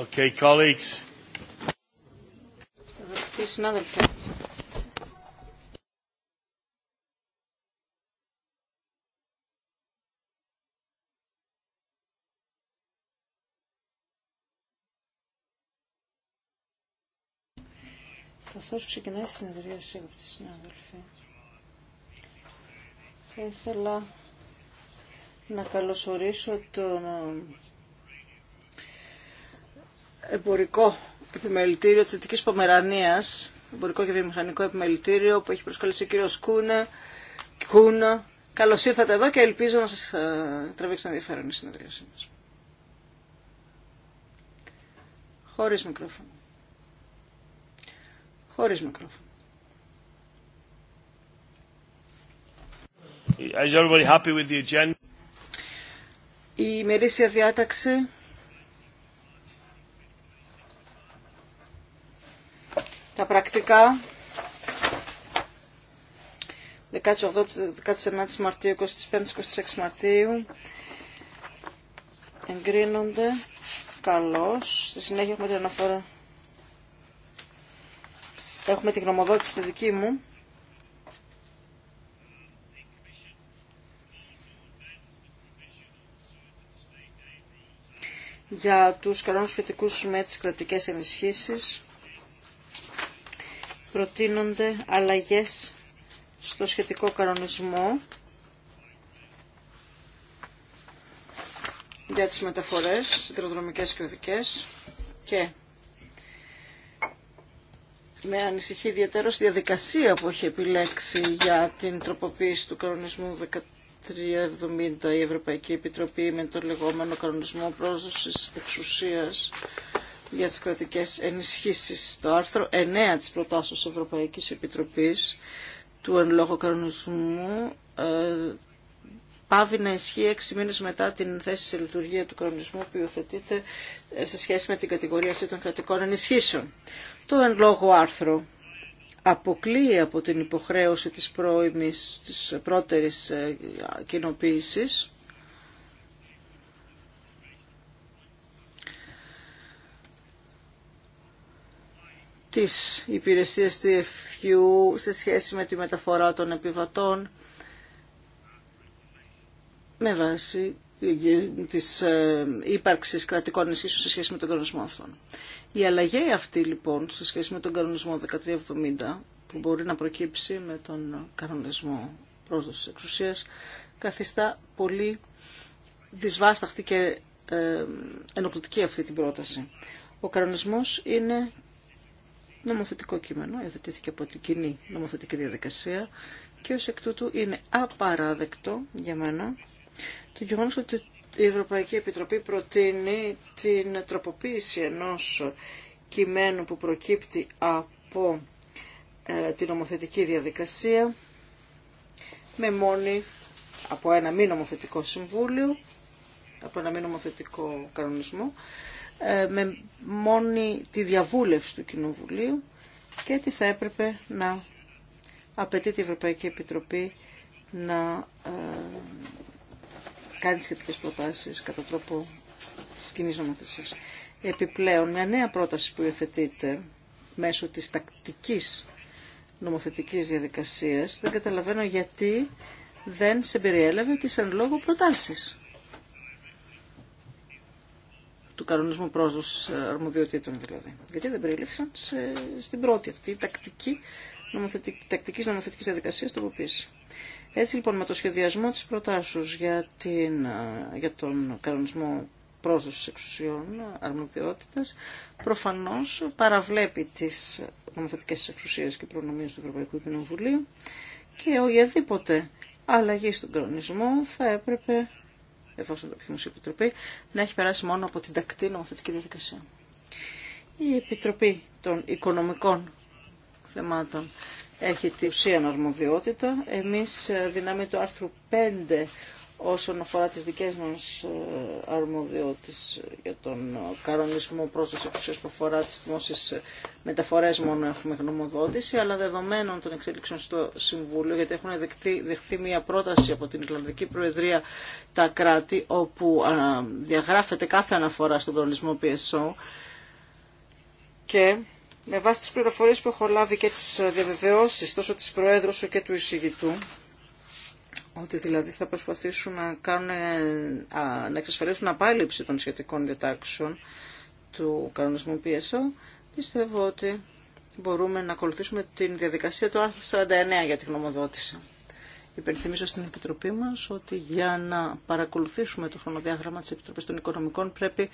Okay, colleagues. There's another thing. καθώς ξεκινάει η συνεδρίαση, αγαπητοί συνάδελφη, θα ήθελα να καλωσορίσω τον εμπορικό επιμελητήριο της Δυτικής Πομερανίας, εμπορικό και βιομηχανικό επιμελητήριο που έχει προσκαλέσει ο κύριος Κούνε. Καλώς ήρθατε εδώ και ελπίζω να σας ε, τραβήξει ενδιαφέρον η συνεδρίασή μας. Χωρίς μικρόφωνο. Χωρίς μικρόφωνο. Is everybody happy with the agenda? Η ημερήσια διάταξη πρακτικά 18-19 Μαρτίου, 25-26 Μαρτίου εγκρίνονται καλώς. Στη συνέχεια έχουμε την αναφορά. Έχουμε την γνωμοδότηση τη δική μου. για τους κανόνες φοιτικούς με τις κρατικές ενισχύσεις προτείνονται αλλαγές στο σχετικό κανονισμό για τις μεταφορές σιδηροδρομικές και οδικές και με ανησυχεί ιδιαίτερα στη διαδικασία που έχει επιλέξει για την τροποποίηση του κανονισμού 1370 η Ευρωπαϊκή Επιτροπή με το λεγόμενο κανονισμό πρόσδοσης εξουσίας για τις κρατικές ενισχύσεις. Το άρθρο 9 της προτάσεως Ευρωπαϊκής Επιτροπής του εν λόγω κανονισμού ε, πάβει να ισχύει έξι μήνες μετά την θέση σε λειτουργία του κανονισμού που υιοθετείται ε, σε σχέση με την κατηγορία αυτή των κρατικών ενισχύσεων. Το εν λόγω άρθρο αποκλείει από την υποχρέωση της, πρώιμης, της πρώτερης ε, κοινοποίησης τις υπηρεσίες TFU σε σχέση με τη μεταφορά των επιβατών με βάση της ε, ύπαρξης κρατικών ενισχύσεων σε σχέση με τον κανονισμό αυτών. Η αλλαγή αυτή λοιπόν σε σχέση με τον κανονισμό 1370 που μπορεί να προκύψει με τον κανονισμό πρόσδοσης εξουσίας καθιστά πολύ δυσβάσταχτη και ε, ενοχλητική αυτή την πρόταση. Ο κανονισμός είναι νομοθετικό κείμενο, υιοθετήθηκε από την κοινή νομοθετική διαδικασία και ως εκ τούτου είναι απαράδεκτο για μένα το γεγονός ότι η Ευρωπαϊκή Επιτροπή προτείνει την τροποποίηση ενός κειμένου που προκύπτει από ε, την νομοθετική διαδικασία με μόνη από ένα μη νομοθετικό συμβούλιο, από ένα μη νομοθετικό κανονισμό ε, με μόνη τη διαβούλευση του Κοινοβουλίου και τι θα έπρεπε να απαιτεί η Ευρωπαϊκή Επιτροπή να ε, κάνει σχετικές προτάσεις κατά τρόπο της κοινής νομοθεσίας. Επιπλέον, μια νέα πρόταση που υιοθετείται μέσω της τακτικής νομοθετικής διαδικασίας, δεν καταλαβαίνω γιατί δεν συμπεριέλαβε τις εν λόγω προτάσεις του κανονισμού πρόσδοση ε, αρμοδιοτήτων δηλαδή. Γιατί δεν περιλήφθησαν στην πρώτη αυτή τακτική νομοθετική, τακτικής νομοθετικής διαδικασίας τροποποίηση. Έτσι λοιπόν με το σχεδιασμό της προτάσεως για, την, ε, για τον κανονισμό πρόσδοσης εξουσιών ε, αρμοδιότητας προφανώς παραβλέπει τις νομοθετικές εξουσίες και προνομίες του Ευρωπαϊκού Κοινοβουλίου και οιαδήποτε αλλαγή στον κανονισμό θα έπρεπε εφόσον το επιθυμούσε η Επιτροπή, να έχει περάσει μόνο από την τακτή νομοθετική διαδικασία. Η Επιτροπή των Οικονομικών Θεμάτων έχει τη ουσία αρμοδιότητα. Εμείς ε, δυνάμει το άρθρο 5 όσον αφορά τις δικές μας ε, αρμοδιότητες για τον ε, κάρονισμο πρόσθεση που αφορά τις δημόσιες ε, μεταφορές μόνο έχουμε γνωμοδότηση, αλλά δεδομένων των εξέλιξεων στο Συμβούλιο, γιατί έχουν δεχθεί, μια πρόταση από την Ιρλανδική Προεδρία τα κράτη, όπου διαγράφεται κάθε αναφορά στον καρονισμό PSO και με βάση τις πληροφορίες που έχω λάβει και τις διαβεβαιώσεις τόσο της Προέδρου και του εισηγητού, ότι δηλαδή θα προσπαθήσουμε να, κάνουν, να εξασφαλίσουν απάλληψη των σχετικών διατάξεων του κανονισμού PSO, πιστεύω ότι μπορούμε να ακολουθήσουμε την διαδικασία του άρθρου 49 για τη γνωμοδότηση. Υπενθυμίζω στην Επιτροπή μα ότι για να παρακολουθήσουμε το χρονοδιάγραμμα τη Επιτροπή των Οικονομικών πρέπει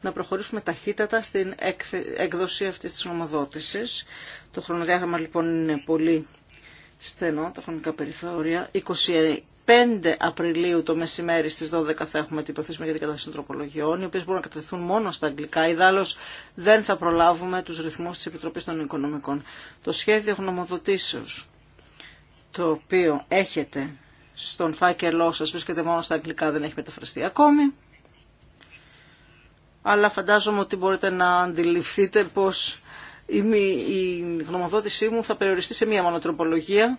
να προχωρήσουμε ταχύτατα στην έκδοση αυτή τη νομοδότηση. Το χρονοδιάγραμμα λοιπόν είναι πολύ στενό τα χρονικά περιθώρια. 25 Απριλίου το μεσημέρι στις 12 θα έχουμε την προθέση για την κατάσταση των τροπολογιών, οι οποίες μπορούν να κατευθούν μόνο στα αγγλικά, ιδάλλως δεν θα προλάβουμε τους ρυθμούς της Επιτροπής των Οικονομικών. Το σχέδιο γνωμοδοτήσεως, το οποίο έχετε στον φάκελό σας, βρίσκεται μόνο στα αγγλικά, δεν έχει μεταφραστεί ακόμη, αλλά φαντάζομαι ότι μπορείτε να αντιληφθείτε πως η γνωμοδότησή μου θα περιοριστεί σε μία μονοτροπολογία,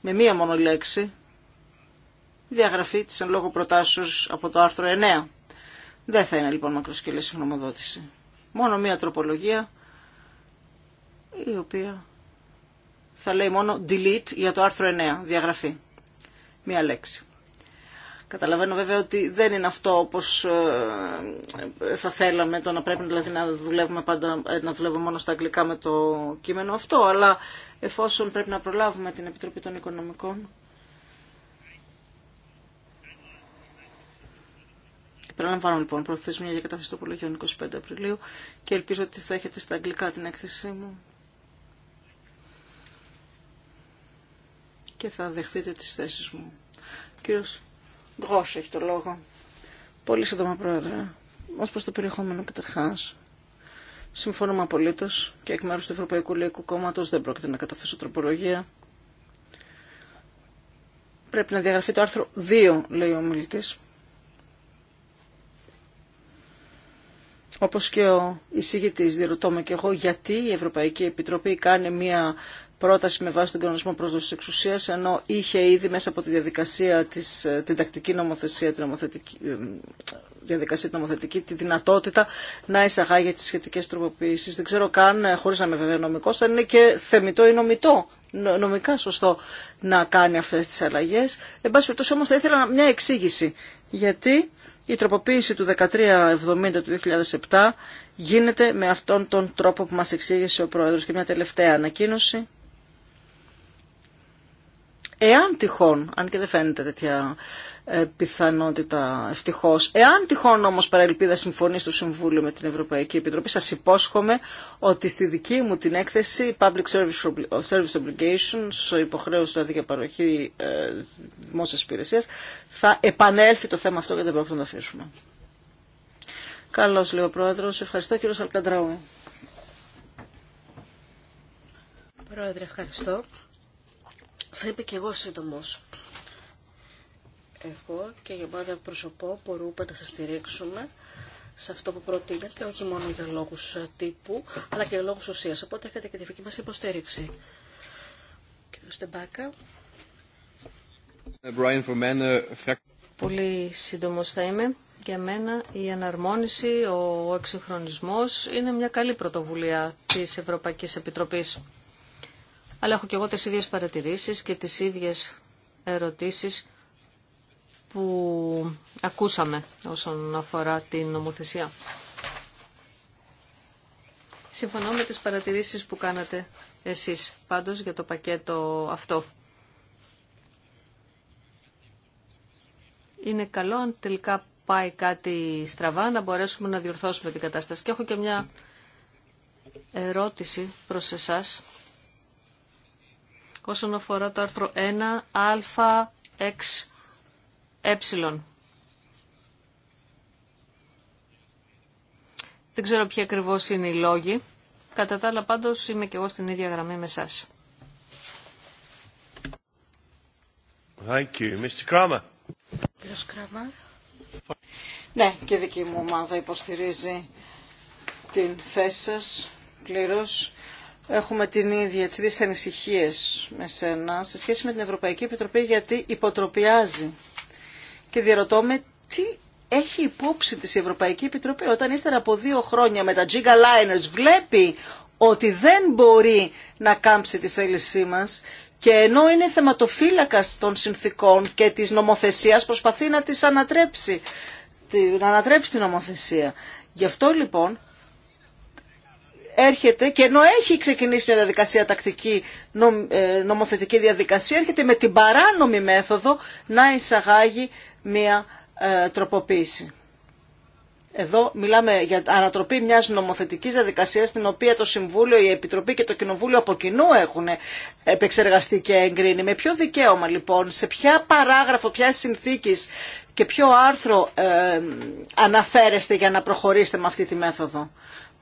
με μία μόνο λέξη, διαγραφή της εν λόγω προτάσεως από το άρθρο 9. Δεν θα είναι λοιπόν μακροσκελής η γνωμοδότηση. Μόνο μία τροπολογία, η οποία θα λέει μόνο delete για το άρθρο 9, διαγραφή. Μία λέξη. Καταλαβαίνω βέβαια ότι δεν είναι αυτό όπως ε, θα θέλαμε, το να πρέπει δηλαδή να δουλεύουμε, πάντα, ε, να δουλεύουμε μόνο στα αγγλικά με το κείμενο αυτό, αλλά εφόσον πρέπει να προλάβουμε την Επιτροπή των Οικονομικών, Επαναλαμβάνω λοιπόν προθεσμία για κατάθεση τοπολογιών 25 Απριλίου και ελπίζω ότι θα έχετε στα αγγλικά την έκθεσή μου και θα δεχτείτε τις θέσεις μου. Κύριος Γκρός έχει το λόγο. Πολύ σύντομα, Πρόεδρε. Ω προς το περιεχόμενο καταρχάς. Συμφωνούμε απολύτω και εκ μέρου του Ευρωπαϊκού Λαϊκού Κόμματο δεν πρόκειται να καταθέσω τροπολογία. Πρέπει να διαγραφεί το άρθρο 2, λέει ο μιλητή. Όπω και ο εισηγητή, διερωτώ με και εγώ γιατί η Ευρωπαϊκή Επιτροπή κάνει μια πρόταση με βάση τον κανονισμό πρόσδοση εξουσία, ενώ είχε ήδη μέσα από τη διαδικασία της, ε, την τακτική νομοθεσία, την νομοθετική, ε, διαδικασία την νομοθετική, τη δυνατότητα να εισαγάγει τι σχετικέ τροποποιήσει. Δεν ξέρω καν, ε, χωρί να είμαι βέβαια νομικό, αν είναι και θεμητό ή νομητό νομικά σωστό να κάνει αυτές τις αλλαγές. Εν πάση περιπτώσει όμως θα ήθελα μια εξήγηση. Γιατί η τροποποίηση του 1370 του 2007 γίνεται με αυτόν τον τρόπο που μας εξήγησε ο Πρόεδρος. Και μια τελευταία ανακοίνωση εάν τυχόν, αν και δεν φαίνεται τέτοια ε, πιθανότητα ευτυχώ. Εάν τυχόν όμω παρελπίδα συμφωνεί στο Συμβούλιο με την Ευρωπαϊκή Επιτροπή, σα υπόσχομαι ότι στη δική μου την έκθεση Public Service Obligations, υποχρέωση δηλαδή για παροχή ε, δημόσια υπηρεσία, θα επανέλθει το θέμα αυτό και δεν πρόκειται να το αφήσουμε. Καλώ, λέει ο Πρόεδρο. Ευχαριστώ, κύριο Σαλκαντραού. Πρόεδρε, ευχαριστώ. Θα είμαι και εγώ σύντομο. Εγώ και για ομάδα προσωπώ μπορούμε να σα στηρίξουμε σε αυτό που προτείνετε, όχι μόνο για λόγου ε, τύπου, αλλά και για λόγους ουσία. Οπότε έχετε και τη δική μα υποστήριξη. Κύριο Στεμπάκα. Πολύ σύντομο θα είμαι. Για μένα η αναρμόνιση, ο εξυγχρονισμός είναι μια καλή πρωτοβουλία της Ευρωπαϊκής Επιτροπής αλλά έχω και εγώ τις ίδιες παρατηρήσεις και τις ίδιες ερωτήσεις που ακούσαμε όσον αφορά την νομοθεσία. Συμφωνώ με τις παρατηρήσεις που κάνατε εσείς πάντως για το πακέτο αυτό. Είναι καλό αν τελικά πάει κάτι στραβά να μπορέσουμε να διορθώσουμε την κατάσταση. Και έχω και μια ερώτηση προς εσάς όσον αφορά το άρθρο 1 εξ, ε. Δεν ξέρω ποιοι ακριβώς είναι οι λόγοι. Κατά τα άλλα πάντως είμαι και εγώ στην ίδια γραμμή με εσάς. Κύριος Ναι, και δική μου ομάδα υποστηρίζει την θέση σας πλήρως έχουμε την ίδια, τις ίδιες ανησυχίες με σένα σε σχέση με την Ευρωπαϊκή Επιτροπή γιατί υποτροπιάζει. Και διαρωτώ με τι έχει υπόψη της Ευρωπαϊκή Επιτροπή όταν ύστερα από δύο χρόνια με τα Giga Liners βλέπει ότι δεν μπορεί να κάμψει τη θέλησή μας και ενώ είναι θεματοφύλακας των συνθήκων και της νομοθεσίας προσπαθεί να τις ανατρέψει, να ανατρέψει την νομοθεσία. Γι' αυτό λοιπόν έρχεται και ενώ έχει ξεκινήσει μια διαδικασία τακτική ε, νομοθετική διαδικασία έρχεται με την παράνομη μέθοδο να εισαγάγει μια ε, τροποποίηση. Εδώ μιλάμε για ανατροπή μιας νομοθετικής διαδικασίας, την οποία το Συμβούλιο, η Επιτροπή και το Κοινοβούλιο από κοινού έχουν επεξεργαστεί και εγκρίνει. Με ποιο δικαίωμα λοιπόν, σε ποια παράγραφο, ποια συνθήκη και ποιο άρθρο ε, αναφέρεστε για να προχωρήσετε με αυτή τη μέθοδο.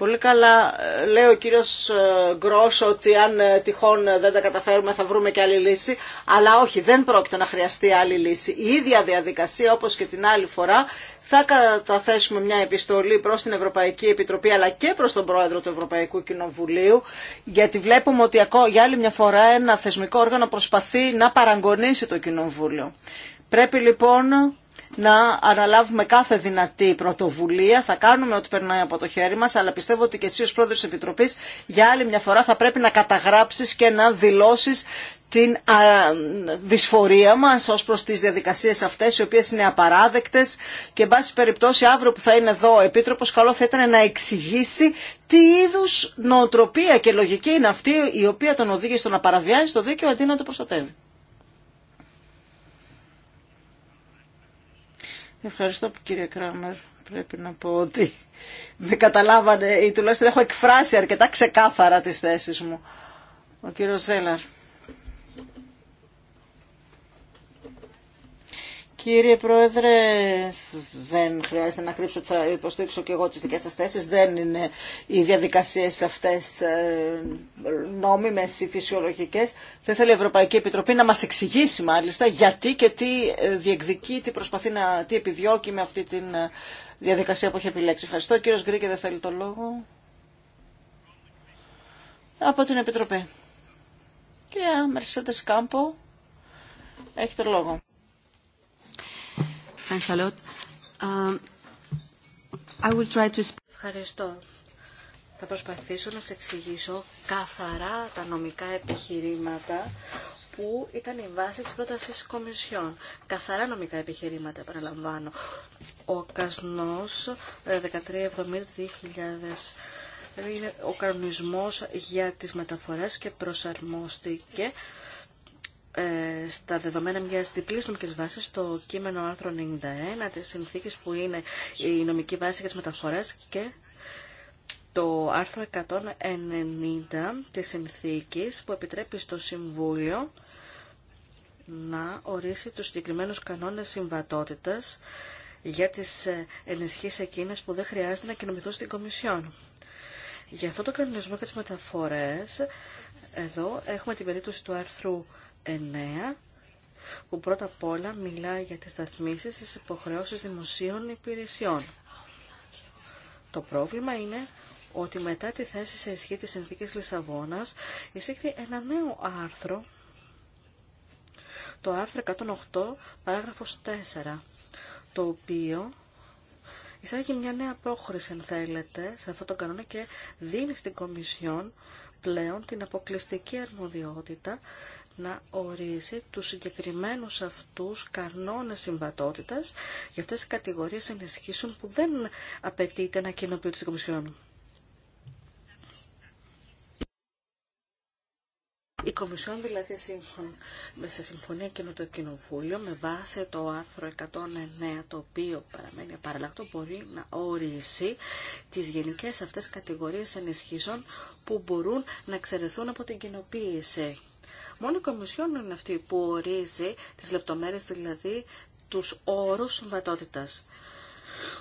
Πολύ καλά ε, λέει ο κύριο ε, Γκρό ότι αν ε, τυχόν δεν τα καταφέρουμε θα βρούμε και άλλη λύση. Αλλά όχι, δεν πρόκειται να χρειαστεί άλλη λύση. Η ίδια διαδικασία όπω και την άλλη φορά θα καταθέσουμε μια επιστολή προς την Ευρωπαϊκή Επιτροπή αλλά και προς τον Πρόεδρο του Ευρωπαϊκού Κοινοβουλίου γιατί βλέπουμε ότι για άλλη μια φορά ένα θεσμικό όργανο προσπαθεί να παραγκονίσει το Κοινοβούλιο. Πρέπει λοιπόν να αναλάβουμε κάθε δυνατή πρωτοβουλία. Θα κάνουμε ό,τι περνάει από το χέρι μα, αλλά πιστεύω ότι και εσύ ω πρόεδρο τη Επιτροπή για άλλη μια φορά θα πρέπει να καταγράψει και να δηλώσει την δυσφορία μας ως προς τις διαδικασίες αυτές οι οποίες είναι απαράδεκτες και εν πάση περιπτώσει αύριο που θα είναι εδώ ο Επίτροπος καλό θα ήταν να εξηγήσει τι είδους νοοτροπία και λογική είναι αυτή η οποία τον οδήγησε στο να παραβιάζει το δίκαιο αντί να το προστατεύει. Ευχαριστώ που κύριε Κράμερ. Πρέπει να πω ότι με καταλάβανε ή τουλάχιστον έχω εκφράσει αρκετά ξεκάθαρα τις θέσεις μου. Ο κύριος Ζέλαρ. Κύριε Πρόεδρε, δεν χρειάζεται να κρύψω ότι θα υποστήριξω και εγώ τις δικές σας θέσεις. Δεν είναι οι διαδικασίες αυτές ε, νόμιμες ή φυσιολογικές. Θα ήθελε η Ευρωπαϊκή Επιτροπή να μας εξηγήσει μάλιστα γιατί και τι ε, διεκδικεί, τι προσπαθεί να, τι επιδιώκει με αυτή τη ε, διαδικασία που έχει επιλέξει. Ευχαριστώ. Ο κύριος Γκρίκε δεν θέλει το λόγο. Από την Επιτροπή. Κυρία Μερσέντες Κάμπο, έχει το λόγο. Um, Ευχαριστώ. Θα προσπαθήσω να σε εξηγήσω καθαρά τα νομικά επιχειρήματα που ήταν η βάση της πρότασης της Κομισιόν. Καθαρά νομικά επιχειρήματα, παραλαμβάνω. Ο Κασνός 1370-2000 ε, ε, είναι ο κανονισμός για τις μεταφορές και προσαρμόστηκε ε, στα δεδομένα μια διπλή νομική βάση το κείμενο άρθρο 91 τη συνθήκη που είναι η νομική βάση για τι μεταφορέ και το άρθρο 190 της συνθήκης που επιτρέπει στο Συμβούλιο να ορίσει τους συγκεκριμένους κανόνες συμβατότητας για τις ενισχύσεις εκείνες που δεν χρειάζεται να κοινομηθούν στην Κομισιόν. Για αυτό το κανονισμό και τις μεταφορές, εδώ έχουμε την περίπτωση του άρθρου 9 που πρώτα απ' όλα μιλάει για τις δαθμίσεις στις υποχρεώσεις δημοσίων υπηρεσιών. Το πρόβλημα είναι ότι μετά τη θέση σε ισχύ της συνθήκης Λισαβόνας εισήχθη ένα νέο άρθρο, το άρθρο 108 παράγραφος 4, το οποίο εισάγει μια νέα πρόχρηση, αν θέλετε, σε αυτό το κανόνα και δίνει στην Κομισιόν πλέον την αποκλειστική αρμοδιότητα να ορίσει τους συγκεκριμένους αυτούς κανόνες συμβατότητας για αυτές τις κατηγορίες ενισχύσεων που δεν απαιτείται να κοινοποιούν τις Κομισιόν. Η Κομισιόν δηλαδή σε συμφωνία και με το Κοινοβούλιο με βάση το άρθρο 109 το οποίο παραμένει απαραλλακτό μπορεί να ορίσει τις γενικές αυτές κατηγορίες ενισχύσεων που μπορούν να εξαιρεθούν από την κοινοποίηση Μόνο η Κομισιόν είναι αυτή που ορίζει τις λεπτομέρειες, δηλαδή τους όρους συμβατότητας.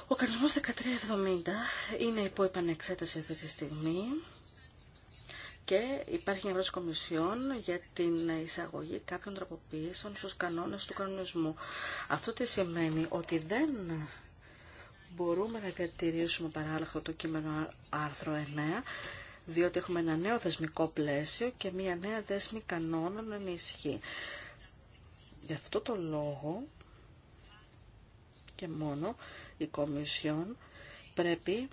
Ο κανονισμός 1370 είναι υπό επανεξέταση αυτή τη στιγμή και υπάρχει μια βράση Κομισιόν για την εισαγωγή κάποιων τροποποιήσεων στους κανόνες του κανονισμού. Αυτό τι σημαίνει ότι δεν μπορούμε να διατηρήσουμε παράλληλα το κείμενο άρθρο 9 διότι έχουμε ένα νέο θεσμικό πλαίσιο και μια νέα δέσμη κανόνων ενισχύει. Γι' αυτό το λόγο και μόνο η Κομισιόν πρέπει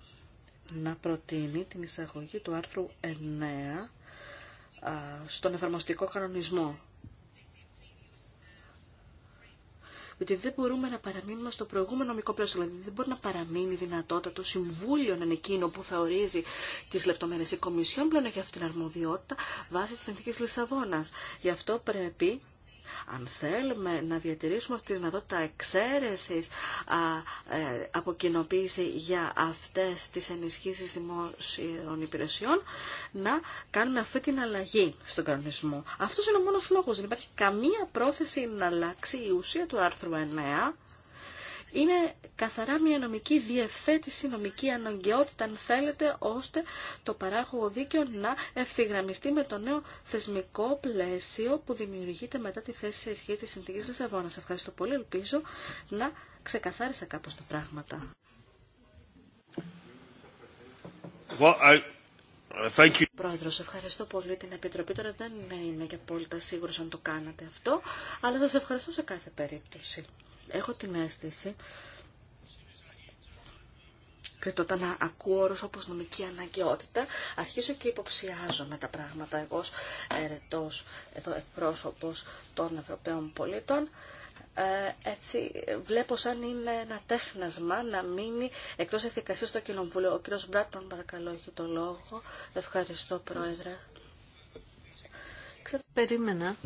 να προτείνει την εισαγωγή του άρθρου 9 στον εφαρμοστικό κανονισμό ότι δεν μπορούμε να παραμείνουμε στο προηγούμενο νομικό πλαίσιο. Δηλαδή δεν μπορεί να παραμείνει η δυνατότητα το Συμβούλιο να είναι εκείνο που θα ορίζει τι λεπτομέρειε. Η Κομισιόν πλέον έχει αυτή την αρμοδιότητα βάσει τη συνθήκη Λισαβόνα. Γι' αυτό πρέπει αν θέλουμε να διατηρήσουμε αυτή τη δυνατότητα εξαίρεσης ε, από κοινοποίηση για αυτές τις ενισχύσεις δημόσιων υπηρεσιών, να κάνουμε αυτή την αλλαγή στον κανονισμό. Αυτός είναι ο μόνος λόγος. Δεν υπάρχει καμία πρόθεση να αλλάξει η ουσία του άρθρου 9 είναι καθαρά μια νομική διευθέτηση, νομική αναγκαιότητα, αν θέλετε, ώστε το παράγωγο δίκαιο να ευθυγραμμιστεί με το νέο θεσμικό πλαίσιο που δημιουργείται μετά τη θέση σε ισχύ της συνθήκης Λισαβόνας. Ευχαριστώ πολύ. Ελπίζω να ξεκαθάρισα κάπως τα πράγματα. Well, I... Πρόεδρος, ευχαριστώ πολύ την Επιτροπή. Τώρα δεν είμαι και απόλυτα σίγουρος αν το κάνατε αυτό, αλλά σας ευχαριστώ σε κάθε περίπτωση έχω την αίσθηση όταν ακούω όρους όπως νομική αναγκαιότητα, αρχίζω και υποψιάζομαι τα πράγματα εγώ ως αιρετός, εδώ εκπρόσωπος των Ευρωπαίων πολίτων. Ε, έτσι βλέπω σαν είναι ένα τέχνασμα να μείνει εκτός εθικασίας στο Κοινοβούλιο. Ο κύριος Μπράτμαν παρακαλώ έχει το λόγο. Ευχαριστώ Πρόεδρε. Περίμενα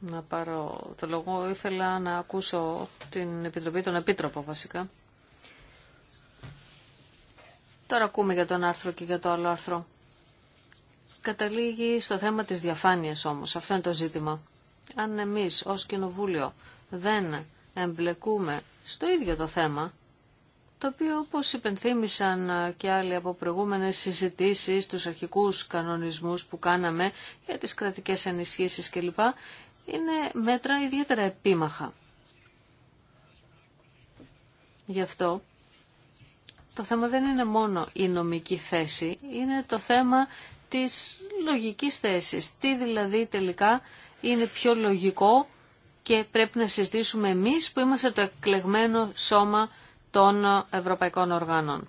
να πάρω το λόγο. Ήθελα να ακούσω την Επιτροπή, τον Επίτροπο βασικά. Τώρα ακούμε για τον άρθρο και για το άλλο άρθρο. Καταλήγει στο θέμα της διαφάνειας όμως. Αυτό είναι το ζήτημα. Αν εμείς ως Κοινοβούλιο δεν εμπλεκούμε στο ίδιο το θέμα, το οποίο όπως υπενθύμησαν και άλλοι από προηγούμενες συζητήσεις, τους αρχικούς κανονισμούς που κάναμε για τις κρατικές ενισχύσεις κλπ, είναι μέτρα ιδιαίτερα επίμαχα. Γι' αυτό το θέμα δεν είναι μόνο η νομική θέση, είναι το θέμα της λογικής θέσης. Τι δηλαδή τελικά είναι πιο λογικό και πρέπει να συζητήσουμε εμείς που είμαστε το εκλεγμένο σώμα των ευρωπαϊκών οργάνων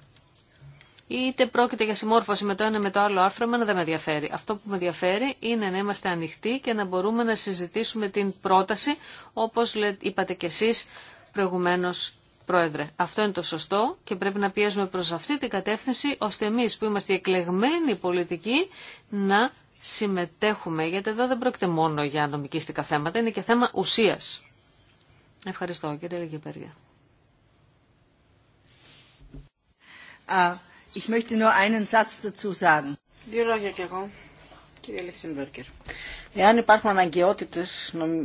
είτε πρόκειται για συμμόρφωση με το ένα με το άλλο άρθρο, εμένα δεν με ενδιαφέρει. Αυτό που με ενδιαφέρει είναι να είμαστε ανοιχτοί και να μπορούμε να συζητήσουμε την πρόταση, όπως είπατε κι εσείς προηγουμένως Πρόεδρε, αυτό είναι το σωστό και πρέπει να πιέζουμε προς αυτή την κατεύθυνση, ώστε εμείς που είμαστε εκλεγμένοι πολιτικοί να συμμετέχουμε, γιατί εδώ δεν πρόκειται μόνο για νομικίστικα θέματα, είναι και θέμα ουσίας. Ευχαριστώ κύριε Λεγεπέρια. Ich möchte nur einen Satz dazu sagen. Δύο λόγια Εάν υπάρχουν αναγκαιότητε,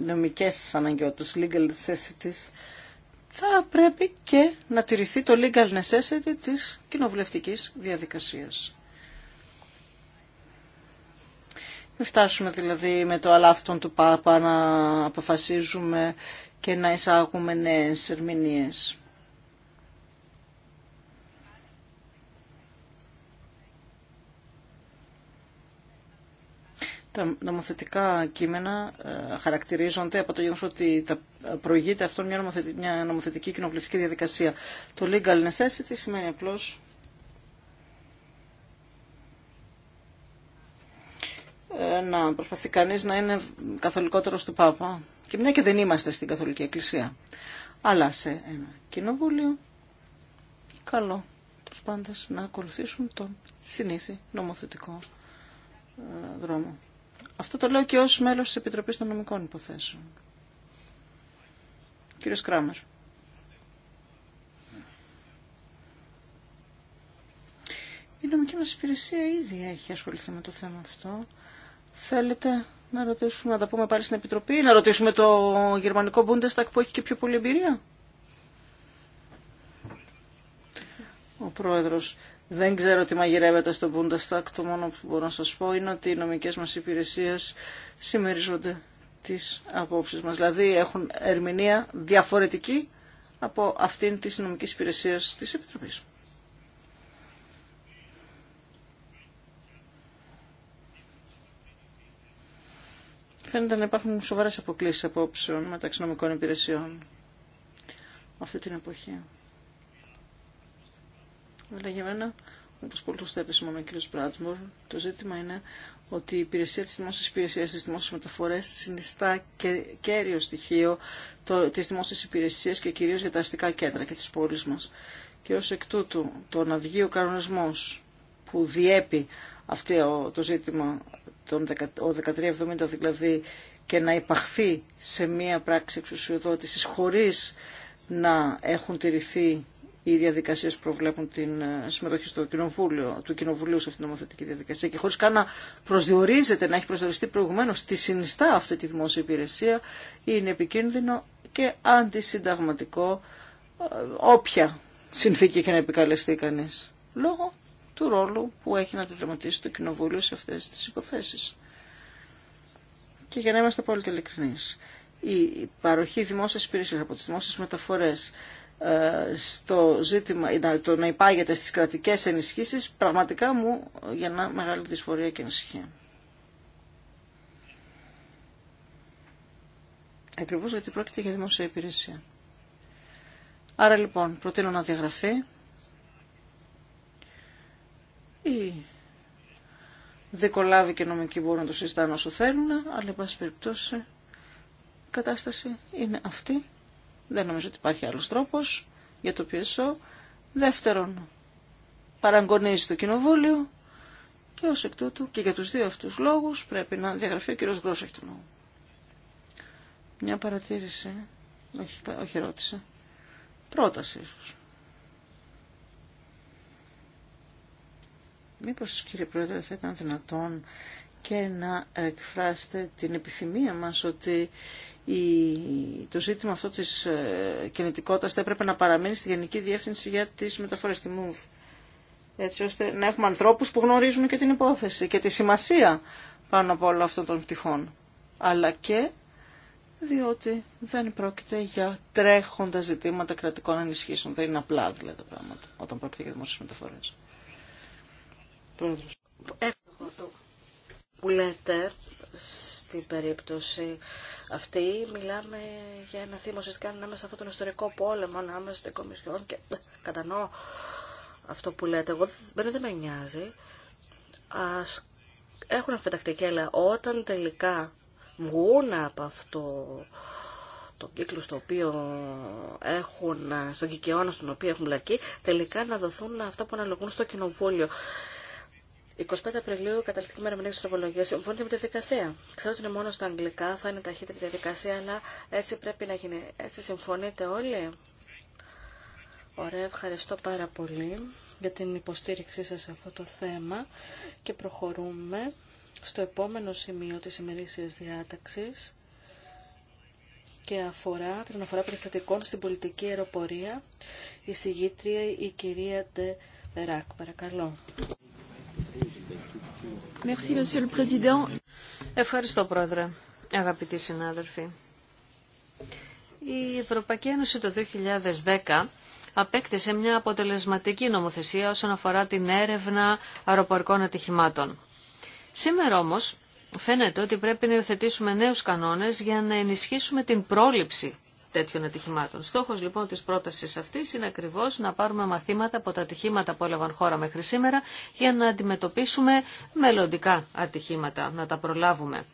νομικέ αναγκαιότητε, legal necessities, θα πρέπει και να τηρηθεί το legal necessity τη κοινοβουλευτική διαδικασία. Μην φτάσουμε δηλαδή με το αλάφτον του Πάπα να αποφασίζουμε και να εισάγουμε νέες ερμηνείες. τα νομοθετικά κείμενα ε, χαρακτηρίζονται από το γεγονό ότι τα προηγείται αυτό μια, νομοθετική, μια νομοθετική κοινοβουλευτική διαδικασία. Το legal necessity σημαίνει απλώ. Ε, να προσπαθεί κανείς να είναι καθολικότερος του Πάπα. Και μια και δεν είμαστε στην Καθολική Εκκλησία. Αλλά σε ένα κοινοβούλιο, καλό τους πάντες να ακολουθήσουν τον συνήθι νομοθετικό ε, δρόμο. Αυτό το λέω και ως μέλος της Επιτροπής των Νομικών Υποθέσεων. Κύριος Κράμερ. Η νομική μας υπηρεσία ήδη έχει ασχοληθεί με το θέμα αυτό. Θέλετε να ρωτήσουμε, να τα πούμε πάλι στην Επιτροπή, να ρωτήσουμε το γερμανικό Bundestag που έχει και πιο πολύ εμπειρία. Ο πρόεδρος. Δεν ξέρω τι μαγειρεύεται στο Bundestag. Το μόνο που μπορώ να σας πω είναι ότι οι νομικές μας υπηρεσίες συμμερίζονται τις απόψεις μας. Δηλαδή έχουν ερμηνεία διαφορετική από αυτήν της νομικής υπηρεσίας της Επιτροπής. Φαίνεται να υπάρχουν σοβαρές αποκλήσεις απόψεων μεταξύ νομικών υπηρεσιών αυτή την εποχή. Λεγεμένα, όπω πολύ σωστά επισημάνει ο κ. Μπράτσμορ, το ζήτημα είναι ότι η υπηρεσία τη δημόσια υπηρεσία, τη δημόσια μεταφορέ, συνιστά και κέριο στοιχείο τη δημόσια υπηρεσία και κυρίω για τα αστικά κέντρα και τι πόλεις μα. Και ω εκ τούτου το να βγει ο κανονισμό που διέπει αυτό το ζήτημα τον, ο 1370 δηλαδή και να υπαχθεί σε μία πράξη εξουσιοδότησης χωρίς να έχουν τηρηθεί οι διαδικασίε που προβλέπουν την ε, συμμετοχή στο κοινοβούλιο, του Κοινοβουλίου σε αυτήν την νομοθετική διαδικασία και χωρί καν να προσδιορίζεται, να έχει προσδιοριστεί προηγουμένω τη συνιστά αυτή τη δημόσια υπηρεσία, είναι επικίνδυνο και αντισυνταγματικό ε, όποια συνθήκη και να επικαλεστεί κανεί. Λόγω του ρόλου που έχει να διδραματίσει το Κοινοβούλιο σε αυτέ τι υποθέσει. Και για να είμαστε πολύ ειλικρινεί, η παροχή δημόσια υπηρεσία από τι δημόσιε μεταφορέ ε, στο ζήτημα, το να υπάγεται στις κρατικές ενισχύσεις, πραγματικά μου γεννά μεγάλη δυσφορία και ενισχύει. Ακριβώς γιατί πρόκειται για δημόσια υπηρεσία. Άρα λοιπόν προτείνω να διαγραφεί ή κολλάβει και νομικοί μπορούν να το συζητάνε όσο θέλουν, αλλά εν πάση περιπτώσει η κατάσταση είναι αυτή δεν νομίζω ότι υπάρχει άλλος τρόπος για το πιεσό. Δεύτερον, παραγκονίζει το κοινοβούλιο και ως εκ τούτου και για τους δύο αυτούς λόγους πρέπει να διαγραφεί ο κύριος Γκρός Μια παρατήρηση, όχι, όχι ερώτηση, πρόταση ίσως. Μήπως κύριε Πρόεδρε θα ήταν δυνατόν και να εκφράσετε την επιθυμία μας ότι το ζήτημα αυτό της ε, κινητικότητας θα έπρεπε να παραμείνει στη Γενική Διεύθυνση για τις μεταφορές τη MOVE. Έτσι ώστε να έχουμε ανθρώπους που γνωρίζουν και την υπόθεση και τη σημασία πάνω από όλα αυτών των πτυχών. Αλλά και διότι δεν πρόκειται για τρέχοντα ζητήματα κρατικών ενισχύσεων. Δεν είναι απλά δηλαδή τα πράγματα όταν πρόκειται για δημόσιες μεταφορές. Που λέτε στην περίπτωση αυτή. Μιλάμε για ένα θύμα ουσιαστικά ανάμεσα σε αυτόν τον ιστορικό πόλεμο, ανάμεσα στην Κομισιόν και κατανοώ αυτό που λέτε. Εγώ δεν, δεν με νοιάζει. Ας έχουν αφεντακτική, αλλά όταν τελικά βγουν από αυτό τον κύκλο οποίο έχουν, στον κυκαιώνα στον οποίο έχουν μπλακεί, τελικά να δοθούν αυτά που αναλογούν στο κοινοβούλιο. 25 Απριλίου καταληκτική ημερομηνία τη τροπολογία. Συμφωνείτε με τη δικασία. Ξέρω ότι είναι μόνο στα αγγλικά, θα είναι ταχύτερη διαδικασία, αλλά έτσι πρέπει να γίνει. Έτσι συμφωνείτε όλοι. Ωραία, ευχαριστώ πάρα πολύ για την υποστήριξή σας σε αυτό το θέμα και προχωρούμε στο επόμενο σημείο της ημερήσιας διάταξης και αφορά την αφορά περιστατικών στην πολιτική αεροπορία η συγγήτρια η κυρία Ντε Παρακαλώ. Ευχαριστώ, Πρόεδρε, αγαπητοί συνάδελφοι. Η Ευρωπαϊκή Ένωση το 2010 απέκτησε μια αποτελεσματική νομοθεσία όσον αφορά την έρευνα αεροπορικών ατυχημάτων. Σήμερα όμως φαίνεται ότι πρέπει να υιοθετήσουμε νέους κανόνες για να ενισχύσουμε την πρόληψη τέτοιων ατυχημάτων. Στόχος λοιπόν τη πρόταση αυτή είναι ακριβώς να πάρουμε μαθήματα από τα ατυχήματα που έλαβαν χώρα μέχρι σήμερα για να αντιμετωπίσουμε μελλοντικά ατυχήματα, να τα προλάβουμε.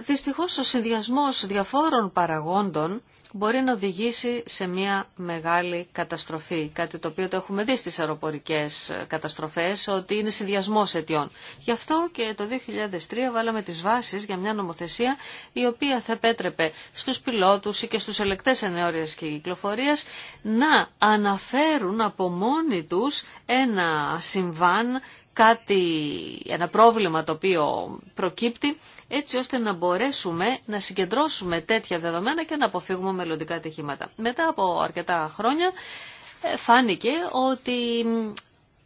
Δυστυχώς ο συνδυασμός διαφόρων παραγόντων μπορεί να οδηγήσει σε μια μεγάλη καταστροφή. Κάτι το οποίο το έχουμε δει στις αεροπορικές καταστροφές, ότι είναι συνδυασμό αιτιών. Γι' αυτό και το 2003 βάλαμε τις βάσεις για μια νομοθεσία η οποία θα επέτρεπε στους πιλότους ή και στους ελεκτές ενέωρια και κυκλοφορίας να αναφέρουν από μόνοι τους ένα συμβάν κάτι, ένα πρόβλημα το οποίο προκύπτει, έτσι ώστε να μπορέσουμε να συγκεντρώσουμε τέτοια δεδομένα και να αποφύγουμε μελλοντικά ατυχήματα. Μετά από αρκετά χρόνια ε, φάνηκε ότι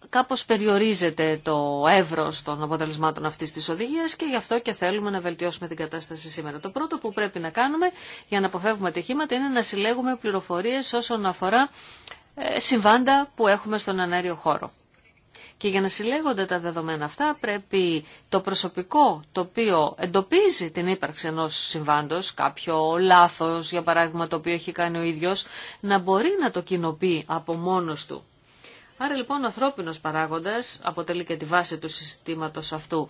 κάπως περιορίζεται το εύρος των αποτελεσμάτων αυτής της οδηγίας και γι' αυτό και θέλουμε να βελτιώσουμε την κατάσταση σήμερα. Το πρώτο που πρέπει να κάνουμε για να αποφεύγουμε ατυχήματα είναι να συλλέγουμε πληροφορίες όσον αφορά ε, συμβάντα που έχουμε στον ανέριο χώρο. Και για να συλλέγονται τα δεδομένα αυτά πρέπει το προσωπικό το οποίο εντοπίζει την ύπαρξη ενός συμβάντος, κάποιο λάθος για παράδειγμα το οποίο έχει κάνει ο ίδιος, να μπορεί να το κοινοποιεί από μόνος του. Άρα λοιπόν ο ανθρώπινος παράγοντας αποτελεί και τη βάση του συστήματος αυτού.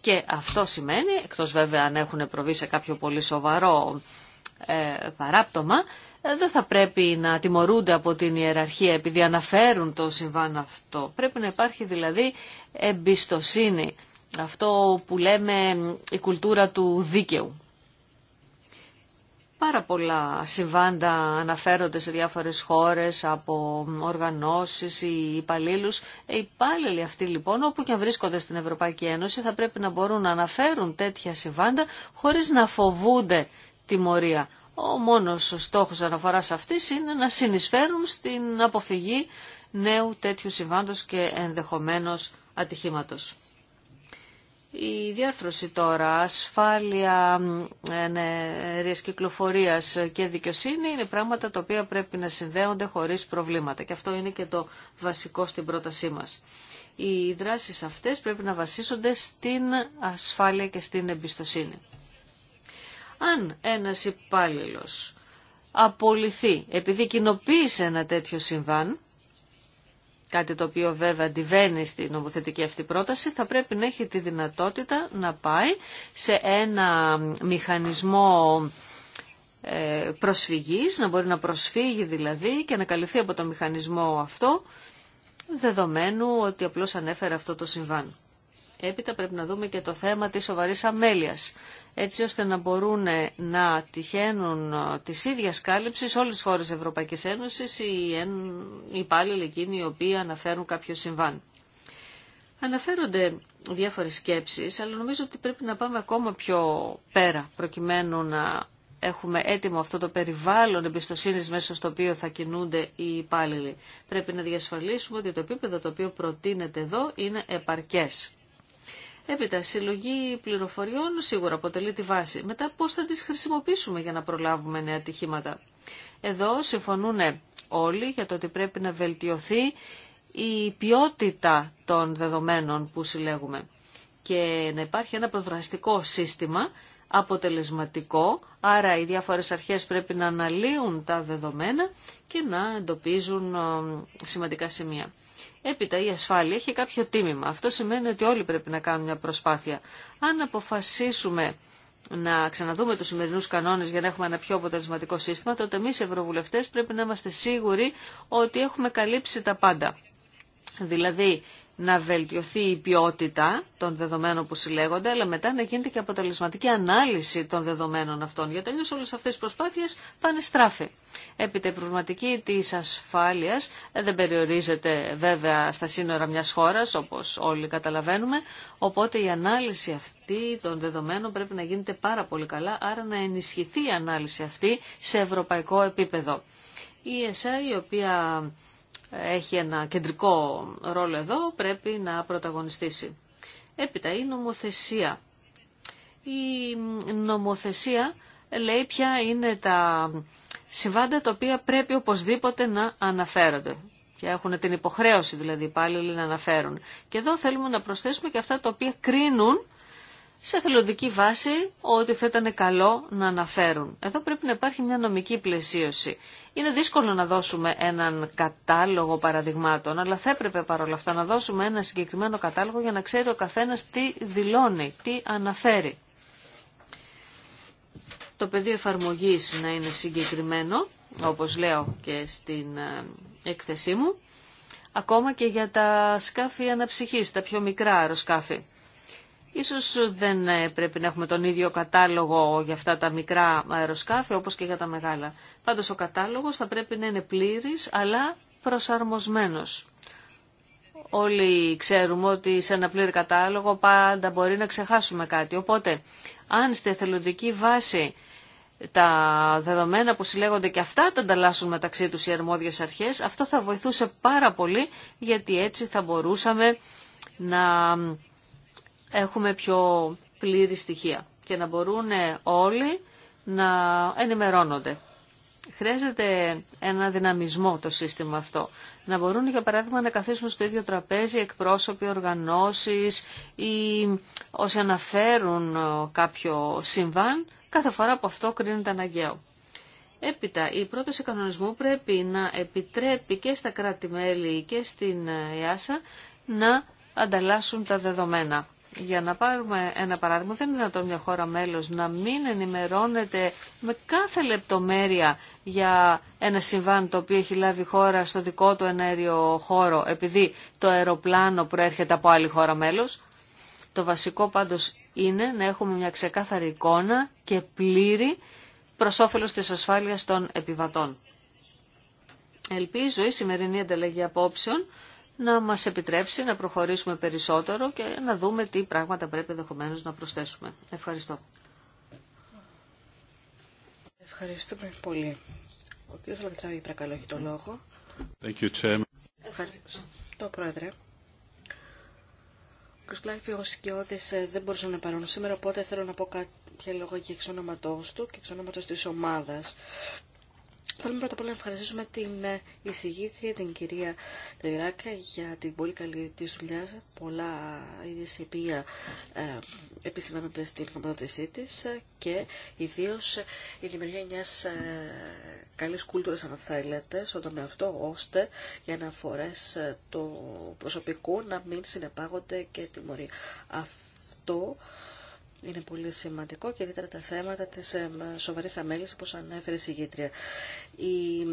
Και αυτό σημαίνει, εκτός βέβαια αν έχουν προβεί σε κάποιο πολύ σοβαρό ε, παράπτωμα, ε, δεν θα πρέπει να τιμωρούνται από την ιεραρχία επειδή αναφέρουν το συμβάν αυτό. Πρέπει να υπάρχει δηλαδή εμπιστοσύνη, αυτό που λέμε η κουλτούρα του δίκαιου. Πάρα πολλά συμβάντα αναφέρονται σε διάφορες χώρες από οργανώσεις ή υπαλλήλου. Ε, οι υπάλληλοι αυτοί λοιπόν όπου και αν βρίσκονται στην Ευρωπαϊκή Ένωση θα πρέπει να μπορούν να αναφέρουν τέτοια συμβάντα χωρίς να φοβούνται τιμωρία. Ο μόνος στόχος αναφοράς αυτής είναι να συνεισφέρουν στην αποφυγή νέου τέτοιου συμβάντος και ενδεχομένως ατυχήματος. Η διάρθρωση τώρα, ασφάλεια, ενέργειας και δικαιοσύνη είναι πράγματα τα οποία πρέπει να συνδέονται χωρίς προβλήματα και αυτό είναι και το βασικό στην πρότασή μας. Οι δράσεις αυτές πρέπει να βασίσονται στην ασφάλεια και στην εμπιστοσύνη. Αν ένας υπάλληλο απολυθεί επειδή κοινοποίησε ένα τέτοιο συμβάν, κάτι το οποίο βέβαια αντιβαίνει στην νομοθετική αυτή πρόταση, θα πρέπει να έχει τη δυνατότητα να πάει σε ένα μηχανισμό ε, προσφυγής, να μπορεί να προσφύγει δηλαδή και να καλυφθεί από το μηχανισμό αυτό, δεδομένου ότι απλώς ανέφερε αυτό το συμβάν. Έπειτα πρέπει να δούμε και το θέμα της σοβαρής αμέλειας, έτσι ώστε να μπορούν να τυχαίνουν τις ίδιας κάλυψης όλες τις χώρες Ευρωπαϊκής Ένωσης οι υπάλληλοι εκείνοι οι οποίοι αναφέρουν κάποιο συμβάν. Αναφέρονται διάφορες σκέψεις, αλλά νομίζω ότι πρέπει να πάμε ακόμα πιο πέρα, προκειμένου να έχουμε έτοιμο αυτό το περιβάλλον εμπιστοσύνη μέσα στο οποίο θα κινούνται οι υπάλληλοι. Πρέπει να διασφαλίσουμε ότι το επίπεδο το οποίο προτείνεται εδώ είναι επαρκές. Έπειτα, συλλογή πληροφοριών σίγουρα αποτελεί τη βάση. Μετά πώς θα τις χρησιμοποιήσουμε για να προλάβουμε νέα ατυχήματα. Εδώ συμφωνούν όλοι για το ότι πρέπει να βελτιωθεί η ποιότητα των δεδομένων που συλλέγουμε και να υπάρχει ένα προδραστικό σύστημα αποτελεσματικό, άρα οι διάφορες αρχές πρέπει να αναλύουν τα δεδομένα και να εντοπίζουν ε, σημαντικά σημεία. Έπειτα η ασφάλεια έχει κάποιο τίμημα. Αυτό σημαίνει ότι όλοι πρέπει να κάνουν μια προσπάθεια. Αν αποφασίσουμε να ξαναδούμε τους σημερινούς κανόνες για να έχουμε ένα πιο αποτελεσματικό σύστημα, τότε εμείς οι ευρωβουλευτές πρέπει να είμαστε σίγουροι ότι έχουμε καλύψει τα πάντα. Δηλαδή να βελτιωθεί η ποιότητα των δεδομένων που συλλέγονται, αλλά μετά να γίνεται και αποτελεσματική ανάλυση των δεδομένων αυτών. Για αλλιώ όλες αυτές οι προσπάθειες πάνε στράφη. Έπειτα η προβληματική της ασφάλειας ε, δεν περιορίζεται βέβαια στα σύνορα μιας χώρας, όπως όλοι καταλαβαίνουμε, οπότε η ανάλυση αυτή των δεδομένων πρέπει να γίνεται πάρα πολύ καλά, άρα να ενισχυθεί η ανάλυση αυτή σε ευρωπαϊκό επίπεδο. Η ΕΣΑ η οποία έχει ένα κεντρικό ρόλο εδώ, πρέπει να πρωταγωνιστήσει. Έπειτα η νομοθεσία. Η νομοθεσία λέει ποια είναι τα συμβάντα τα οποία πρέπει οπωσδήποτε να αναφέρονται. Και έχουν την υποχρέωση δηλαδή οι υπάλληλοι να αναφέρουν. Και εδώ θέλουμε να προσθέσουμε και αυτά τα οποία κρίνουν σε θελοντική βάση ότι θα ήταν καλό να αναφέρουν. Εδώ πρέπει να υπάρχει μια νομική πλαισίωση. Είναι δύσκολο να δώσουμε έναν κατάλογο παραδειγμάτων, αλλά θα έπρεπε παρόλα αυτά να δώσουμε ένα συγκεκριμένο κατάλογο για να ξέρει ο καθένα τι δηλώνει, τι αναφέρει. Το πεδίο εφαρμογή να είναι συγκεκριμένο, όπως λέω και στην ε, έκθεσή μου, ακόμα και για τα σκάφη αναψυχή, τα πιο μικρά αεροσκάφη. Ίσως δεν ε, πρέπει να έχουμε τον ίδιο κατάλογο για αυτά τα μικρά αεροσκάφη όπως και για τα μεγάλα. Πάντως ο κατάλογος θα πρέπει να είναι πλήρης αλλά προσαρμοσμένος. Όλοι ξέρουμε ότι σε ένα πλήρη κατάλογο πάντα μπορεί να ξεχάσουμε κάτι. Οπότε αν στη εθελοντική βάση τα δεδομένα που συλλέγονται και αυτά τα ανταλλάσσουν μεταξύ τους οι αρμόδιες αρχές, αυτό θα βοηθούσε πάρα πολύ γιατί έτσι θα μπορούσαμε να έχουμε πιο πλήρη στοιχεία και να μπορούν όλοι να ενημερώνονται. Χρειάζεται ένα δυναμισμό το σύστημα αυτό. Να μπορούν για παράδειγμα να καθίσουν στο ίδιο τραπέζι εκπρόσωποι, οργανώσεις ή όσοι αναφέρουν κάποιο συμβάν κάθε φορά που αυτό κρίνεται αναγκαίο. Έπειτα, η πρόταση κανονισμού πρέπει να επιτρέπει και στα κράτη-μέλη και στην ΕΑΣΑ να ανταλλάσσουν τα δεδομένα. Για να πάρουμε ένα παράδειγμα, δεν είναι δυνατόν μια χώρα μέλος να μην ενημερώνεται με κάθε λεπτομέρεια για ένα συμβάν το οποίο έχει λάβει χώρα στο δικό του ενέριο χώρο, επειδή το αεροπλάνο προέρχεται από άλλη χώρα μέλος. Το βασικό πάντως είναι να έχουμε μια ξεκάθαρη εικόνα και πλήρη προς όφελος της ασφάλειας των επιβατών. Ελπίζω η σημερινή ανταλλαγή απόψεων να μας επιτρέψει να προχωρήσουμε περισσότερο και να δούμε τι πράγματα πρέπει ενδεχομένω να προσθέσουμε. Ευχαριστώ. Ευχαριστούμε πολύ. Ο κ. Λαγκτράβη, παρακαλώ, έχει το λόγο. Thank you, Chairman. Ευχαριστώ, Πρόεδρε. Ο κ. ο ε, δεν μπορούσε να παρόν σήμερα, οπότε θέλω να πω κάποια λόγια και εξ του και εξ ονόματος της ομάδας Θέλουμε πρώτα απ' όλα να ευχαριστήσουμε την ε, εισηγήτρια, την κυρία Τεγράκα, για την πολύ καλή τη δουλειά. Πολλά είδη η οποία ε, επισημάνονται στην χρηματοδότησή τη και ιδίω ε, η δημιουργία μια ε, καλή κούλτουρα, αν θέλετε, στον τομέα αυτό, ώστε οι αναφορέ ε, του προσωπικού να μην συνεπάγονται και τιμωρεί. Αυτό είναι πολύ σημαντικό και ιδιαίτερα τα θέματα της ε, σοβαρής αμέλειας όπως ανέφερε η συγγήτρια.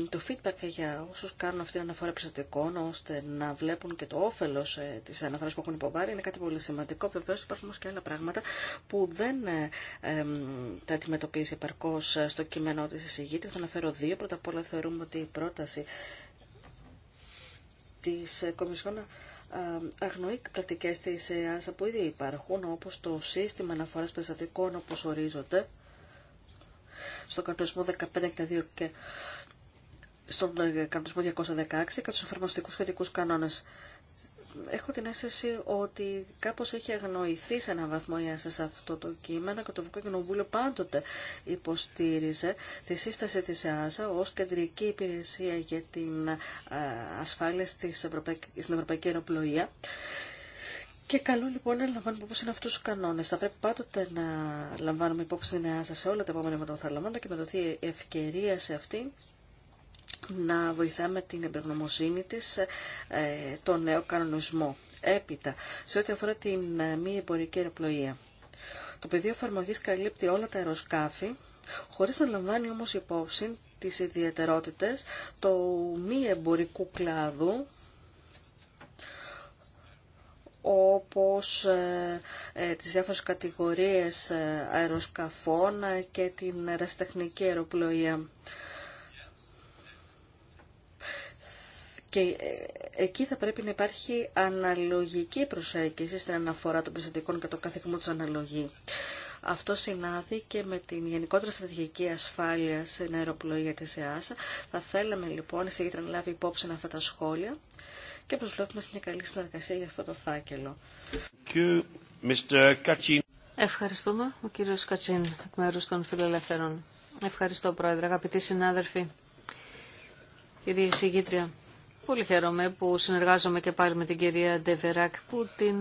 το feedback για όσους κάνουν αυτή την αναφορά επιστατικών ώστε να βλέπουν και το όφελος ε, της αναφοράς που έχουν υποβάρει είναι κάτι πολύ σημαντικό. Βεβαίω υπάρχουν όμως και άλλα πράγματα που δεν ε, ε, τα αντιμετωπίζει επαρκώς ε, στο κείμενό της συγγήτρια. Θα αναφέρω δύο. Πρώτα απ' όλα θεωρούμε ότι η πρόταση της Κομισιόνα αγνοεί πρακτικές της ΕΑΣΑ που ήδη υπάρχουν, όπως το σύστημα αναφοράς περιστατικών όπως ορίζονται, στον κανονισμό 15 και στον ε, κανονισμό 216 και τους εφαρμοστικούς σχετικούς κανόνες έχω την αίσθηση ότι κάπως έχει αγνοηθεί σε έναν βαθμό η σε αυτό το κείμενο και το Ευρωπαϊκό Κοινοβούλιο πάντοτε υποστήριζε τη σύσταση της ΕΑΣΑ ως κεντρική υπηρεσία για την ασφάλεια στην Ευρωπαϊκή Αεροπλοεία. Και καλό λοιπόν να λαμβάνουμε υπόψη είναι αυτού του κανόνε. Θα πρέπει πάντοτε να λαμβάνουμε υπόψη την ΕΑΣΑ σε όλα τα επόμενα μέτρα και να δοθεί ευκαιρία σε αυτή να βοηθάμε την εμπειρογνωμοσύνη της ε, τον νέο κανονισμό. Έπειτα, σε ό,τι αφορά την ε, μη εμπορική αεροπλοεία. Το πεδίο εφαρμογή καλύπτει όλα τα αεροσκάφη, χωρίς να λαμβάνει όμως υπόψη τις ιδιαιτερότητες του μη εμπορικού κλάδου, όπως ε, τις διάφορες κατηγορίες αεροσκαφών και την αεραστεχνική αεροπλοεία. Και ε, εκεί θα πρέπει να υπάρχει αναλογική προσέγγιση στην αναφορά των περιστατικών και το καθηγμό του αναλογή. Αυτό συνάδει και με την Γενικότερη στρατηγική ασφάλεια στην αεροπλοεία τη ΕΑΣΑ. Θα θέλαμε λοιπόν η να λάβει υπόψη αυτά τα σχόλια και προσβλέπουμε σε μια καλή συνεργασία για αυτό το φάκελο. Ευχαριστούμε. Ο κύριος Κατσίν, εκ μέρους των φιλελεύθερων. Ευχαριστώ, Πρόεδρε, αγαπητοί συνάδελφοι. Κύριε συγήτρια. Πολύ χαίρομαι που συνεργάζομαι και πάλι με την κυρία Ντεβεράκ που την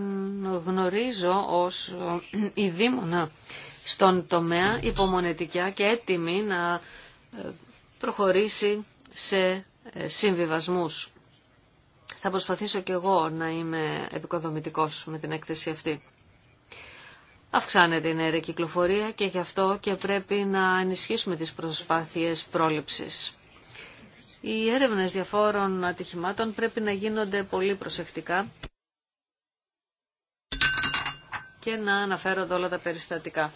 γνωρίζω ως ε, η δήμονα στον τομέα υπομονετικιά και έτοιμη να ε, προχωρήσει σε ε, συμβιβασμούς. Θα προσπαθήσω και εγώ να είμαι επικοδομητικός με την έκθεση αυτή. Αυξάνεται η νέα κυκλοφορία και γι' αυτό και πρέπει να ενισχύσουμε τις προσπάθειες πρόληψης. Οι έρευνες διαφόρων ατυχημάτων πρέπει να γίνονται πολύ προσεκτικά και να αναφέρονται όλα τα περιστατικά.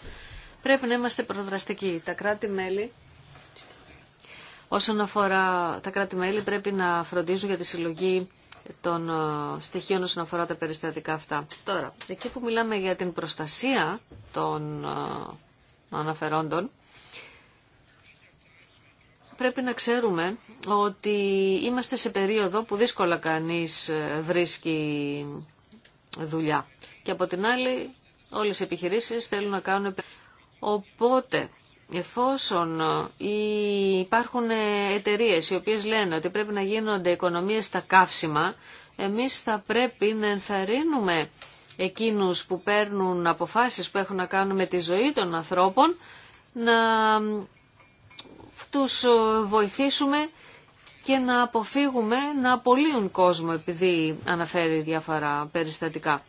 Πρέπει να είμαστε προδραστικοί. Τα κράτη-μέλη, όσον αφορά τα κράτη-μέλη, πρέπει να φροντίζουν για τη συλλογή των ε, στοιχείων όσον αφορά τα περιστατικά αυτά. Τώρα, εκεί που μιλάμε για την προστασία των ε, αναφερόντων, πρέπει να ξέρουμε ότι είμαστε σε περίοδο που δύσκολα κανείς βρίσκει δουλειά. Και από την άλλη όλες οι επιχειρήσεις θέλουν να κάνουν... Οπότε, εφόσον ε, υπάρχουν ε, εταιρείε οι οποίες λένε ότι πρέπει να γίνονται οικονομίες στα καύσιμα, εμείς θα πρέπει να ενθαρρύνουμε εκείνους που παίρνουν αποφάσεις που έχουν να κάνουν με τη ζωή των ανθρώπων να τους ε, βοηθήσουμε και να αποφύγουμε να απολύουν κόσμο επειδή αναφέρει διάφορα περιστατικά.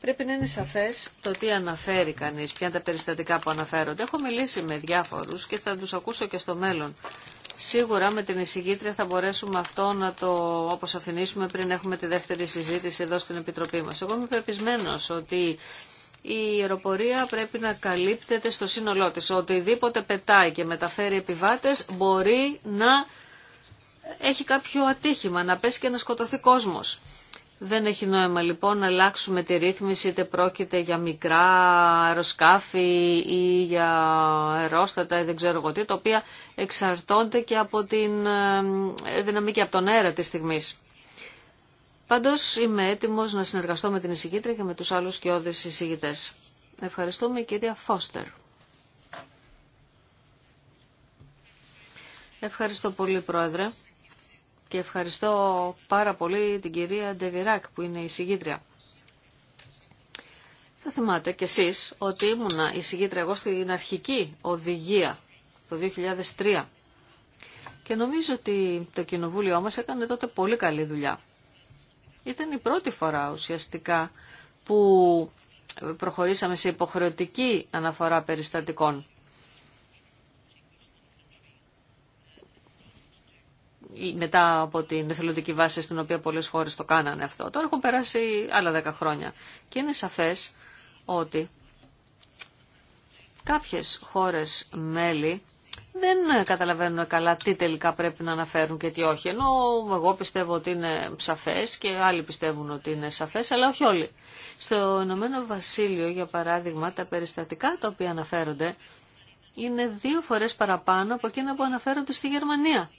Πρέπει να είναι σαφές το τι αναφέρει κανείς, ποια είναι τα περιστατικά που αναφέρονται. Έχω μιλήσει με διάφορους και θα τους ακούσω και στο μέλλον. Σίγουρα με την εισηγήτρια θα μπορέσουμε αυτό να το αποσαφηνίσουμε πριν έχουμε τη δεύτερη συζήτηση εδώ στην Επιτροπή μας. Εγώ είμαι πεπισμένος ότι η αεροπορία πρέπει να καλύπτεται στο σύνολό της. Οτιδήποτε πετάει και μεταφέρει επιβάτες μπορεί να έχει κάποιο ατύχημα, να πέσει και να σκοτωθεί κόσμος. Δεν έχει νόημα λοιπόν να αλλάξουμε τη ρύθμιση είτε πρόκειται για μικρά αεροσκάφη ή για αερόστατα ή δεν ξέρω εγώ τι, τα οποία εξαρτώνται και από την ε, δυναμική, από τον αέρα της στιγμής. Πάντως είμαι έτοιμος να συνεργαστώ με την εισηγήτρια και με τους άλλους κοιόδες εισηγητές. Ευχαριστούμε η κυρία Φώστερ. Ευχαριστώ πολύ Πρόεδρε και ευχαριστώ πάρα πολύ την κυρία Ντεβιράκ που είναι η εισηγήτρια. Θα θυμάται κι εσείς ότι ήμουνα εισηγήτρια εγώ στην αρχική οδηγία το 2003 και νομίζω ότι το κοινοβούλιο μας έκανε τότε πολύ καλή δουλειά. Ήταν η πρώτη φορά ουσιαστικά που προχωρήσαμε σε υποχρεωτική αναφορά περιστατικών. μετά από την εθελοντική βάση στην οποία πολλές χώρες το κάνανε αυτό. Τώρα έχουν περάσει άλλα δέκα χρόνια και είναι σαφές ότι κάποιες χώρες μέλη δεν καταλαβαίνουν καλά τι τελικά πρέπει να αναφέρουν και τι όχι. Ενώ εγώ πιστεύω ότι είναι σαφέ και άλλοι πιστεύουν ότι είναι σαφέ, αλλά όχι όλοι. Στο Ηνωμένο Βασίλειο, για παράδειγμα, τα περιστατικά τα οποία αναφέρονται είναι δύο φορέ παραπάνω από εκείνα που αναφέρονται στη Γερμανία.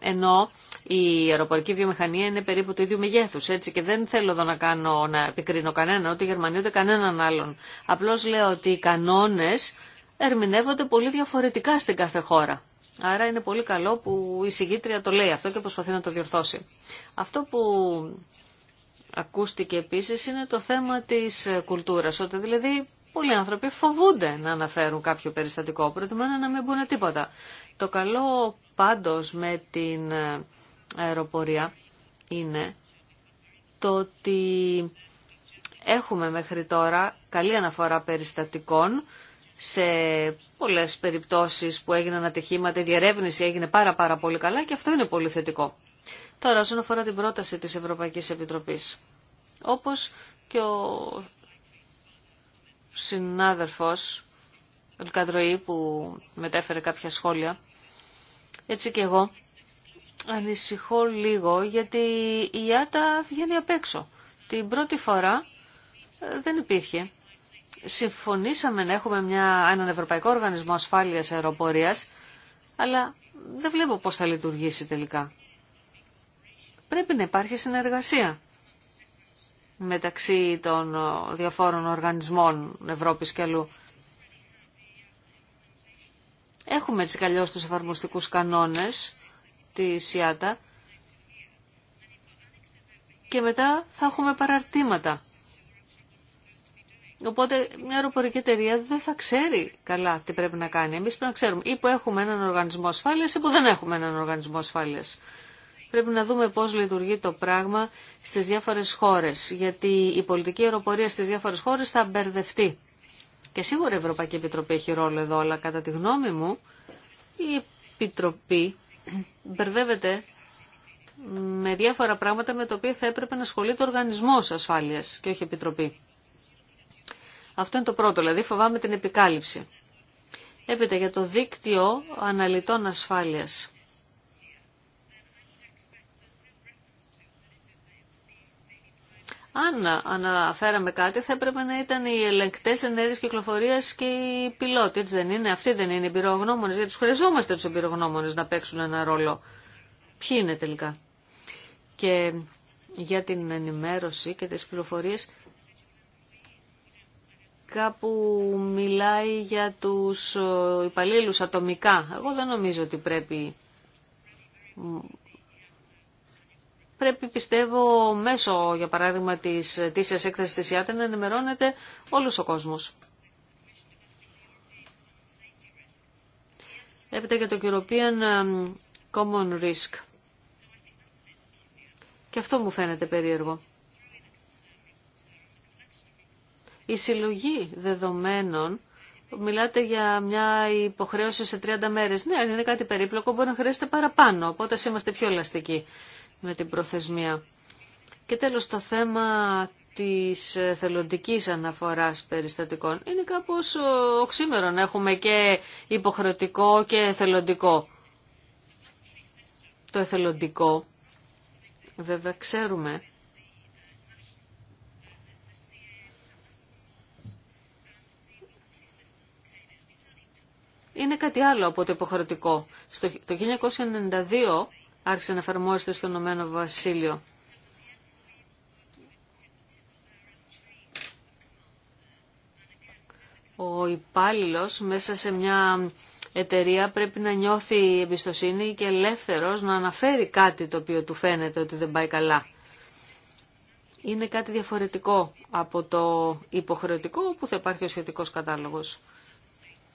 Ενώ η αεροπορική βιομηχανία είναι περίπου του ίδιου μεγέθου. Έτσι και δεν θέλω εδώ να, κάνω, να επικρίνω κανέναν, ούτε Γερμανία ούτε κανέναν άλλον. Απλώ λέω ότι οι κανόνε ερμηνεύονται πολύ διαφορετικά στην κάθε χώρα. Άρα είναι πολύ καλό που η συγγήτρια το λέει αυτό και προσπαθεί να το διορθώσει. Αυτό που ακούστηκε επίσης είναι το θέμα της κουλτούρας, ότι δηλαδή πολλοί άνθρωποι φοβούνται να αναφέρουν κάποιο περιστατικό, προτιμάνε να μην μπουν τίποτα. Το καλό πάντως με την αεροπορία είναι το ότι έχουμε μέχρι τώρα καλή αναφορά περιστατικών, σε πολλές περιπτώσεις που έγιναν ατυχήματα, η διερεύνηση έγινε πάρα πάρα πολύ καλά και αυτό είναι πολύ θετικό. Τώρα όσον αφορά την πρόταση της Ευρωπαϊκής Επιτροπής, όπως και ο συνάδελφος Ελκαντροή που μετέφερε κάποια σχόλια, έτσι και εγώ ανησυχώ λίγο γιατί η ΙΑΤΑ βγαίνει απ' έξω. Την πρώτη φορά ε, δεν υπήρχε συμφωνήσαμε να έχουμε μια, έναν Ευρωπαϊκό Οργανισμό Ασφάλειας Αεροπορίας, αλλά δεν βλέπω πώς θα λειτουργήσει τελικά. Πρέπει να υπάρχει συνεργασία μεταξύ των ε, διαφόρων οργανισμών Ευρώπης και αλλού. Έχουμε έτσι καλλιώς τους εφαρμοστικούς κανόνες τη ΙΑΤΑ και μετά θα έχουμε παραρτήματα. Οπότε μια αεροπορική εταιρεία δεν θα ξέρει καλά τι πρέπει να κάνει. Εμείς πρέπει να ξέρουμε ή που έχουμε έναν οργανισμό ασφάλειας ή που δεν έχουμε έναν οργανισμό ασφάλειας. Πρέπει να δούμε πώς λειτουργεί το πράγμα στις διάφορες χώρες, γιατί η πολιτική αεροπορία στις διάφορες χώρες θα μπερδευτεί. Και σίγουρα η Ευρωπαϊκή Επιτροπή έχει ρόλο εδώ, αλλά κατά τη γνώμη μου η Επιτροπή μπερδεύεται με διάφορα πράγματα με τα οποία θα έπρεπε να ασχολείται ο οργανισμό ασφάλειας και όχι Επιτροπή. Αυτό είναι το πρώτο, δηλαδή φοβάμαι την επικάλυψη. Έπειτα για το δίκτυο αναλυτών ασφάλειας. Αν αναφέραμε κάτι, θα έπρεπε να ήταν οι ελεγκτέ ενέργεια κυκλοφορία και οι πιλότοι. Έτσι δεν είναι. Αυτοί δεν είναι εμπειρογνώμονε, γιατί του χρειαζόμαστε του εμπειρογνώμονε να παίξουν ένα ρόλο. Ποιοι είναι τελικά. Και για την ενημέρωση και τι πληροφορίε κάπου μιλάει για τους ε, υπαλλήλους ατομικά. Εγώ δεν νομίζω ότι πρέπει... Πρέπει, πιστεύω, μέσω, για παράδειγμα, της τήσιας έκθεσης της ΙΑΤΕ να ενημερώνεται όλος ο κόσμος. Έπειτα για το European ε, Common Risk. Και αυτό μου φαίνεται περίεργο. Η συλλογή δεδομένων Μιλάτε για μια υποχρέωση σε 30 μέρες. Ναι, αν είναι κάτι περίπλοκο μπορεί να χρειάζεται παραπάνω, οπότε είμαστε πιο ελαστικοί με την προθεσμία. Και τέλος το θέμα της θελοντικής αναφοράς περιστατικών. Είναι κάπως οξύμερο να έχουμε και υποχρεωτικό και θελοντικό. Το εθελοντικό, βέβαια ξέρουμε είναι κάτι άλλο από το υποχρεωτικό. Στο, το 1992 άρχισε να εφαρμόζεται στο Ηνωμένο Βασίλειο. Ο υπάλληλο μέσα σε μια εταιρεία πρέπει να νιώθει εμπιστοσύνη και ελεύθερος να αναφέρει κάτι το οποίο του φαίνεται ότι δεν πάει καλά. Είναι κάτι διαφορετικό από το υποχρεωτικό που θα υπάρχει ο σχετικός κατάλογος.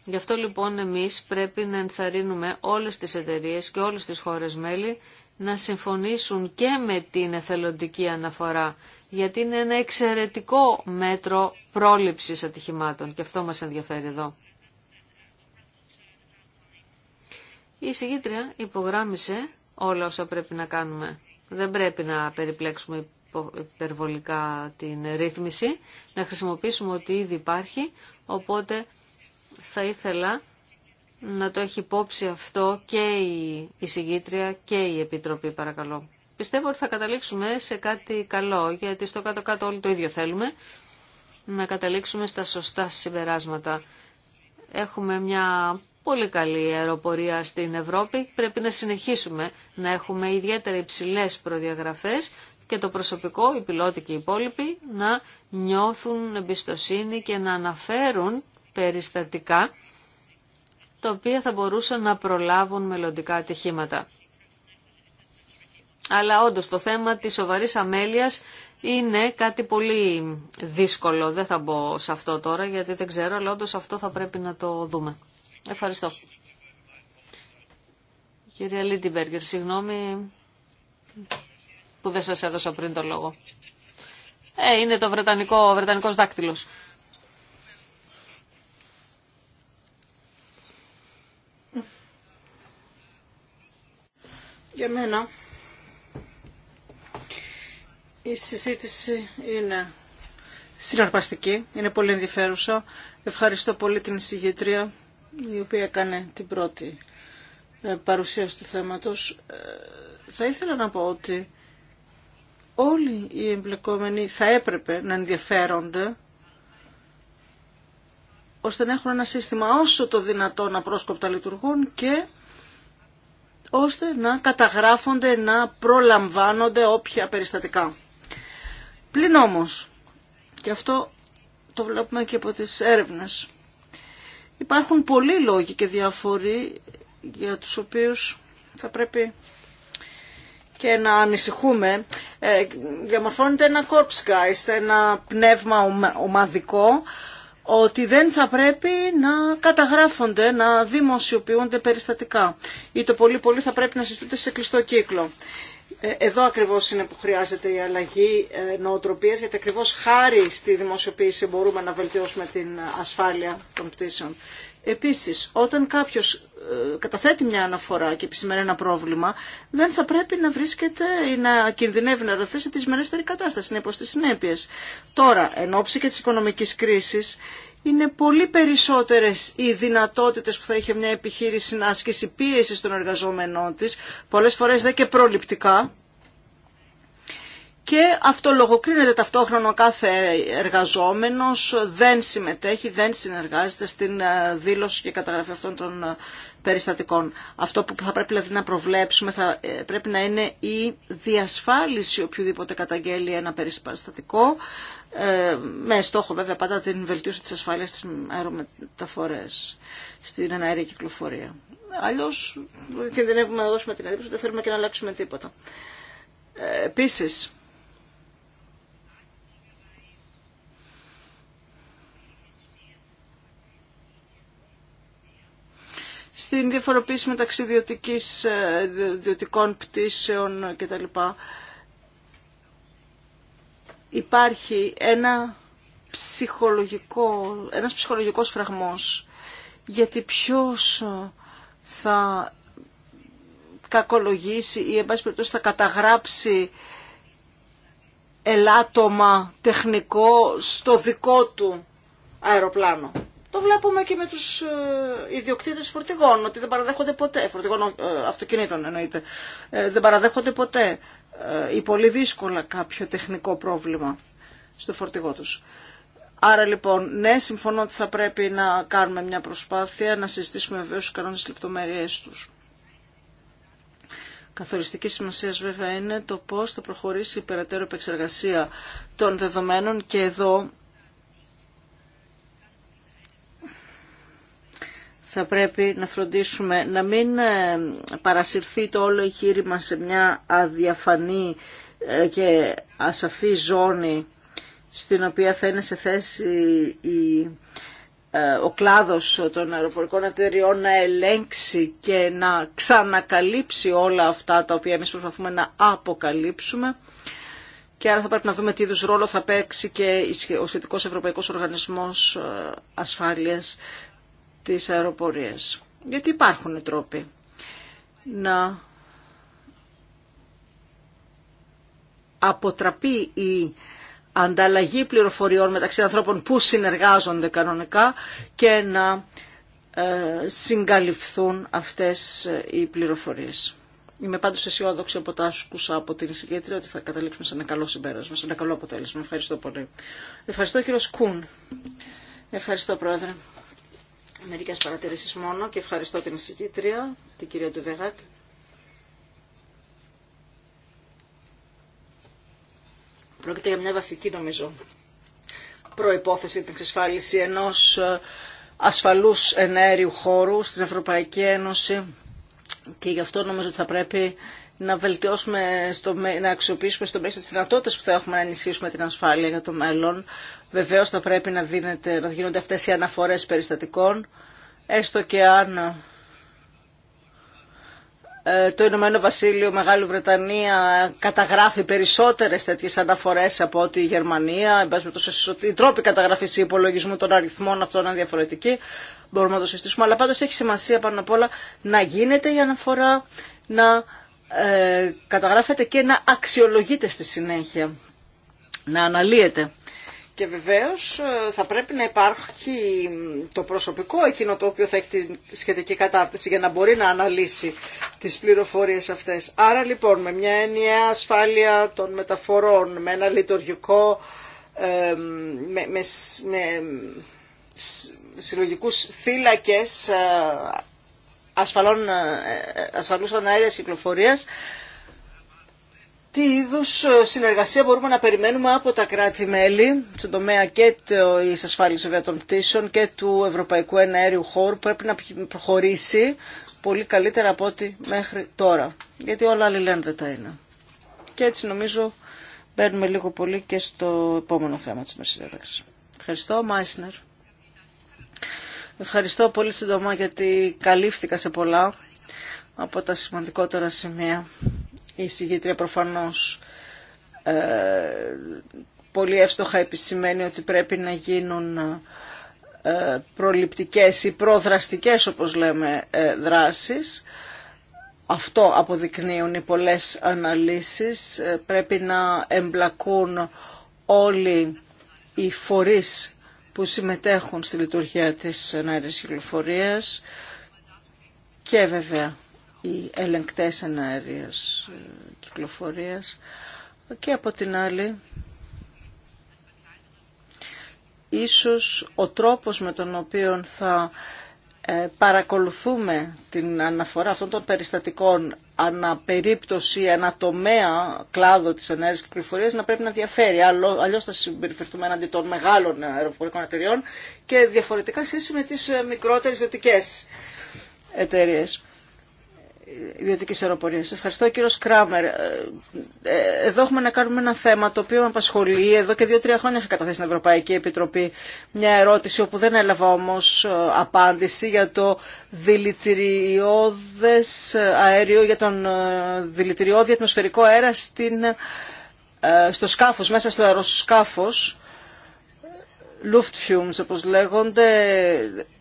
Γι' αυτό λοιπόν εμείς πρέπει να ενθαρρύνουμε όλες τις εταιρείες και όλες τις χώρες μέλη να συμφωνήσουν και με την εθελοντική αναφορά, γιατί είναι ένα εξαιρετικό μέτρο πρόληψης ατυχημάτων και αυτό μας ενδιαφέρει εδώ. Η εισηγήτρια υπογράμμισε όλα όσα πρέπει να κάνουμε. Δεν πρέπει να περιπλέξουμε υπερβολικά την ρύθμιση, να χρησιμοποιήσουμε ότι ήδη υπάρχει, οπότε θα ήθελα να το έχει υπόψη αυτό και η εισηγήτρια και η Επιτροπή παρακαλώ. Πιστεύω ότι θα καταλήξουμε σε κάτι καλό γιατί στο κάτω-κάτω όλοι το ίδιο θέλουμε να καταλήξουμε στα σωστά συμπεράσματα. Έχουμε μια πολύ καλή αεροπορία στην Ευρώπη. Πρέπει να συνεχίσουμε να έχουμε ιδιαίτερα υψηλέ προδιαγραφές και το προσωπικό, οι πιλότοι και οι υπόλοιποι, να νιώθουν εμπιστοσύνη και να αναφέρουν περιστατικά τα οποία θα μπορούσαν να προλάβουν μελλοντικά ατυχήματα. Αλλά όντως το θέμα της σοβαρής αμέλειας είναι κάτι πολύ δύσκολο. Δεν θα μπω σε αυτό τώρα γιατί δεν ξέρω, αλλά όντως αυτό θα πρέπει να το δούμε. Ευχαριστώ. Κυρία Λίτιμπεργκερ, συγγνώμη που δεν σας έδωσα πριν το λόγο. Ε, είναι το βρετανικό, ο Για μένα η συζήτηση είναι συναρπαστική, είναι πολύ ενδιαφέρουσα. Ευχαριστώ πολύ την συγγητρία η οποία έκανε την πρώτη ε, παρουσίαση του θέματος. Ε, θα ήθελα να πω ότι όλοι οι εμπλεκόμενοι θα έπρεπε να ενδιαφέρονται ώστε να έχουν ένα σύστημα όσο το δυνατόν απρόσκοπτα λειτουργούν και ώστε να καταγράφονται, να προλαμβάνονται όποια περιστατικά. Πλην όμως, και αυτό το βλέπουμε και από τις έρευνες, υπάρχουν πολλοί λόγοι και διαφοροί για τους οποίους θα πρέπει και να ανησυχούμε. Ε, διαμορφώνεται ένα corpse ένα πνεύμα ομαδικό, ότι δεν θα πρέπει να καταγράφονται, να δημοσιοποιούνται περιστατικά ή το πολύ πολύ θα πρέπει να συζητούνται σε κλειστό κύκλο. Ε, εδώ ακριβώς είναι που χρειάζεται η αλλαγή ε, νοοτροπίας, γιατί ακριβώς χάρη στη δημοσιοποίηση μπορούμε να βελτιώσουμε την ασφάλεια των πτήσεων. Επίσης, όταν κάποιος καταθέτει μια αναφορά και επισημαίνει ένα πρόβλημα, δεν θα πρέπει να βρίσκεται ή να κινδυνεύει να ρωθεί σε τη σημερινή κατάσταση, να υποστεί συνέπειε. Τώρα, εν ώψη και τη οικονομική κρίση, είναι πολύ περισσότερες οι δυνατότητες που θα είχε μια επιχείρηση να ασκήσει πίεση στον εργαζόμενό τη. πολλές φορές δεν και προληπτικά, και αυτό λογοκρίνεται ταυτόχρονα κάθε εργαζόμενος, δεν συμμετέχει, δεν συνεργάζεται στην ε, δήλωση και καταγραφή αυτών των ε, περιστατικών. Αυτό που θα πρέπει δηλαδή να προβλέψουμε θα ε, πρέπει να είναι η διασφάλιση οποιοδήποτε καταγγέλει ένα περιστατικό ε, με στόχο βέβαια πάντα την βελτίωση της ασφάλειας στις αερομεταφορές στην αέρια κυκλοφορία. δεν κινδυνεύουμε να δώσουμε την εντύπωση ότι δεν θέλουμε και να αλλάξουμε τίποτα. Ε, επίσης, στην διαφοροποίηση μεταξύ ιδιωτικής, ε, ιδιωτικών πτήσεων κτλ. Υπάρχει ένα ψυχολογικό, ένας ψυχολογικός φραγμός γιατί ποιος ε, θα κακολογήσει ή εν πάση περιπτώσει θα καταγράψει ελάττωμα τεχνικό στο δικό του αεροπλάνο. Το βλέπουμε και με τους ε, ιδιοκτήτες φορτηγών, ότι δεν παραδέχονται ποτέ, φορτηγών ε, αυτοκινήτων εννοείται, ε, δεν παραδέχονται ποτέ ή πολύ δύσκολα κάποιο τεχνικό πρόβλημα στο φορτηγό τους. Άρα λοιπόν, ναι, συμφωνώ ότι θα πρέπει να κάνουμε μια προσπάθεια, να συζητήσουμε βεβαίως τους κανόνες λεπτομέρειές τους. Καθοριστική σημασία βέβαια είναι το πώς θα προχωρήσει η περαιτέρω να συζητησουμε βεβαίω του κανόνε λεπτομέρειε τους καθοριστικη σημασια βεβαια ειναι το πώ θα προχωρησει η περαιτερω επεξεργασια των δεδομένων και εδώ θα πρέπει να φροντίσουμε να μην ε, παρασυρθεί το όλο εγχείρημα σε μια αδιαφανή ε, και ασαφή ζώνη στην οποία θα είναι σε θέση η, ε, ο κλάδος των αεροπορικών εταιριών να ελέγξει και να ξανακαλύψει όλα αυτά τα οποία εμείς προσπαθούμε να αποκαλύψουμε και άρα θα πρέπει να δούμε τι είδους ρόλο θα παίξει και ο σχετικός Ευρωπαϊκός Οργανισμός Ασφάλειας τις αεροπορίες Γιατί υπάρχουν τρόποι να αποτραπεί η ανταλλαγή πληροφοριών μεταξύ ανθρώπων που συνεργάζονται κανονικά και να ε, συγκαλυφθούν αυτές ε, οι πληροφορίες. Είμαι πάντως αισιόδοξη από τα άσκουσα από την συγκέντρια ότι θα καταλήξουμε σε ένα καλό συμπέρασμα, σε ένα καλό αποτέλεσμα. Ευχαριστώ πολύ. Ευχαριστώ κύριο Σκούν. Ευχαριστώ πρόεδρε. Μερικές παρατηρήσεις μόνο και ευχαριστώ την εισηγήτρια, την κυρία Τουβεγάκ. Πρόκειται για μια βασική νομίζω προϋπόθεση την εξασφάλιση ενός ε, ασφαλούς ενέργειου χώρου στην Ευρωπαϊκή Ένωση και γι' αυτό νομίζω ότι θα πρέπει να βελτιώσουμε, στο, να αξιοποιήσουμε στο μέσο τι δυνατότητε που θα έχουμε να ενισχύσουμε την ασφάλεια για το μέλλον. Βεβαίω θα πρέπει να, δίνεται, να γίνονται αυτέ οι αναφορέ περιστατικών, έστω και αν ε, το Ηνωμένο Βασίλειο, Μεγάλη Βρετανία καταγράφει περισσότερε τέτοιε αναφορέ από ότι η Γερμανία. Οι τρόποι καταγραφής υπολογισμού των αριθμών αυτών είναι διαφορετικοί. Μπορούμε να το συζητήσουμε. Αλλά πάντω έχει σημασία πάνω απ' όλα να γίνεται η αναφορά, να ε, καταγράφεται και να αξιολογείται στη συνέχεια, να αναλύεται. Και βεβαίως ε, θα πρέπει να υπάρχει το προσωπικό εκείνο το οποίο θα έχει τη σχετική κατάρτιση για να μπορεί να αναλύσει τις πληροφορίες αυτές. Άρα λοιπόν με μια ενιαία ασφάλεια των μεταφορών, με ένα λειτουργικό, ε, με, με, με συλλογικούς θύλακες ε, ασφαλών, ε, ασφαλούς αέρια κυκλοφορίας, τι είδους ε, συνεργασία μπορούμε να περιμένουμε από τα κράτη-μέλη στον τομέα και της ασφάλισης βέβαια των πτήσεων και του Ευρωπαϊκού Εναέριου Χώρου πρέπει να προχωρήσει πολύ καλύτερα από ό,τι μέχρι τώρα. Γιατί όλα λένε δεν τα είναι. Και έτσι νομίζω μπαίνουμε λίγο πολύ και στο επόμενο θέμα της μεσης Ευχαριστώ, Μάισνερ. Ευχαριστώ πολύ σύντομα γιατί καλύφθηκα σε πολλά από τα σημαντικότερα σημεία. Η συγγήτρια προφανώς ε, πολύ εύστοχα επισημαίνει ότι πρέπει να γίνουν ε, προληπτικές ή προδραστικές όπως λέμε ε, δράσεις. Αυτό αποδεικνύουν οι πολλές αναλύσεις. Πρέπει να εμπλακούν όλοι οι φορείς που συμμετέχουν στη λειτουργία της εναέρης κυκλοφορίας και βέβαια οι ελεγκτές εναέρειας ε, κυκλοφορίας και από την άλλη ίσως ο τρόπος με τον οποίο θα ε, παρακολουθούμε την αναφορά αυτών των περιστατικών αναπερίπτωση, τομέα κλάδο της ενέργειας κυκλοφορίας να πρέπει να διαφέρει. Αλλιώς θα συμπεριφερθούμε έναντι των μεγάλων αεροπορικών εταιριών και διαφορετικά σχέση με τις μικρότερες ιδιωτικές εταιρείες ιδιωτικής Σα Ευχαριστώ κύριο Κράμερ. Ε, ε, εδώ έχουμε να κάνουμε ένα θέμα το οποίο με απασχολεί. Εδώ και δύο-τρία χρόνια είχα καταθέσει στην Ευρωπαϊκή Επιτροπή μια ερώτηση όπου δεν έλαβα όμω ε, απάντηση για το δηλητηριώδε αέριο, για τον δηλητηριώδη ατμοσφαιρικό αέρα στην, στο σκάφο, μέσα στο αεροσκάφο fumes, όπως λέγονται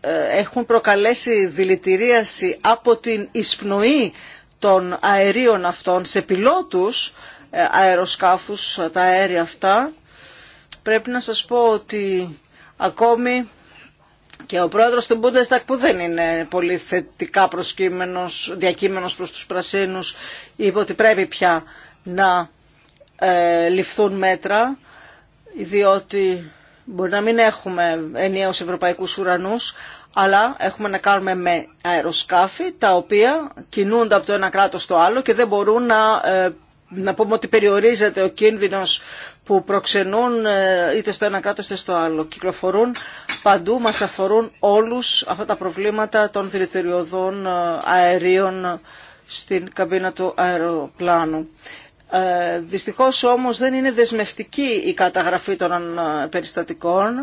ε, έχουν προκαλέσει δηλητηρίαση από την εισπνοή των αερίων αυτών σε πιλότους ε, αεροσκάφους τα αέρια αυτά. Πρέπει να σας πω ότι ακόμη και ο πρόεδρος του Bundestag που δεν είναι πολύ θετικά διακείμενος προς τους πρασίνους είπε ότι πρέπει πια να ε, ληφθούν μέτρα διότι Μπορεί να μην έχουμε ενιαίους ευρωπαϊκούς ουρανούς, αλλά έχουμε να κάνουμε με αεροσκάφη τα οποία κινούνται από το ένα κράτος στο άλλο και δεν μπορούν να, ε, να πούμε ότι περιορίζεται ο κίνδυνος που προξενούν ε, είτε στο ένα κράτος είτε στο άλλο. Κυκλοφορούν παντού, μας αφορούν όλους αυτά τα προβλήματα των δηλητηριωδών ε, αερίων στην καμπίνα του αεροπλάνου. Ε, δυστυχώς όμως δεν είναι δεσμευτική η καταγραφή των ε, περιστατικών.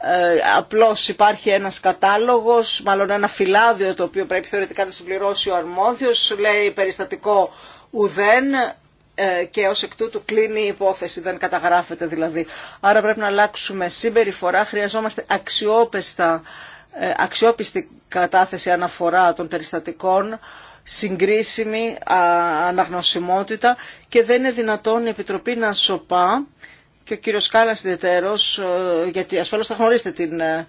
Ε, απλώς υπάρχει ένας κατάλογος, μάλλον ένα φυλάδιο το οποίο πρέπει θεωρητικά να συμπληρώσει ο αρμόδιος. Λέει περιστατικό ουδέν και ως εκ τούτου κλείνει η υπόθεση, δεν καταγράφεται δηλαδή. Άρα πρέπει να αλλάξουμε συμπεριφορά, χρειαζόμαστε αξιόπιστη κατάθεση αναφορά των περιστατικών συγκρίσιμη αναγνωσιμότητα και δεν είναι δυνατόν η Επιτροπή να σοπά και ο κύριος Κάλλας ιδιαίτερος, ε, γιατί ασφαλώς θα γνωρίσετε την ε,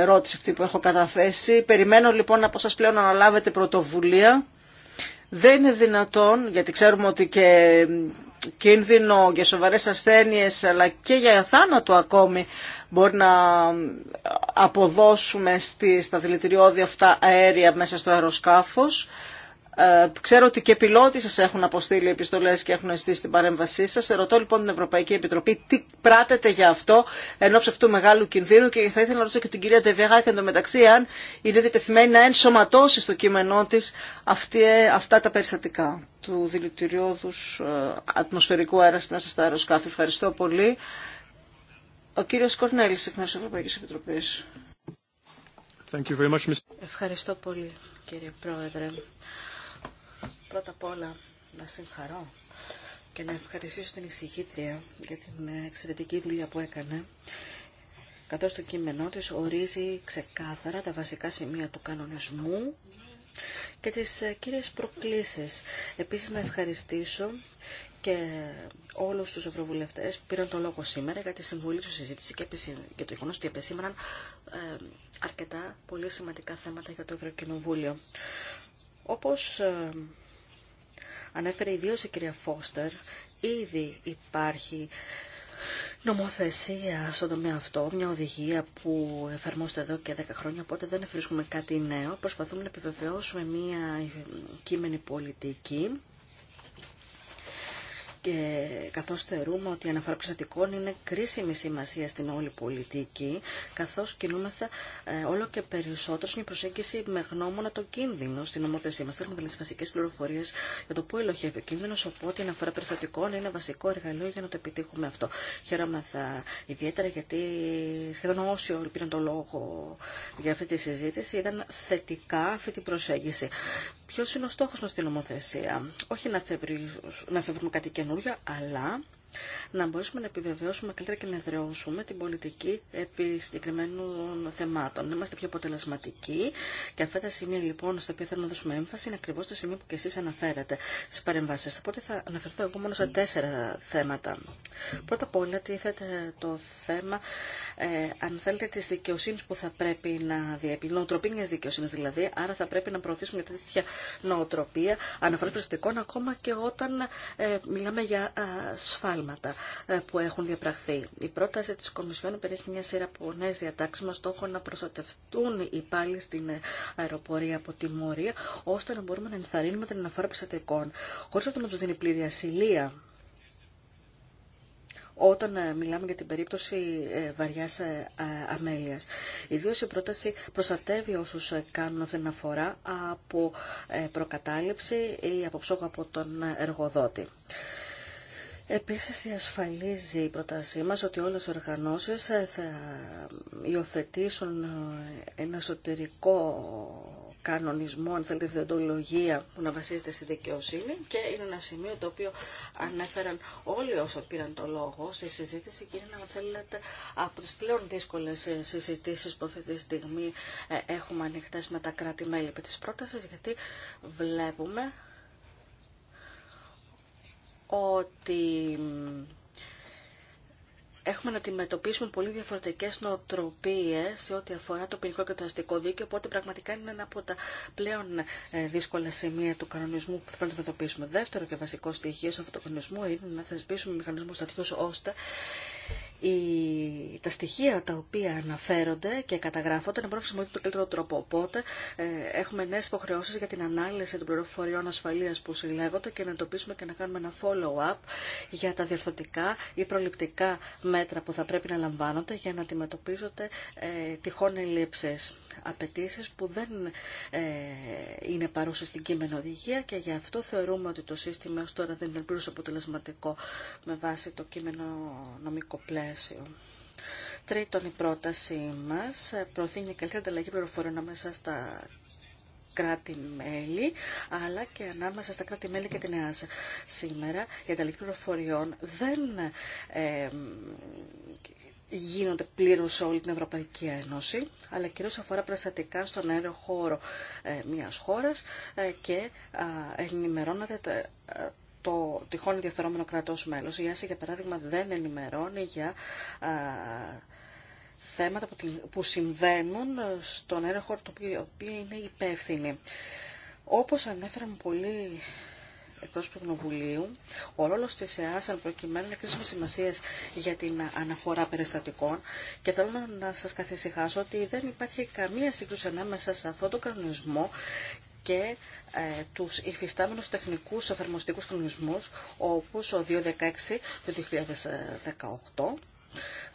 ερώτηση αυτή που έχω καταθέσει. Περιμένω λοιπόν από σας πλέον να αναλάβετε πρωτοβουλία. Δεν είναι δυνατόν, γιατί ξέρουμε ότι και κίνδυνο για σοβαρές ασθένειες αλλά και για θάνατο ακόμη μπορεί να αποδώσουμε στη, στα δηλητηριώδη αυτά αέρια μέσα στο αεροσκάφος. Ε, ξέρω ότι και πιλότοι σας έχουν αποστείλει επιστολές και έχουν αισθήσει την παρέμβασή σας. Ρωτώ λοιπόν την Ευρωπαϊκή Επιτροπή τι πράτεται για αυτό ενώ αυτού μεγάλου κινδύνου και θα ήθελα να ρωτήσω και την κυρία Ντεβιαγά και εντωμεταξύ αν είναι διτεθειμένη να ενσωματώσει στο κείμενό της ε, αυτά τα περιστατικά του δηλητηριώδους ε, ατμοσφαιρικού αέρα στην στα αεροσκάφη. Ευχαριστώ πολύ. Ο κύριος Κορνέλης, εκ μέρους της Ευρωπαϊκής Επιτροπής. Ευχαριστώ πολύ, κύριε Πρόεδρε πρώτα απ' όλα να συγχαρώ και να ευχαριστήσω την εισηγήτρια για την εξαιρετική δουλειά που έκανε καθώς το κείμενό της ορίζει ξεκάθαρα τα βασικά σημεία του κανονισμού και τις ε, κύριες προκλήσεις. Επίσης να ευχαριστήσω και όλους τους ευρωβουλευτές που πήραν το λόγο σήμερα για τη συμβουλή του συζήτηση και το γεγονός ότι επεσήμαναν ε, αρκετά πολύ σημαντικά θέματα για το Ευρωκοινοβούλιο. Όπως ε, ανέφερε ιδίως η κυρία Φώστερ, ήδη υπάρχει νομοθεσία στον τομέα αυτό, μια οδηγία που εφαρμόζεται εδώ και 10 χρόνια, οπότε δεν εφηρίσκουμε κάτι νέο. Προσπαθούμε να επιβεβαιώσουμε μια κείμενη πολιτική και καθώς θεωρούμε ότι η αναφορά περιστατικών είναι κρίσιμη σημασία στην όλη πολιτική, καθώς κινούμεθα ε, όλο και περισσότερο στην προσέγγιση με γνώμονα το κίνδυνο στην νομοθεσία μας. Θέλουμε δηλαδή βασικές πληροφορίες για το πού ελοχεύει ο κίνδυνος, οπότε η αναφορά περιστατικών είναι βασικό εργαλείο για να το επιτύχουμε αυτό. Χαίρομαι ιδιαίτερα γιατί σχεδόν όσοι πήραν το λόγο για αυτή τη συζήτηση ήταν θετικά αυτή την προσέγγιση. Ποιος είναι ο στόχος μας στην νομοθεσία. Όχι να, φεύρουμε, κάτι καινούργιο, αλλά να μπορέσουμε να επιβεβαιώσουμε καλύτερα και να εδραιώσουμε την πολιτική επί συγκεκριμένων θεμάτων. Να είμαστε πιο αποτελεσματικοί και αυτά τα σημεία λοιπόν στα οποία θέλω να δώσουμε έμφαση είναι ακριβώ τα σημεία που και εσεί αναφέρατε στι παρεμβάσει Οπότε θα αναφερθώ εγώ μόνο σε τέσσερα θέματα. Πρώτα απ' όλα τίθεται το θέμα, ε, αν θέλετε, τη δικαιοσύνη που θα πρέπει να διέπει, Νοοτροπία μια δικαιοσύνη δηλαδή. Άρα θα πρέπει να προωθήσουμε μια τέτοια νοοτροπία αναφορά προσωπικών ακόμα και όταν ε, μιλάμε για ασφάλμα. Ε, που έχουν διαπραχθεί. Η πρόταση τη Κομισιόν περιέχει μια σειρά από νέε διατάξει με στόχο να προστατευτούν οι πάλι στην ε, αεροπορία από τη Μόρια, ώστε να μπορούμε να ενθαρρύνουμε την αναφορά προστατικών, χωρί αυτό να του δίνει πλήρη ασυλία όταν ε, μιλάμε για την περίπτωση βαριά αμέλεια, ιδίω η πρόταση προστατεύει όσου κάνουν αυτήν την αφορά από προκατάληψη ή από ψόχο από τον εργοδότη. Επίσης διασφαλίζει η πρότασή μας ότι όλες οι οργανώσεις ε, θα υιοθετήσουν ε, ένα εσωτερικό κανονισμό, αν θέλετε, διοντολογία που να βασίζεται στη δικαιοσύνη και είναι ένα σημείο το οποίο ανέφεραν όλοι όσοι πήραν το λόγο στη συζήτηση και είναι, αν θέλετε, από τις πλέον δύσκολες ε, συζητήσεις που αυτή τη στιγμή έχουμε ανοιχτές με τα κράτη-μέλη επί της πρότασης, γιατί βλέπουμε ότι έχουμε να αντιμετωπίσουμε πολύ διαφορετικές νοοτροπίες σε ό,τι αφορά το ποινικό και το αστικό δίκαιο. Οπότε πραγματικά είναι ένα από τα πλέον ε, δύσκολα σημεία του κανονισμού που θα πρέπει να αντιμετωπίσουμε. Δεύτερο και βασικό στοιχείο σε αυτό το κανονισμό είναι να θεσπίσουμε μηχανισμού τέτοιους ώστε τα στοιχεία τα οποία αναφέρονται και καταγράφονται να μπορούν να χρησιμοποιούνται τον καλύτερο τρόπο. Οπότε ε, έχουμε νέε υποχρεώσει για την ανάλυση των πληροφοριών ασφαλεία που συλλέγονται και να εντοπίσουμε και να κάνουμε ένα follow-up για τα διορθωτικά ή προληπτικά μέτρα που θα πρέπει να λαμβάνονται για να αντιμετωπίζονται ε, τυχόν ελλείψει. Απαιτήσει που δεν ε, είναι παρούσε στην κείμενο οδηγία και γι' αυτό θεωρούμε ότι το σύστημα έω τώρα δεν είναι πλήρω αποτελεσματικό με βάση το κείμενο νομικό πλέον πλαίσιο. Τρίτον, η πρότασή μας προωθεί μια καλύτερη ανταλλαγή πληροφοριών ανάμεσα στα κράτη-μέλη, αλλά και ανάμεσα στα κράτη-μέλη και την ΕΑΣΑ. Σήμερα η ανταλλαγή πληροφοριών δεν ε, γίνονται πλήρω σε όλη την Ευρωπαϊκή Ένωση, αλλά κυρίω αφορά προστατικά στον αέριο χώρο ε, μια χώρα ε, και ενημερώνεται ε, το τυχόν ενδιαφερόμενο κρατός μέλος. Η ΆΣΕ, για παράδειγμα, δεν ενημερώνει για α, θέματα που, που συμβαίνουν στον ένα χώρο το οποίο είναι υπεύθυνοι. Όπως ανέφεραν πολύ εκτός Κοινοβουλίου, ο ρόλος της ΕΑΣΑΝ προκειμένου είναι κρίσιμη σημασία για την αναφορά περιστατικών και θέλω να σας καθησυχάσω ότι δεν υπάρχει καμία σύγκρουση ανάμεσα σε αυτόν τον κανονισμό και ε, τους υφιστάμενους τεχνικούς εφαρμοστικούς κανονισμούς όπως ο 216 του 2018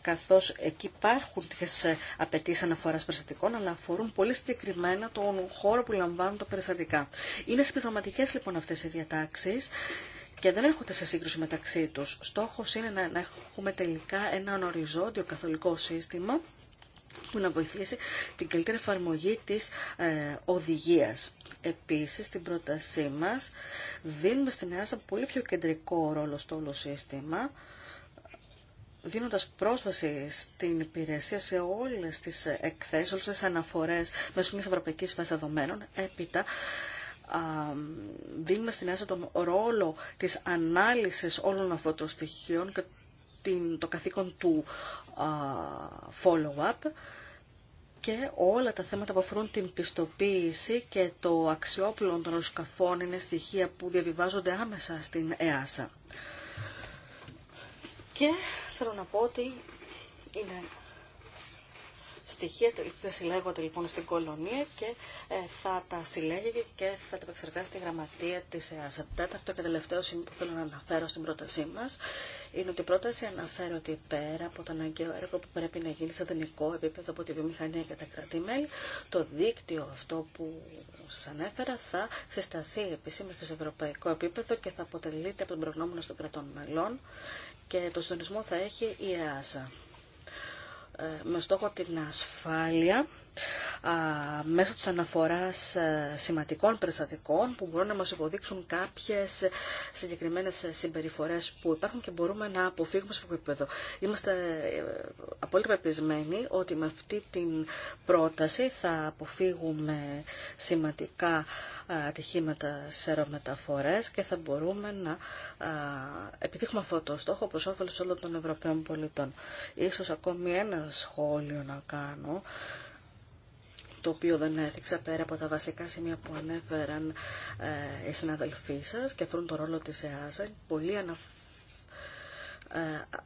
καθώς εκεί υπάρχουν τις ε, απαιτήσει αναφοράς περιστατικών, αλλά αφορούν πολύ συγκεκριμένα τον χώρο που λαμβάνουν τα περιστατικά. Είναι συμπληρωματικές λοιπόν αυτές οι διατάξεις και δεν έρχονται σε σύγκρουση μεταξύ τους. Στόχος είναι να, έχουμε τελικά ένα οριζόντιο καθολικό σύστημα που να βοηθήσει την καλύτερη εφαρμογή της ε, οδηγίας. Επίσης, στην πρότασή μας δίνουμε στην ΕΑΣΑ πολύ πιο κεντρικό ρόλο στο όλο σύστημα, δίνοντας πρόσβαση στην υπηρεσία σε όλες τις εκθέσεις, όλες τις αναφορές μέσω μιας ευρωπαϊκής βάσης δεδομένων, έπειτα δίνουμε στην ΕΑΣΑ τον ρόλο της ανάλυσης όλων αυτών των στοιχείων και την, το καθήκον του follow-up και όλα τα θέματα που αφορούν την πιστοποίηση και το αξιόπλο των αεροσκαφών είναι στοιχεία που διαβιβάζονται άμεσα στην ΕΑΣΑ. Και θέλω να πω ότι είναι στοιχεία θα συλλέγονται λοιπόν στην κολονία και ε, θα τα συλλέγει και θα τα επεξεργάσει τη γραμματεία της ΕΑΣΑ. Τέταρτο και τελευταίο σημείο που θέλω να αναφέρω στην πρότασή μας είναι ότι η πρόταση αναφέρει ότι πέρα από το αναγκαίο έργο που πρέπει να γίνει σε δανεικό επίπεδο από τη βιομηχανία και τα κρατημέλη, το δίκτυο αυτό που σας ανέφερα θα συσταθεί επισήμως σε ευρωπαϊκό επίπεδο και θα αποτελείται από τον προγνώμονα των κρατών μελών και το συντονισμό θα έχει η ΕΑΣΑ. Ε, με στόχο την ασφάλεια μέσω της αναφοράς ε, σημαντικών περιστατικών που μπορούν να μας υποδείξουν κάποιες συγκεκριμένες συμπεριφορές που υπάρχουν και μπορούμε να αποφύγουμε σε αυτό το επίπεδο. Είμαστε ε, απόλυτα πεπισμένοι ότι με αυτή την πρόταση θα αποφύγουμε σημαντικά ατυχήματα σε αερομεταφορές και θα μπορούμε να επιτύχουμε αυτό το στόχο προς όφελος όλων των Ευρωπαίων πολιτών. Ίσως ακόμη ένα σχόλιο να κάνω το οποίο δεν έθιξα πέρα από τα βασικά σημεία που ανέφεραν ε, οι συναδελφοί σας και αφορούν το ρόλο της ΕΑΣΑ. Πολλοί ε,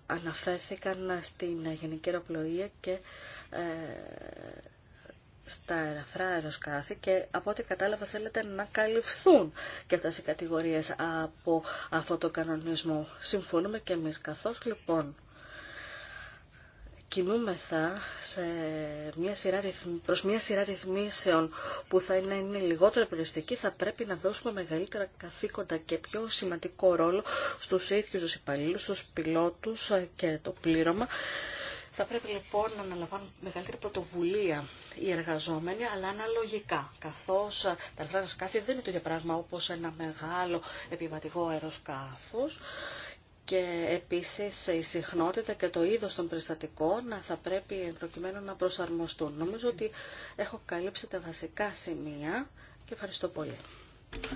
αναφέρθηκαν στην γενική αεροπλοεία και ε, στα ελαφρά αεροσκάφη και από ό,τι κατάλαβα θέλετε να καλυφθούν και αυτές οι κατηγορίες από αυτό το κανονισμό. Συμφωνούμε και εμείς καθώς λοιπόν κινούμεθα σε μια σειρά προς μια σειρά ρυθμίσεων που θα είναι, είναι λιγότερο επιλεστική, θα πρέπει να δώσουμε μεγαλύτερα καθήκοντα και πιο σημαντικό ρόλο στους ίδιους τους υπαλλήλους, στους πιλότους ε, και το πλήρωμα. Θα πρέπει λοιπόν να αναλαμβάνουν μεγαλύτερη πρωτοβουλία οι εργαζόμενοι, αλλά αναλογικά, καθώς ε, τα λεφτά σκάφη δεν είναι το ίδιο πράγμα όπως ένα μεγάλο επιβατικό αεροσκάφος και επίσης η συχνότητα και το είδος των περιστατικών θα πρέπει προκειμένου να προσαρμοστούν. Νομίζω ότι έχω καλύψει τα βασικά σημεία και ευχαριστώ πολύ.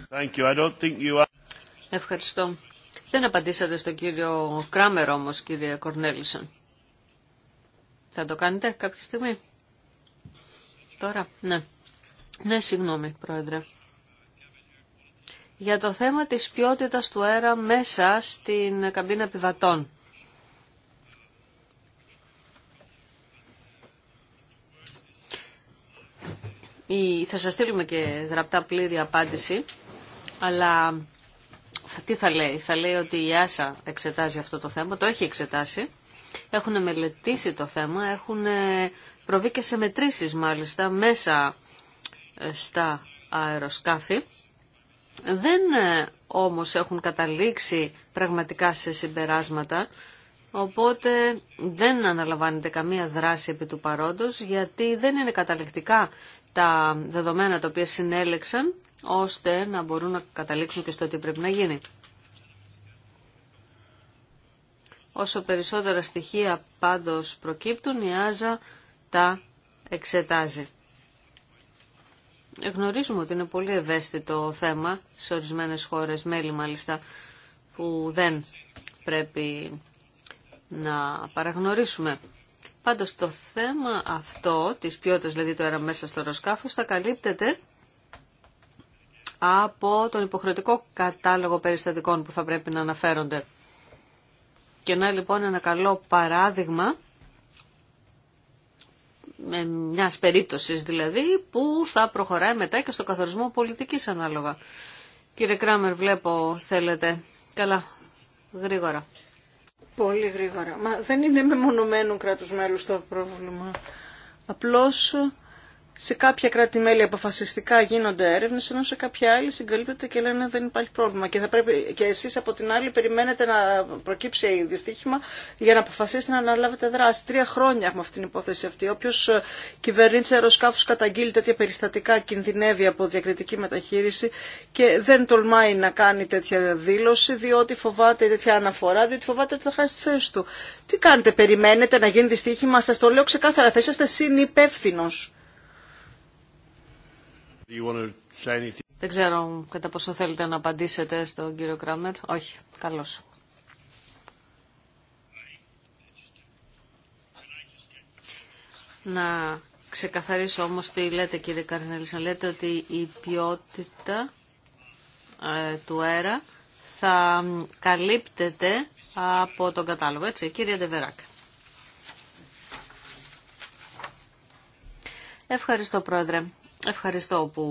Thank you. I don't think you are... Ευχαριστώ. Δεν απαντήσατε στον κύριο Κράμερ όμως, κύριε Κορνέλισον. Θα το κάνετε κάποια στιγμή. Τώρα, ναι. Ναι, συγγνώμη, πρόεδρε για το θέμα της ποιότητας του αέρα μέσα στην καμπίνα πιβατών. Θα σας στείλουμε και γραπτά πλήρη απάντηση, αλλά τι θα λέει. Θα λέει ότι η Άσα εξετάζει αυτό το θέμα, το έχει εξετάσει, έχουν μελετήσει το θέμα, έχουν ε, προβεί και σε μετρήσεις μάλιστα μέσα ε, στα αεροσκάφη δεν ε, όμως έχουν καταλήξει πραγματικά σε συμπεράσματα, οπότε δεν αναλαμβάνεται καμία δράση επί του παρόντος, γιατί δεν είναι καταληκτικά τα δεδομένα τα οποία συνέλεξαν, ώστε να μπορούν να καταλήξουν και στο τι πρέπει να γίνει. Όσο περισσότερα στοιχεία πάντως προκύπτουν, η Άζα τα εξετάζει. Γνωρίζουμε ότι είναι πολύ ευαίσθητο θέμα σε ορισμένες χώρες, μέλη μάλιστα, που δεν πρέπει να παραγνωρίσουμε. Πάντως το θέμα αυτό, της ποιότητας δηλαδή το αέρα μέσα στο ροσκάφος, θα καλύπτεται από τον υποχρεωτικό κατάλογο περιστατικών που θα πρέπει να αναφέρονται. Και να λοιπόν ένα καλό παράδειγμα μια περίπτωση δηλαδή που θα προχωράει μετά και στο καθορισμό πολιτικής ανάλογα. Κύριε Κράμερ, βλέπω θέλετε. Καλά, γρήγορα. Πολύ γρήγορα. Μα δεν είναι μεμονωμένου κράτους μέλους το πρόβλημα. Απλώς σε κάποια κράτη-μέλη αποφασιστικά γίνονται έρευνε, ενώ σε κάποια άλλη συγκαλύπτεται και λένε δεν υπάρχει πρόβλημα. Και, πρέπει, και εσεί από την άλλη περιμένετε να προκύψει δυστύχημα για να αποφασίσετε να αναλάβετε δράση. Τρία χρόνια έχουμε αυτή την υπόθεση αυτή. Όποιο ε, κυβερνήτη αεροσκάφου καταγγείλει τέτοια περιστατικά κινδυνεύει από διακριτική μεταχείριση και δεν τολμάει να κάνει τέτοια δήλωση, διότι φοβάται τέτοια αναφορά, διότι φοβάται ότι θα χάσει τη θέση του. Τι κάνετε, περιμένετε να γίνει δυστύχημα, σα το λέω ξεκάθαρα, θα είσαστε συνυπεύθυνο. Δεν ξέρω κατά πόσο θέλετε να απαντήσετε στον κύριο Κράμερ. Όχι. Καλώς. Να ξεκαθαρίσω όμως τι λέτε κύριε Καρνέλης. Να λέτε ότι η ποιότητα ε, του αέρα θα καλύπτεται από τον κατάλογο. Έτσι, κύριε Ντεβεράκ. Ευχαριστώ πρόεδρε. Ευχαριστώ που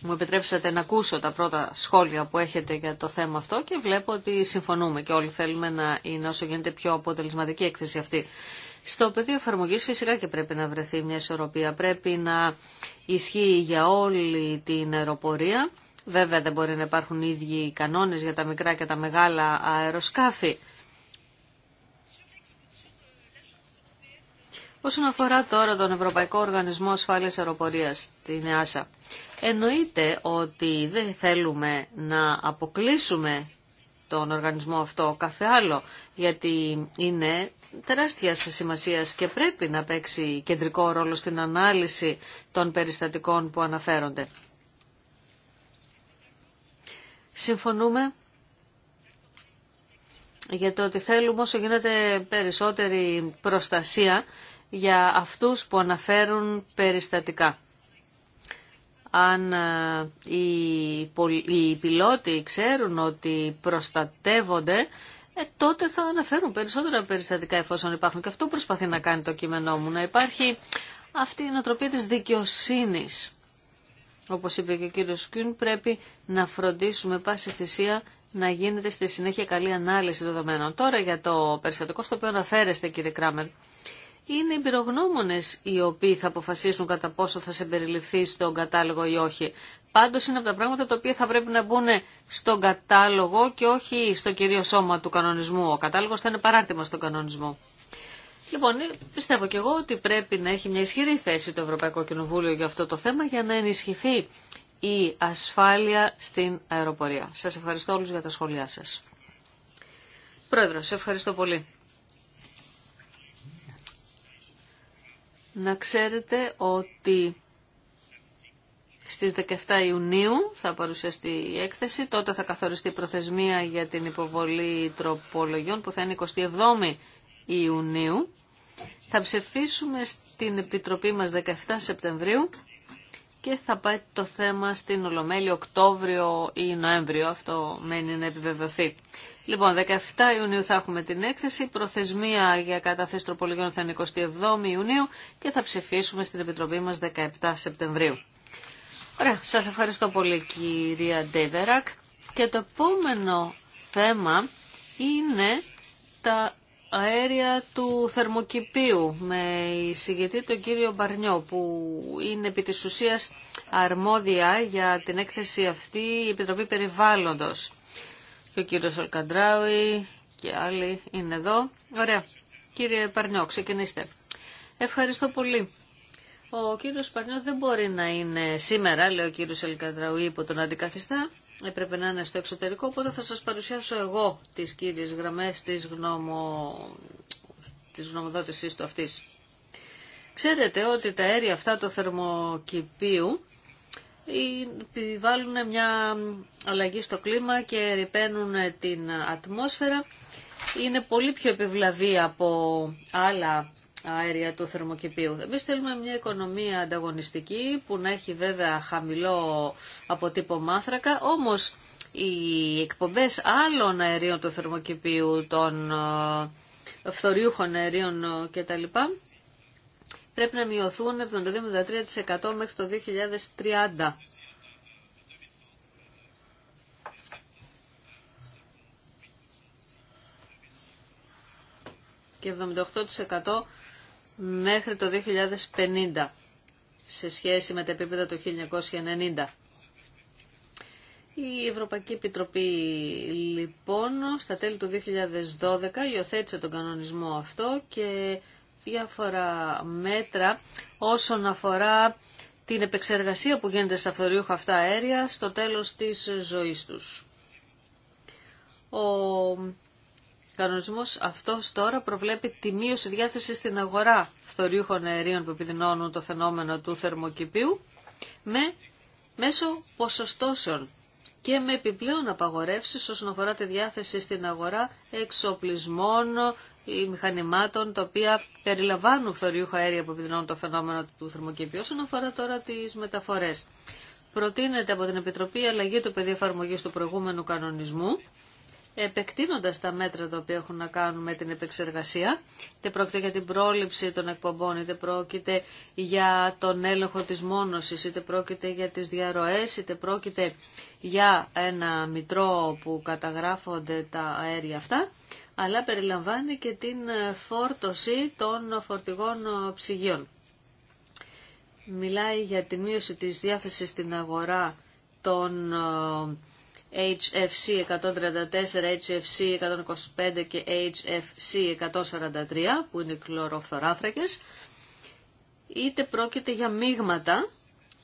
μου επιτρέψατε να ακούσω τα πρώτα σχόλια που έχετε για το θέμα αυτό και βλέπω ότι συμφωνούμε και όλοι θέλουμε να είναι όσο γίνεται πιο αποτελεσματική έκθεση αυτή. Στο πεδίο εφαρμογή φυσικά και πρέπει να βρεθεί μια ισορροπία. Πρέπει να ισχύει για όλη την αεροπορία. Βέβαια δεν μπορεί να υπάρχουν ίδιοι κανόνες για τα μικρά και τα μεγάλα αεροσκάφη. Όσον αφορά τώρα τον Ευρωπαϊκό Οργανισμό Ασφάλειας Αεροπορίας, την ΕΑΣΑ, εννοείται ότι δεν θέλουμε να αποκλείσουμε τον οργανισμό αυτό κάθε άλλο, γιατί είναι τεράστια σημασία και πρέπει να παίξει κεντρικό ρόλο στην ανάλυση των περιστατικών που αναφέρονται. Συμφωνούμε για το ότι θέλουμε όσο γίνεται περισσότερη προστασία για αυτούς που αναφέρουν περιστατικά. Αν ε, οι πιλότοι ξέρουν ότι προστατεύονται, ε, τότε θα αναφέρουν περισσότερα περιστατικά εφόσον υπάρχουν. Και αυτό προσπαθεί να κάνει το κείμενό μου, να υπάρχει αυτή η νοοτροπία της δικαιοσύνης. Όπως είπε και ο κύριος Κιούν, πρέπει να φροντίσουμε πάση θυσία να γίνεται στη συνέχεια καλή ανάλυση δεδομένων. Τώρα για το περιστατικό στο οποίο αναφέρεστε κύριε Κράμερ, είναι οι πυρογνώμονε οι οποίοι θα αποφασίσουν κατά πόσο θα συμπεριληφθεί στον κατάλογο ή όχι. Πάντω είναι από τα πράγματα τα οποία θα πρέπει να μπουν στον κατάλογο και όχι στο κυρίω σώμα του κανονισμού. Ο κατάλογο θα είναι παράρτημα στον κανονισμό. Λοιπόν, πιστεύω και εγώ ότι πρέπει να έχει μια ισχυρή θέση το Ευρωπαϊκό Κοινοβούλιο για αυτό το θέμα για να ενισχυθεί η ασφάλεια στην αεροπορία. Σας ευχαριστώ όλους για τα σχόλιά σας. σε ευχαριστώ πολύ. να ξέρετε ότι στις 17 Ιουνίου θα παρουσιαστεί η έκθεση, τότε θα καθοριστεί η προθεσμία για την υποβολή τροπολογιών που θα είναι 27 Ιουνίου. Θα ψηφίσουμε στην Επιτροπή μας 17 Σεπτεμβρίου και θα πάει το θέμα στην Ολομέλη Οκτώβριο ή Νοέμβριο. Αυτό μένει να επιβεβαιωθεί. Λοιπόν, 17 Ιουνίου θα έχουμε την έκθεση, προθεσμία για καταθέση τροπολογιών θα είναι 27 Ιουνίου και θα ψηφίσουμε στην Επιτροπή μας 17 Σεπτεμβρίου. Ωραία, σας ευχαριστώ πολύ κυρία Ντέβερακ. Και το επόμενο θέμα είναι τα αέρια του θερμοκηπίου με εισηγητή τον κύριο Μπαρνιό που είναι επί της ουσίας αρμόδια για την έκθεση αυτή η Επιτροπή Περιβάλλοντος και ο κύριος Αλκαντράουι και άλλοι είναι εδώ. Ωραία. Κύριε Παρνιό, ξεκινήστε. Ευχαριστώ πολύ. Ο κύριος Παρνιό δεν μπορεί να είναι σήμερα, λέει ο κύριος Αλκαντράουι που τον αντικαθιστά. Έπρεπε να είναι στο εξωτερικό, οπότε θα σας παρουσιάσω εγώ τις κύριες γραμμές της, γνωμο... της γνωμοδότησής του αυτής. Ξέρετε ότι τα αέρια αυτά του θερμοκηπίου επιβάλλουν μια αλλαγή στο κλίμα και ρηπαίνουν την ατμόσφαιρα. Είναι πολύ πιο επιβλαβή από άλλα αέρια του θερμοκηπίου. Εμείς θέλουμε μια οικονομία ανταγωνιστική που να έχει βέβαια χαμηλό αποτύπωμα άνθρακα, όμως οι εκπομπές άλλων αερίων του θερμοκηπίου, των ε, φθοριούχων αερίων ε, κτλ πρέπει να μειωθούν 72-73% μέχρι το 2030. και 78% μέχρι το 2050 σε σχέση με τα επίπεδα του 1990. Η Ευρωπαϊκή Επιτροπή λοιπόν στα τέλη του 2012 υιοθέτησε τον κανονισμό αυτό και διάφορα μέτρα όσον αφορά την επεξεργασία που γίνεται στα φθοριούχα αυτά αέρια στο τέλος της ζωής τους. Ο κανονισμός αυτός τώρα προβλέπει τη μείωση διάθεσης στην αγορά φθοριούχων αερίων που επιδεινώνουν το φαινόμενο του θερμοκηπίου με μέσω ποσοστώσεων και με επιπλέον απαγορεύσεις όσον αφορά τη διάθεση στην αγορά εξοπλισμών ή μηχανημάτων τα οποία περιλαμβάνουν φθοριούχα αέρια που επιδεινώνουν το φαινόμενο του θερμοκηπίου. Όσον αφορά τώρα τις μεταφορές. Προτείνεται από την Επιτροπή αλλαγή του πεδίου εφαρμογή του προηγούμενου κανονισμού επεκτείνοντας τα μέτρα τα οποία έχουν να κάνουν με την επεξεργασία. Είτε πρόκειται για την πρόληψη των εκπομπών, είτε πρόκειται για τον έλεγχο της μόνωσης, είτε πρόκειται για τις διαρροές, είτε πρόκειται για ένα μητρό που καταγράφονται τα αέρια αυτά, αλλά περιλαμβάνει και την φόρτωση των φορτηγών ψυγείων. Μιλάει για τη μείωση της διάθεσης στην αγορά των ε, HFC 134, HFC 125 και HFC 143 που είναι οι κλωροφθοράθρακες είτε πρόκειται για μείγματα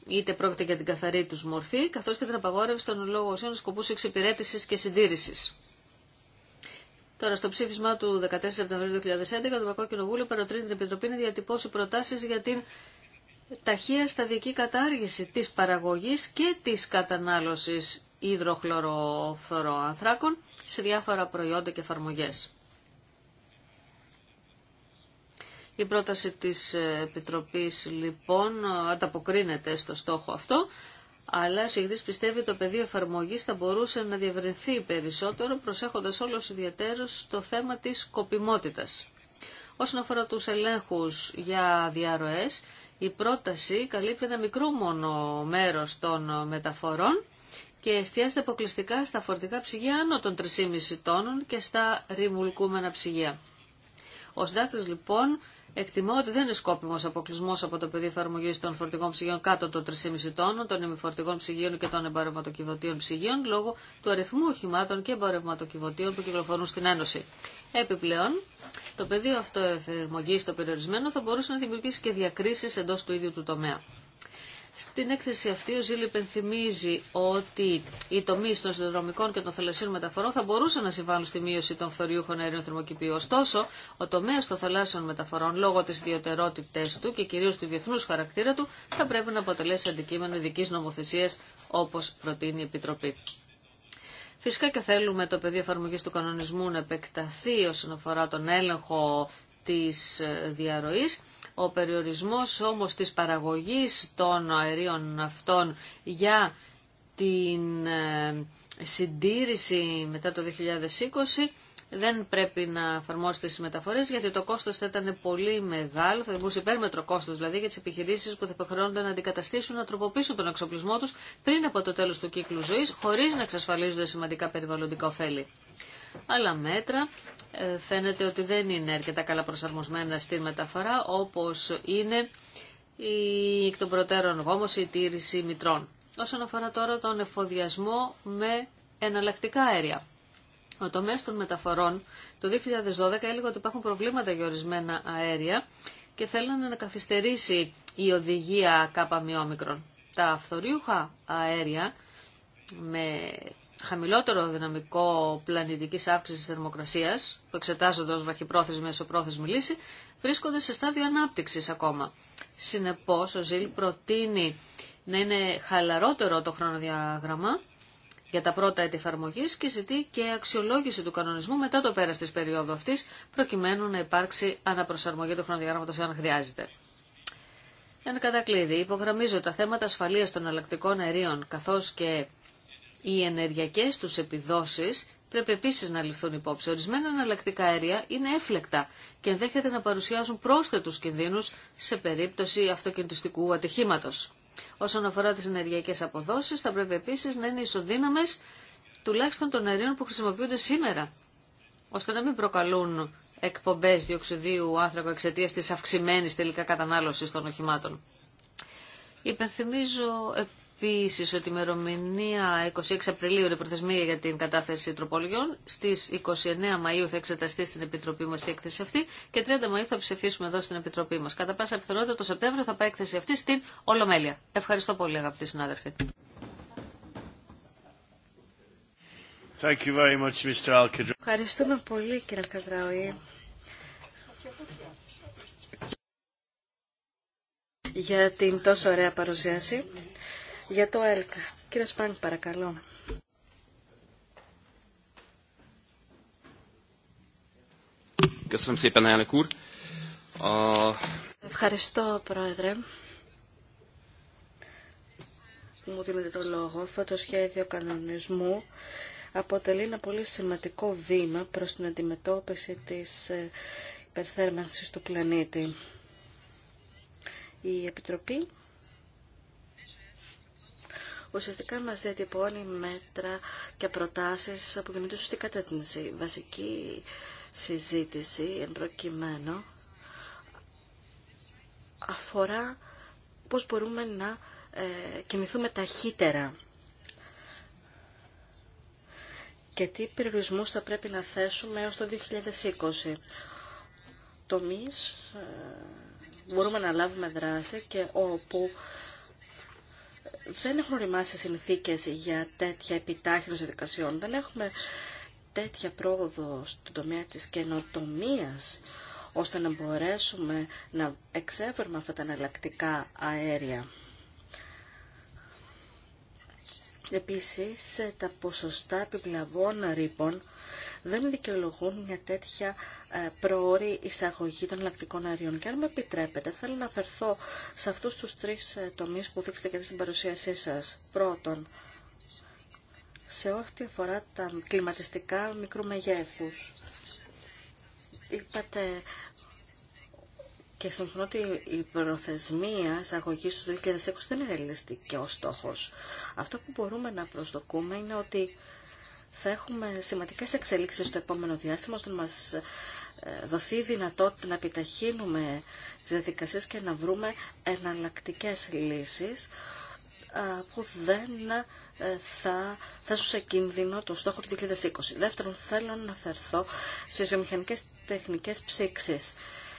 είτε πρόκειται για την καθαρή τους μορφή καθώς και την απαγόρευση των λόγω σκοπούς εξυπηρέτησης και συντήρησης. Τώρα, στο ψήφισμά του 14 Σεπτεμβρίου 2011, το Ευρωπαϊκό Κοινοβούλιο παροτρύνει την Επιτροπή να διατυπώσει προτάσεις για την ταχεία σταδική κατάργηση της παραγωγής και της κατανάλωσης υδροχλωροφθοροανθράκων σε διάφορα προϊόντα και εφαρμογές. Η πρόταση της Επιτροπής λοιπόν ανταποκρίνεται στο στόχο αυτό, αλλά ο πιστεύει πιστεύει το πεδίο εφαρμογής θα μπορούσε να διευρυνθεί περισσότερο, προσέχοντας όλος ιδιαίτερος στο θέμα της κοπιμότητας. Όσον αφορά τους ελέγχους για διαρροές, η πρόταση καλύπτει ένα μικρό μόνο μέρος των μεταφορών, και εστιάζεται αποκλειστικά στα φορτικά ψυγεία άνω των 3,5 τόνων και στα ρημουλκούμενα ψυγεία. Ο συντάκτη λοιπόν εκτιμώ ότι δεν είναι σκόπιμο αποκλεισμό από το πεδίο εφαρμογή των φορτικών ψυγείων κάτω των 3,5 τόνων, των ημιφορτικών ψυγείων και των εμπορευματοκιβωτίων ψυγείων λόγω του αριθμού οχημάτων και εμπορευματοκιβωτίων που κυκλοφορούν στην Ένωση. Επιπλέον, το πεδίο αυτό εφαρμογή το περιορισμένο θα μπορούσε να δημιουργήσει και διακρίσει εντό του ίδιου του τομέα. Στην έκθεση αυτή ο Ζήλ υπενθυμίζει ότι οι τομεί των συνδρομικών και των θελασσιών μεταφορών θα μπορούσαν να συμβάλλουν στη μείωση των φθοριούχων αερίων θερμοκηπίου. Ωστόσο, ο τομέα των θελασσιών μεταφορών, λόγω τη ιδιωτερότητέ του και κυρίω του διεθνού χαρακτήρα του, θα πρέπει να αποτελέσει αντικείμενο ειδική νομοθεσία, όπω προτείνει η Επιτροπή. Φυσικά και θέλουμε το πεδίο εφαρμογή του κανονισμού να επεκταθεί όσον αφορά τον έλεγχο τη ε, διαρροή ο περιορισμός όμως της παραγωγής των αερίων αυτών για την ε, συντήρηση μετά το 2020 δεν πρέπει να εφαρμόσετε στις μεταφορέ γιατί το κόστος θα ήταν πολύ μεγάλο, θα δημιουργούσε υπέρμετρο κόστος, δηλαδή για τις επιχειρήσεις που θα υποχρεώνονται να αντικαταστήσουν, να τροποποιήσουν τον εξοπλισμό τους πριν από το τέλος του κύκλου ζωής, χωρίς να εξασφαλίζονται σημαντικά περιβαλλοντικά ωφέλη άλλα μέτρα ε, φαίνεται ότι δεν είναι αρκετά καλά προσαρμοσμένα στη μεταφορά, όπως είναι η εκ των προτέρων γόμος, η τήρηση μητρών. Όσον αφορά τώρα τον εφοδιασμό με εναλλακτικά αέρια. Ο τομέας των μεταφορών το 2012 έλεγε ότι υπάρχουν προβλήματα για ορισμένα αέρια και θέλουν να καθυστερήσει η οδηγία ΚΜΟ. Τα φθοριούχα αέρια με χαμηλότερο δυναμικό πλανητικής αύξησης θερμοκρασίας, που εξετάζονται ως βραχυπρόθεσμη μεσοπρόθεσμη λύση, βρίσκονται σε στάδιο ανάπτυξης ακόμα. Συνεπώς, ο Ζήλ προτείνει να είναι χαλαρότερο το χρονοδιάγραμμα για τα πρώτα έτη εφαρμογή και ζητεί και αξιολόγηση του κανονισμού μετά το πέρας τη περίοδου αυτής, προκειμένου να υπάρξει αναπροσαρμογή του χρονοδιάγραμματος αν χρειάζεται. Εν κατακλείδη, υπογραμμίζω τα θέματα ασφαλεία των αλλακτικών αερίων καθώς και οι ενεργειακές τους επιδόσεις πρέπει επίσης να ληφθούν υπόψη. Ορισμένα εναλλακτικά αέρια είναι έφλεκτα και ενδέχεται να παρουσιάζουν πρόσθετους κινδύνους σε περίπτωση αυτοκινητιστικού ατυχήματος. Όσον αφορά τις ενεργειακές αποδόσεις, θα πρέπει επίσης να είναι ισοδύναμες τουλάχιστον των αερίων που χρησιμοποιούνται σήμερα, ώστε να μην προκαλούν εκπομπές διοξιδίου άνθρακο εξαιτία της αυξημένης τελικά κατανάλωση των οχημάτων. Υπενθυμίζω επίση ότι η ημερομηνία 26 Απριλίου είναι προθεσμία για την κατάθεση τροπολογιών. Στι 29 Μαου θα εξεταστεί στην Επιτροπή μα η έκθεση αυτή και 30 Μαου θα ψηφίσουμε εδώ στην Επιτροπή μα. Κατά πάσα πιθανότητα το Σεπτέμβριο θα πάει έκθεση αυτή στην Ολομέλεια. Ευχαριστώ πολύ, αγαπητοί συνάδελφοι. Thank you very much, Mr. Ευχαριστούμε πολύ, κύριε Αλκαδράουι. για την τόσο ωραία παρουσίαση για το ΕΛΚΑ. Κύριε Σπάνης, παρακαλώ. Ευχαριστώ, Πρόεδρε. Μου δίνετε το λόγο. Αυτό το σχέδιο κανονισμού αποτελεί ένα πολύ σημαντικό βήμα προς την αντιμετώπιση της ε, υπερθέρμανσης του πλανήτη. Η Επιτροπή ουσιαστικά μας διατυπώνει μέτρα και προτάσεις που γίνονται σωστή κατεύθυνση. Βασική συζήτηση, εν προκειμένου, αφορά πώς μπορούμε να ε, κινηθούμε ταχύτερα και τι περιορισμούς θα πρέπει να θέσουμε έως το 2020. Τομείς ε, μπορούμε να λάβουμε δράση και όπου δεν έχουν οριμάσει συνθήκε για τέτοια επιτάχυνση δικασιών. Δεν έχουμε τέτοια πρόοδο στον τομέα της καινοτομία ώστε να μπορέσουμε να εξέφερουμε αυτά τα εναλλακτικά αέρια. Επίσης, τα ποσοστά επιπλαβών ρήπων δεν δικαιολογούν μια τέτοια ε, προώρη εισαγωγή των λακτικών αερίων. Και αν με επιτρέπετε, θέλω να αφαιρθώ σε αυτούς τους τρεις ε, τομείς που δείξατε και στην παρουσίασή σας. Πρώτον, σε ό,τι αφορά τα κλιματιστικά μικρού μεγέθους. Είπατε και συμφωνώ ότι η προθεσμία εισαγωγή του 2020 δεν είναι ρεαλιστική ο στόχο. Αυτό που μπορούμε να προσδοκούμε είναι ότι θα έχουμε σημαντικές εξελίξεις στο επόμενο διάστημα, ώστε να μας ε, δοθεί η δυνατότητα να επιταχύνουμε τις διαδικασίες και να βρούμε εναλλακτικές λύσεις ε, που δεν ε, θα θέσουν σε κίνδυνο το στόχο του 2020. Δεύτερον, θέλω να αναφερθώ στις βιομηχανικές τεχνικές ψήξεις.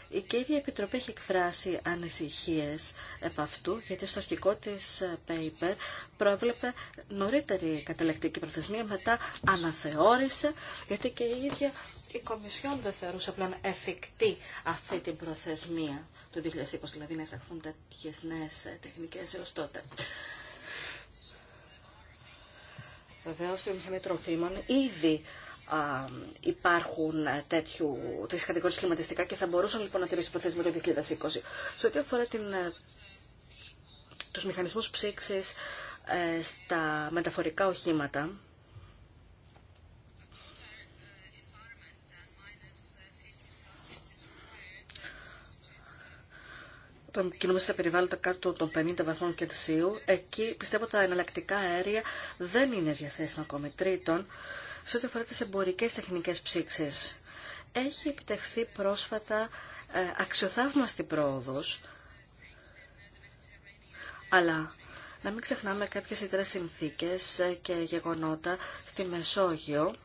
Η κύρια Επιτροπή έχει εκφράσει ανησυχίες επ' αυτού, γιατί στο αρχικό της paper πρόβλεπε νωρίτερη καταλεκτική προθεσμία, μετά αναθεώρησε, γιατί και η ίδια η Κομισιόν δεν θεωρούσε πλέον εφικτή αυτή την προθεσμία του 2020, δηλαδή να εισαχθούν τέτοιε νέε τεχνικές έω τότε. Βεβαίω, η μηχανή τροφίμων ήδη υπάρχουν τέτοιου, τέτοιες κατηγορίες κλιματιστικά και θα μπορούσαν λοιπόν να τηρήσουν με το 2020. Σε ό,τι αφορά την, ε, τους μηχανισμούς ψήξης ε, στα μεταφορικά οχήματα, όταν κινούμαστε στα περιβάλλοντα κάτω των 50 βαθμών Κελσίου, εκεί πιστεύω τα εναλλακτικά αέρια δεν είναι διαθέσιμα ακόμη. Τρίτον, σε ό,τι αφορά τις εμπορικές τεχνικές ψήξεις, έχει επιτευχθεί πρόσφατα ε, αξιοθαύμαστη πρόοδος, αλλά να μην ξεχνάμε κάποιες ιδιαίτερε συνθήκες ε, και γεγονότα στη Μεσόγειο,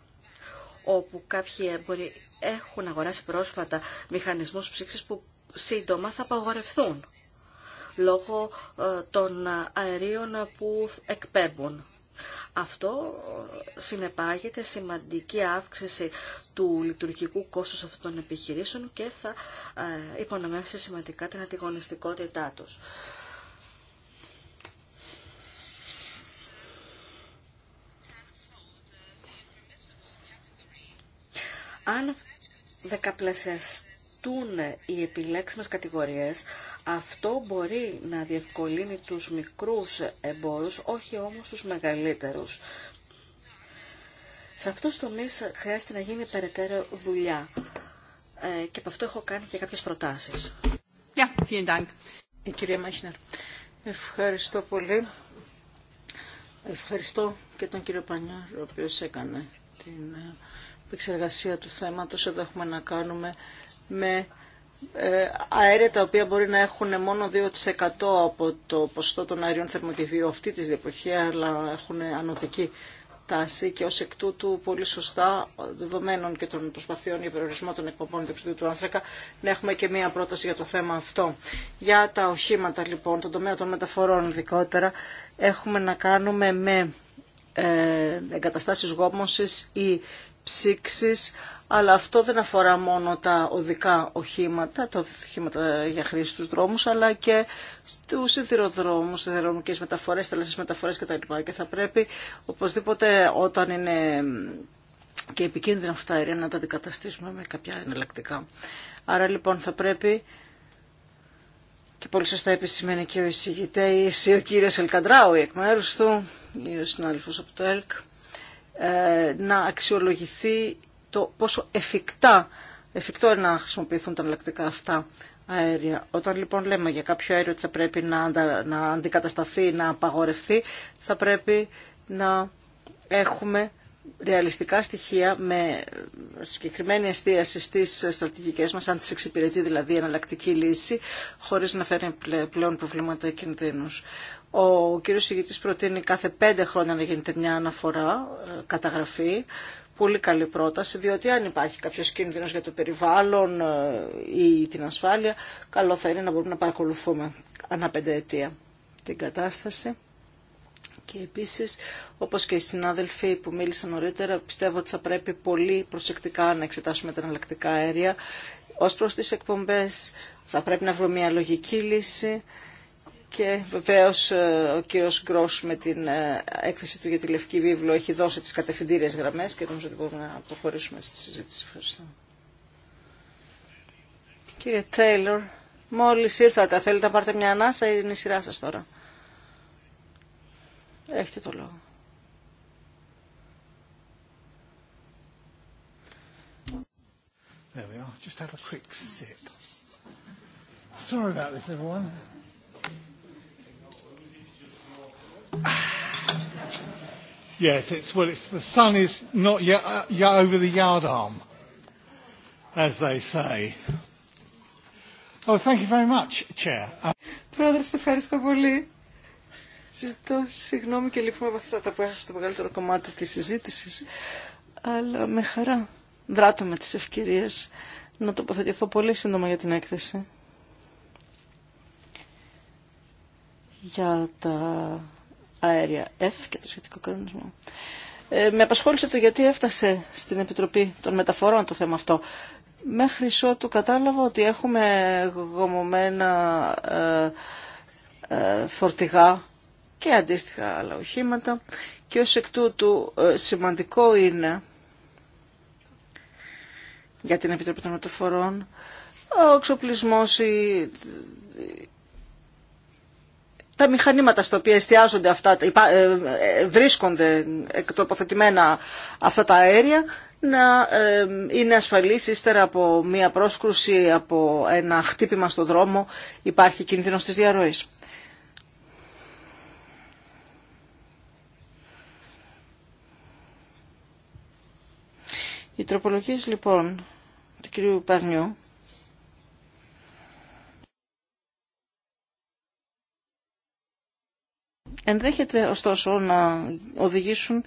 όπου κάποιοι έμποροι έχουν αγοράσει πρόσφατα μηχανισμούς ψήξης που σύντομα θα απαγορευθούν λόγω ε, των αερίων που εκπέμπουν. Αυτό ε, συνεπάγεται σημαντική αύξηση του λειτουργικού κόστους αυτών των επιχειρήσεων και θα ε, υπονομεύσει σημαντικά την αντιγωνιστικότητά τους. Αν δεκαπλασιαστεί συζητούν οι επιλέξιμες κατηγορίες, αυτό μπορεί να διευκολύνει τους μικρούς εμπόρους, όχι όμως τους μεγαλύτερους. Σε αυτούς το τομείς χρειάζεται να γίνει περαιτέρω δουλειά. Ε, και από αυτό έχω κάνει και κάποιες προτάσεις. Yeah, vielen Dank. Η κυρία Μάχινερ. Ευχαριστώ πολύ. Ευχαριστώ και τον κύριο Πανιά, ο οποίος έκανε την επεξεργασία του θέματος. Εδώ έχουμε να κάνουμε με ε, αέρια τα οποία μπορεί να έχουν μόνο 2% από το ποσοστό των αερίων θερμοκηπίου αυτή τη εποχή, αλλά έχουν ανωδική τάση και ως εκ τούτου πολύ σωστά δεδομένων και των προσπαθειών για περιορισμό των εκπομπών διοξιδίου του άνθρακα να έχουμε και μία πρόταση για το θέμα αυτό. Για τα οχήματα λοιπόν, τον τομέα των μεταφορών ειδικότερα, έχουμε να κάνουμε με ε, εγκαταστάσεις γόμωσης ή ψήξης αλλά αυτό δεν αφορά μόνο τα οδικά οχήματα, τα οχήματα για χρήση στους δρόμους, αλλά και στους σιδηροδρόμους, σιδηροδρομικές μεταφορές, τελευταίες μεταφορές κτλ. Και θα πρέπει οπωσδήποτε όταν είναι και επικίνδυνα αυτά αερία να τα αντικαταστήσουμε με κάποια εναλλακτικά. Άρα λοιπόν θα πρέπει και πολύ σωστά επισημαίνει και ο ή ο κύριος Ελκαντράου εκ μέρους του, ή ο συνάδελφος από το ΕΛΚ, ε, να αξιολογηθεί το πόσο εφικτά, εφικτό είναι να χρησιμοποιηθούν τα αναλλακτικά αυτά αέρια. Όταν λοιπόν λέμε για κάποιο αέριο ότι θα πρέπει να, να αντικατασταθεί, να απαγορευτεί, θα πρέπει να έχουμε ρεαλιστικά στοιχεία με συγκεκριμένη εστίαση στις στρατηγικές μας, αν τις εξυπηρετεί δηλαδή η εναλλακτική λύση, χωρίς να φέρνει πλέον προβλήματα ή κινδύνους. Ο κύριος Συγητής προτείνει κάθε πέντε χρόνια να γίνεται μια αναφορά, ε, καταγραφή, πολύ καλή πρόταση, διότι αν υπάρχει κάποιος κίνδυνος για το περιβάλλον ε, ή την ασφάλεια, καλό θα είναι να μπορούμε να παρακολουθούμε ανά πενταετία την κατάσταση. Και επίσης, όπως και οι συνάδελφοι που μίλησαν νωρίτερα, πιστεύω ότι θα πρέπει πολύ προσεκτικά να εξετάσουμε τα εναλλακτικά αέρια. Ως προς τις εκπομπές θα πρέπει να βρούμε μια λογική λύση και βεβαίως ε, ο κύριος Γκρός με την ε, έκθεση του για τη Λευκή Βίβλο έχει δώσει τις κατευθυντήριες γραμμές και νομίζω ότι μπορούμε να προχωρήσουμε στη συζήτηση. Ευχαριστώ. Κύριε Τέιλορ, μόλις ήρθατε, θέλετε να πάρετε μια ανάσα ή είναι η σειρά σας τώρα. Έχετε το λόγο. Yes, it's well. It's the sun is not yet uh, over the yard arm, as they say. Oh, thank you very much, Chair. Uh, Πρόεδρε, ευχαριστώ πολύ. Ζητώ συγγνώμη και λυπούμε τα που έχασα το μεγαλύτερο κομμάτι της συζήτησης, αλλά με χαρά δράτω με τις ευκαιρίες να τοποθετηθώ πολύ σύντομα για την έκθεση. Για τα αέρια F και το σχετικό κανονισμό. Ε, με απασχόλησε το γιατί έφτασε στην Επιτροπή των Μεταφορών το θέμα αυτό. Μέχρι ότου κατάλαβα ότι έχουμε γομωμένα ε, ε, φορτηγά και αντίστοιχα άλλα οχήματα και ως εκ τούτου σημαντικό είναι για την Επιτροπή των Μεταφορών ο εξοπλισμός, η τα μηχανήματα στα οποία εστιάζονται αυτά, ε, ε, βρίσκονται εκτοποθετημένα αυτά τα αέρια, να ε, είναι ασφαλής ύστερα από μία πρόσκρουση, από ένα χτύπημα στο δρόμο, υπάρχει κίνδυνος της διαρροής. Οι τροπολογίες λοιπόν του κυρίου Παρνιού ενδέχεται ωστόσο να οδηγήσουν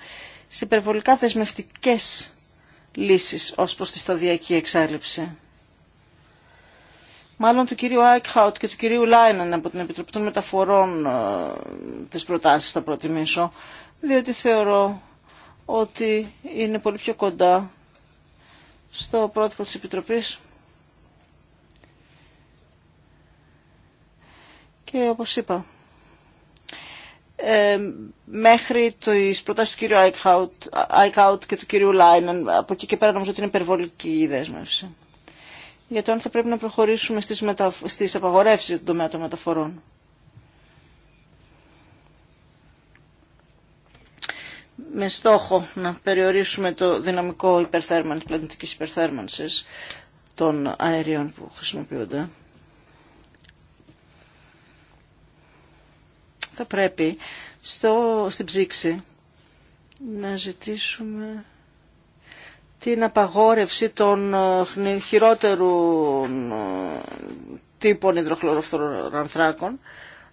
σε υπερβολικά δεσμευτικές λύσεις ως προς τη σταδιακή εξάλληψη. Μάλλον του κυρίου Άικχαουτ και του κυρίου Λάινεν από την Επιτροπή των Μεταφορών ε, τις προτάσεις θα προτιμήσω, διότι θεωρώ ότι είναι πολύ πιο κοντά στο πρότυπο της Επιτροπής και όπως είπα, ε, μέχρι τις προτάσεις του κύριου Άικαουτ και του κύριου Λάινεν. Από εκεί και πέρα νομίζω ότι είναι υπερβολική η δέσμευση. Για το αν θα πρέπει να προχωρήσουμε στις, μετα... στις απαγορεύσεις του τομέα των μεταφορών. με στόχο να περιορίσουμε το δυναμικό υπερθέρμανσης, πλανητικής υπερθέρμανσης των αερίων που χρησιμοποιούνται. θα πρέπει στο, στην ψήξη να ζητήσουμε την απαγόρευση των ε, χειρότερων ε, τύπων υδροχλωροφθορανθράκων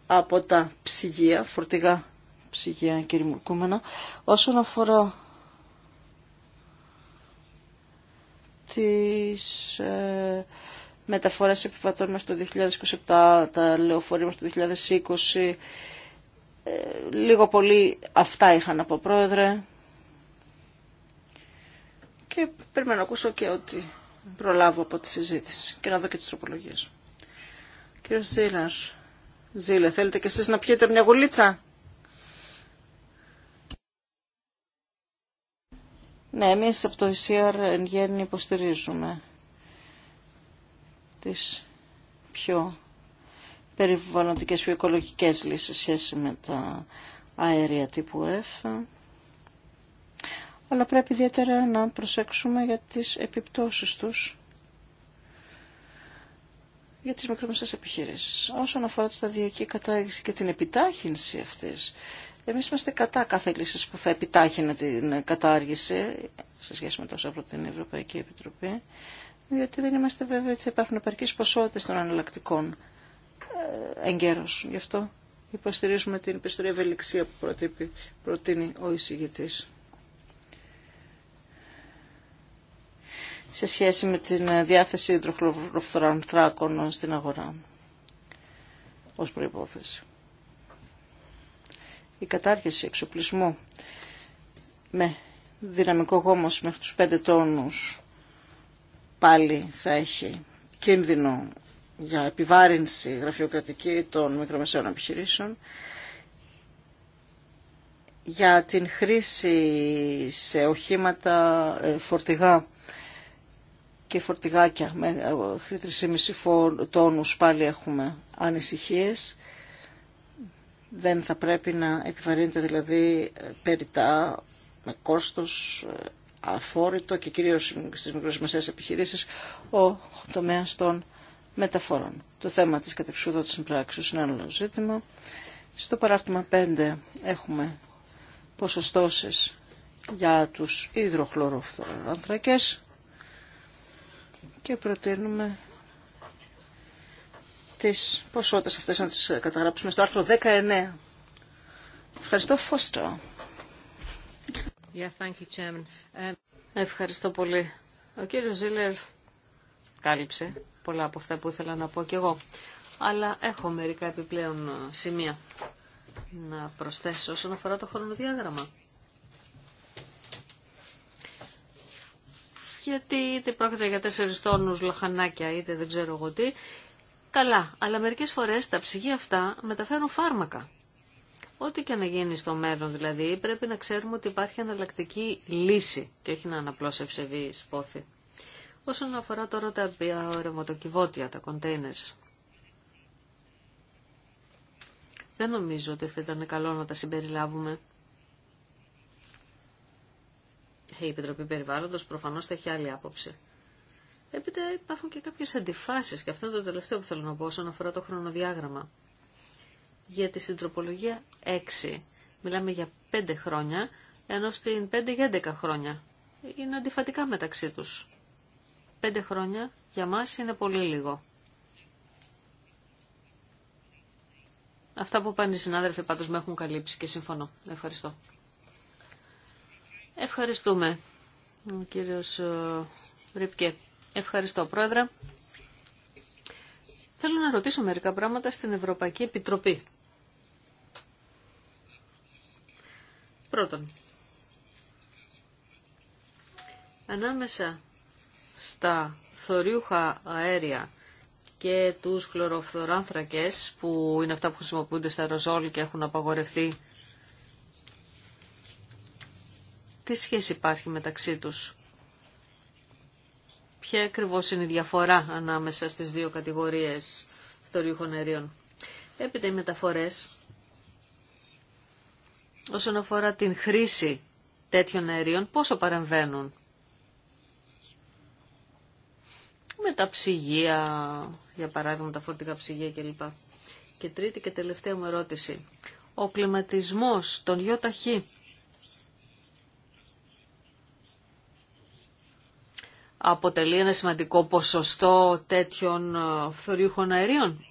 από τα ψυγεία, φορτηγά ψυγεία κυριμικούμενα. Όσον αφορά τις ε, μεταφορές επιβατών μέχρι το 2027, τα λεωφορεία μέχρι το 2020, ε, λίγο πολύ αυτά είχαν από πρόεδρε και πρέπει να ακούσω και ότι προλάβω από τη συζήτηση και να δω και τις τροπολογίες. Κύριος Ζήλας, Ζήλε, θέλετε και εσείς να πιείτε μια γουλίτσα. Ναι, εμείς από το ECR εν γέννη υποστηρίζουμε τις πιο περιβαλλοντικές και οικολογικές λύσεις σε σχέση με τα αέρια τύπου F. Αλλά πρέπει ιδιαίτερα να προσέξουμε για τις επιπτώσεις τους για τις μικρομεσαίες επιχειρήσεις. Όσον αφορά τη σταδιακή κατάργηση και την επιτάχυνση αυτής, εμείς είμαστε κατά κάθε λύση που θα επιτάχυνε την κατάργηση σε σχέση με τόσο από την Ευρωπαϊκή Επιτροπή, διότι δεν είμαστε βέβαιοι ότι θα υπάρχουν επαρκείς ποσότητες των αναλλακτικών ε, εγκαίρος. Γι' αυτό υποστηρίζουμε την επιστολή ευελιξία που προτείνει ο εισηγητής. σε σχέση με την ε, διάθεση υδροχλωροφθορών στην αγορά ως προϋπόθεση. Η κατάργηση εξοπλισμού με δυναμικό γόμος μέχρι τους 5 τόνους πάλι θα έχει κίνδυνο για επιβάρυνση γραφειοκρατική των μικρομεσαίων επιχειρήσεων, για την χρήση σε οχήματα ε, φορτηγά και φορτηγάκια με 3,5 ε, τόνους πάλι έχουμε ανησυχίες. Δεν θα πρέπει να επιβαρύνεται δηλαδή ε, περιτά με κόστος αφόρητο και κυρίως στις μικρομεσαίες επιχειρήσεις ο τομέας των μεταφορών. Το θέμα της κατευσούδωτης συμπράξεως είναι άλλο ζήτημα. Στο παράρτημα 5 έχουμε ποσοστώσεις για τους υδροχλωροφθορανθρακές και προτείνουμε τις ποσότητες αυτές να τις καταγράψουμε στο άρθρο 19. Ευχαριστώ, Φώστρο. Yeah, ε, Ευχαριστώ πολύ. Ο κύριος Ζήλερ κάλυψε πολλά από αυτά που ήθελα να πω κι εγώ. Αλλά έχω μερικά επιπλέον ε, σημεία να προσθέσω όσον αφορά το χρονοδιάγραμμα. Γιατί είτε πρόκειται για τέσσερις τόνους λαχανάκια είτε δεν ξέρω εγώ τι. Καλά, αλλά μερικές φορές τα ψυγεία αυτά μεταφέρουν φάρμακα. Ό,τι και να γίνει στο μέλλον δηλαδή πρέπει να ξέρουμε ότι υπάρχει αναλλακτική λύση και όχι να αναπλώσει ευσεβή σπόθη. Όσον αφορά τώρα τα ρευματοκιβώτια, τα containers, δεν νομίζω ότι θα ήταν καλό να τα συμπεριλάβουμε. Η Επιτροπή Περιβάλλοντος προφανώς θα έχει άλλη άποψη. Έπειτα υπάρχουν και κάποιες αντιφάσεις και αυτό είναι το τελευταίο που θέλω να πω όσον αφορά το χρονοδιάγραμμα. Για τη συντροπολογία 6 μιλάμε για 5 χρόνια, ενώ στην 5 για 11 χρόνια. Είναι αντιφατικά μεταξύ τους πέντε χρόνια για μας είναι πολύ λίγο. Αυτά που πάνε οι συνάδελφοι πάντως με έχουν καλύψει και συμφωνώ. Ευχαριστώ. Ευχαριστούμε, ο κύριος ε, Ρίπκε. Ευχαριστώ, Πρόεδρε. Θέλω να ρωτήσω μερικά πράγματα στην Ευρωπαϊκή Επιτροπή. Πρώτον, ανάμεσα στα θωριούχα αέρια και τους χλωροφθοράνθρακες που είναι αυτά που χρησιμοποιούνται στα ροζόλ και έχουν απαγορευτεί. Τι σχέση υπάρχει μεταξύ τους. Ποια ακριβώ είναι η διαφορά ανάμεσα στις δύο κατηγορίες θωριούχων αερίων. Έπειτα οι μεταφορές όσον αφορά την χρήση τέτοιων αερίων πόσο παρεμβαίνουν με τα ψυγεία, για παράδειγμα τα φορτικά ψυγεία κλπ. Και τρίτη και τελευταία μου ερώτηση. Ο κλιματισμός των ΙΟΤΑΧΗ αποτελεί ένα σημαντικό ποσοστό τέτοιων ε, φθοριούχων αερίων.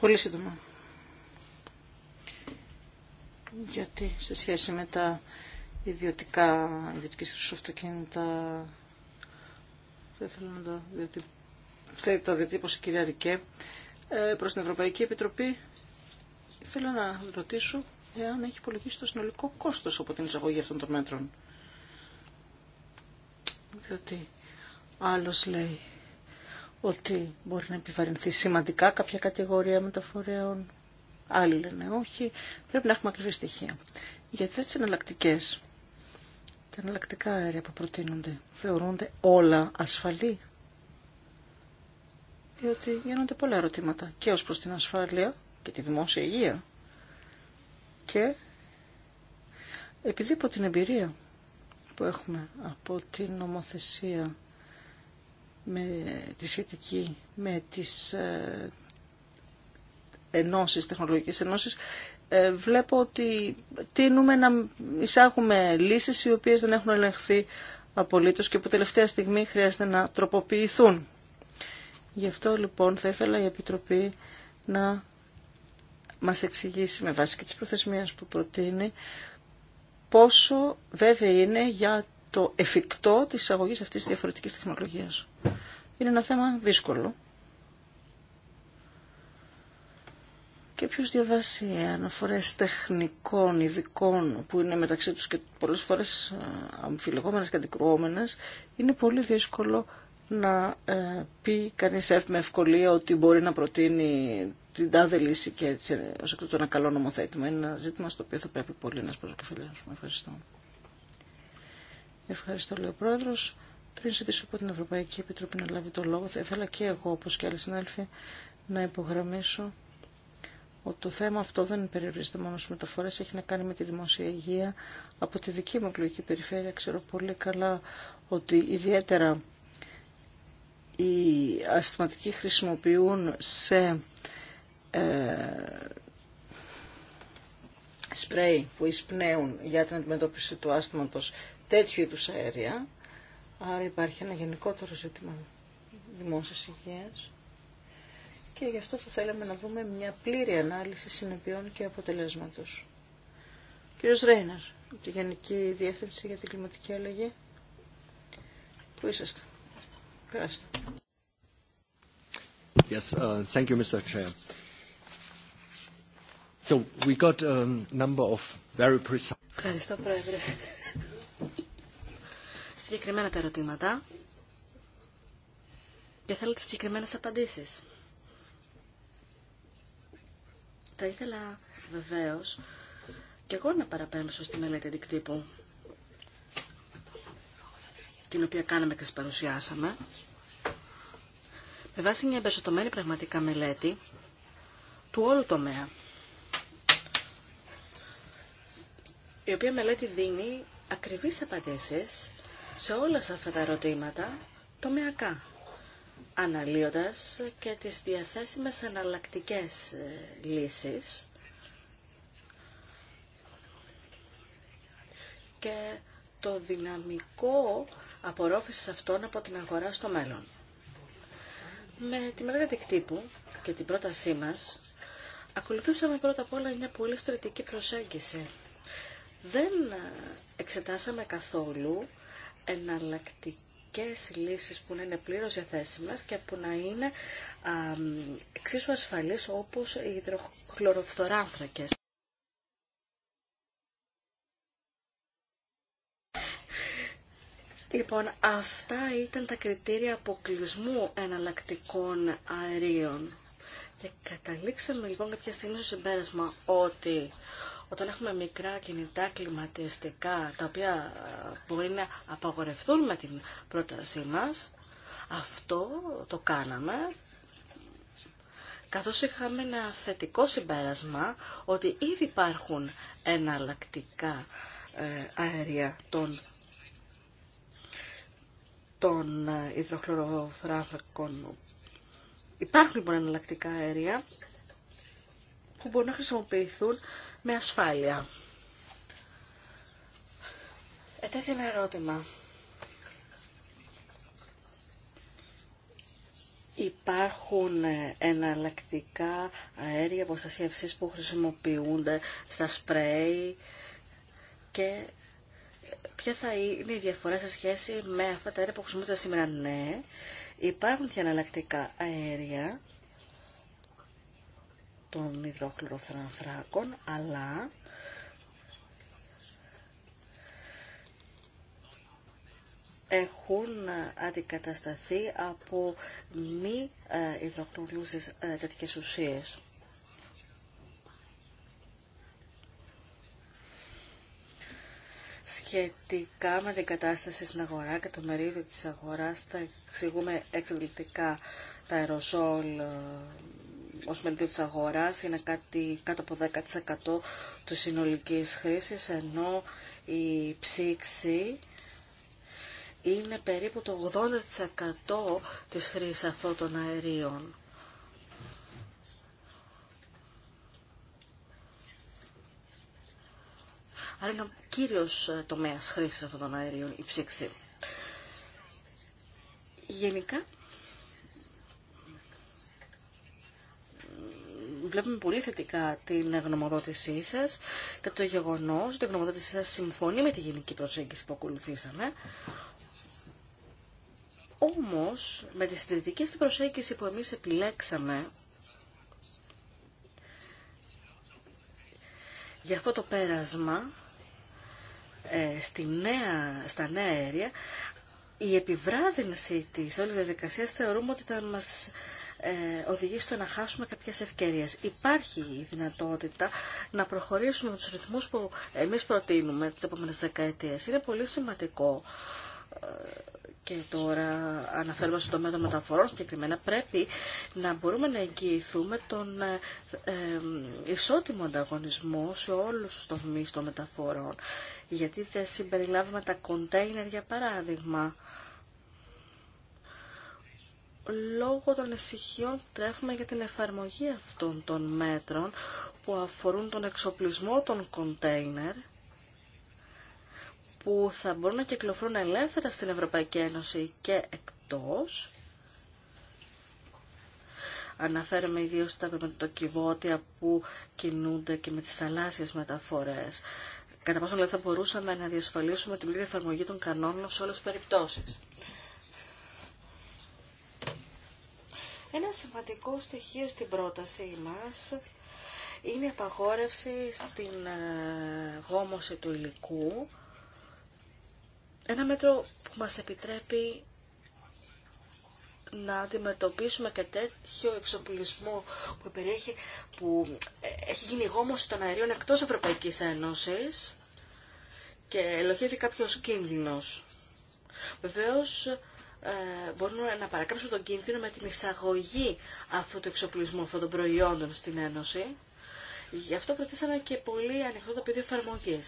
Πολύ σύντομα. Γιατί σε σχέση με τα ιδιωτικά, ιδιωτικής χρυσού αυτοκίνητα. Θα θέλω να το διετύπωση το κυρία Ρικέ. Ε, προς την Ευρωπαϊκή Επιτροπή θέλω να ρωτήσω εάν έχει υπολογίσει το συνολικό κόστος από την εισαγωγή αυτών των μέτρων. Διότι άλλος λέει ότι μπορεί να επιβαρυνθεί σημαντικά κάποια κατηγορία μεταφορέων. Άλλοι λένε όχι. Πρέπει να έχουμε ακριβή στοιχεία. Γιατί τι εναλλακτικέ τα εναλλακτικά αέρια που προτείνονται θεωρούνται όλα ασφαλή. Διότι γίνονται πολλά ερωτήματα και ως προς την ασφάλεια και τη δημόσια υγεία και επειδή από την εμπειρία που έχουμε από την νομοθεσία με τη σχετική με τις ε, ενώσεις, τεχνολογικές ενώσεις, ε, βλέπω ότι τείνουμε να εισάγουμε λύσεις οι οποίες δεν έχουν ελεγχθεί απολύτως και που τελευταία στιγμή χρειάζεται να τροποποιηθούν. Γι' αυτό λοιπόν θα ήθελα η Επιτροπή να μας εξηγήσει με βάση και τις προθεσμίες που προτείνει πόσο βέβαια είναι για το εφικτό της εισαγωγής αυτής της διαφορετικής τεχνολογίας. Είναι ένα θέμα δύσκολο και ποιος διαβάσει αναφορές τεχνικών, ειδικών, που είναι μεταξύ τους και πολλές φορές ε, αμφιλεγόμενες και αντικρουόμενες, είναι πολύ δύσκολο να ε, πει κανείς με ευκολία ότι μπορεί να προτείνει την τάδε λύση και έτσι ως εκ τούτου ένα καλό νομοθέτημα. Είναι ένα ζήτημα στο οποίο θα πρέπει πολύ να σπροσκεφαλιάσουμε. Ευχαριστώ. Ευχαριστώ, λέει ο Πρόεδρος. Πριν ζητήσω από την Ευρωπαϊκή Επιτροπή να λάβει το λόγο, θα ήθελα και εγώ, όπω και άλλοι συνάδελφοι, να υπογραμμίσω ότι το θέμα αυτό δεν περιορίζεται μόνο στις μεταφορές, έχει να κάνει με τη δημόσια υγεία. Από τη δική μου εκλογική περιφέρεια ξέρω πολύ καλά ότι ιδιαίτερα οι ασθηματικοί χρησιμοποιούν σε ε, σπρέι που εισπνέουν για την αντιμετώπιση του άσθηματος τέτοιου είδους αέρια. Άρα υπάρχει ένα γενικότερο ζήτημα δημόσιας υγείας και γι' αυτό θα θέλαμε να δούμε μια πλήρη ανάλυση συνεπειών και αποτελέσματος. Κύριος Ρέιναρ, από τη Γενική Διεύθυνση για την Κλιματική Αλλαγή. Πού είσαστε. Περάστε. Yes, uh, thank you, Mr. Chair. So we got a number of very precise... Ευχαριστώ, Πρόεδρε. Συγκεκριμένα τα ερωτήματα και θέλετε συγκεκριμένες απαντήσεις. Θα ήθελα βεβαίω και εγώ να παραπέμψω στη μελέτη αντικτύπου την οποία κάναμε και σας παρουσιάσαμε με βάση μια εμπεριστατωμένη πραγματικά μελέτη του όλου τομέα η οποία μελέτη δίνει ακριβείς απαντήσεις σε όλα αυτά τα ερωτήματα τομεακά αναλύοντας και τις διαθέσιμες εναλλακτικές ε, λύσεις και το δυναμικό απορρόφησης αυτών από την αγορά στο μέλλον. Με τη μεγάλη δικτύπου και την πρότασή μας, ακολουθήσαμε πρώτα απ' όλα μια πολύ στρατική προσέγγιση. Δεν ε, εξετάσαμε καθόλου εναλλακτική τεχνικές λύσεις που να είναι πλήρως διαθέσιμες και που να είναι α, εξίσου ασφαλείς όπως οι υδροχλωροφθοράνθρακες. Λοιπόν, αυτά ήταν τα κριτήρια αποκλεισμού εναλλακτικών αερίων. Και καταλήξαμε λοιπόν κάποια στιγμή στο συμπέρασμα ότι όταν έχουμε μικρά κινητά κλιματιστικά, τα οποία ε, μπορεί να απαγορευτούν με την πρότασή μας, αυτό το κάναμε καθώς είχαμε ένα θετικό συμπέρασμα ότι ήδη υπάρχουν εναλλακτικά ε, αέρια των, των ε, Υπάρχουν λοιπόν εναλλακτικά αέρια που μπορούν να χρησιμοποιηθούν με ασφάλεια. Ετέθη ένα ερώτημα. Υπάρχουν ε, εναλλακτικά αέρια αποστασίευσης που χρησιμοποιούνται στα σπρέι και ε, ποια θα είναι η διαφορά σε σχέση με αυτά τα αέρια που χρησιμοποιούνται σήμερα. Ναι, υπάρχουν και εναλλακτικά αέρια των υδροχλωροθρανθράκων, αλλά έχουν αντικατασταθεί από μη ε, υδροχλωρούσες ε, τέτοιες ουσίες. Σχετικά με την κατάσταση στην αγορά και το μερίδιο της αγοράς θα εξηγούμε εξελικτικά τα αεροζόλ ως μελτίου της αγοράς είναι κάτι κάτω από 10% του συνολικής χρήσης, ενώ η ψήξη είναι περίπου το 80% της χρήσης αυτών των αερίων. Άρα είναι ο κύριος ε, τομέας χρήσης αυτών των αερίων, η ψήξη. Γενικά, βλέπουμε πολύ θετικά την γνωμοδότησή σα και το γεγονός ότι η γνωμοδότησή σα συμφωνεί με τη γενική προσέγγιση που ακολουθήσαμε. Όμως, με τη συντηρητική αυτή προσέγγιση που εμείς επιλέξαμε για αυτό το πέρασμα ε, στη νέα, στα νέα αέρια, η επιβράδυνση της όλης διαδικασίας θεωρούμε ότι θα μας ε, οδηγεί στο να χάσουμε κάποιες ευκαιρίες. Υπάρχει η δυνατότητα να προχωρήσουμε με τους ρυθμούς που εμείς προτείνουμε τις επόμενες δεκαετίες. Είναι πολύ σημαντικό ε, και τώρα αναφέρουμε στο τομέα των μεταφορών συγκεκριμένα, πρέπει να μπορούμε να εγγυηθούμε τον ε, ισότιμο ανταγωνισμό σε όλους τους τομείς των μεταφορών. Γιατί δεν συμπεριλάβουμε τα κοντέινερ, για παράδειγμα, λόγω των ησυχιών τρέφουμε για την εφαρμογή αυτών των μέτρων που αφορούν τον εξοπλισμό των κοντέινερ που θα μπορούν να κυκλοφορούν ελεύθερα στην Ευρωπαϊκή Ένωση και εκτός. Αναφέρομαι ιδίως στα πεμπτοκιβώτια που κινούνται και με τις θαλάσσιες μεταφορές. Κατά πόσο λεπτό δηλαδή θα μπορούσαμε να διασφαλίσουμε την πλήρη εφαρμογή των κανόνων σε όλες τις περιπτώσεις. Ένα σημαντικό στοιχείο στην πρότασή μας είναι η απαγόρευση στην ε, γόμωση του υλικού. Ένα μέτρο που μας επιτρέπει να αντιμετωπίσουμε και τέτοιο εξοπλισμό που, περιέχει, που ε, έχει γίνει γόμωση των αερίων εκτός Ευρωπαϊκής Ένωσης και ελοχεύει κάποιος κίνδυνος. Βεβαίως ε, μπορούν να παρακάμψουν τον κίνδυνο με την εισαγωγή αυτού του εξοπλισμού, αυτών των προϊόντων στην Ένωση. Γι' αυτό κρατήσαμε και πολύ ανοιχτό το πεδίο εφαρμογή.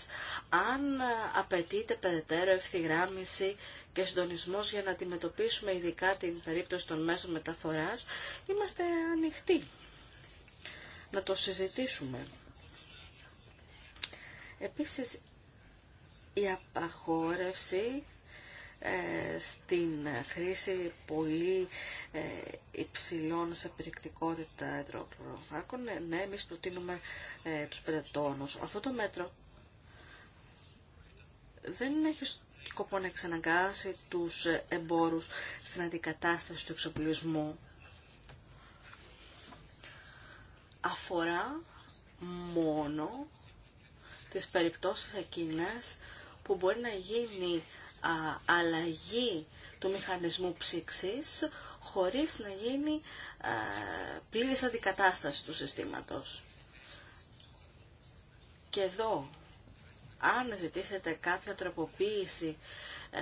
Αν ε, απαιτείται περαιτέρω ευθυγράμμιση και συντονισμό για να αντιμετωπίσουμε ειδικά την περίπτωση των μέσων μεταφορά, είμαστε ανοιχτοί να το συζητήσουμε. Επίσης, η απαγόρευση ε, στην χρήση πολύ ε, υψηλών σε περιεκτικότητα Ε, Ναι, εμείς προτείνουμε ε, τους πεντατόνους. Αυτό το μέτρο δεν έχει σκοπό να εξαναγκάσει τους εμπόρους στην αντικατάσταση του εξοπλισμού. Αφορά μόνο τις περιπτώσεις εκείνες που μπορεί να γίνει αλλαγή του μηχανισμού ψήξης χωρίς να γίνει πλήρης αντικατάσταση του συστήματος. Και εδώ, αν ζητήσετε κάποια τροποποίηση, ε,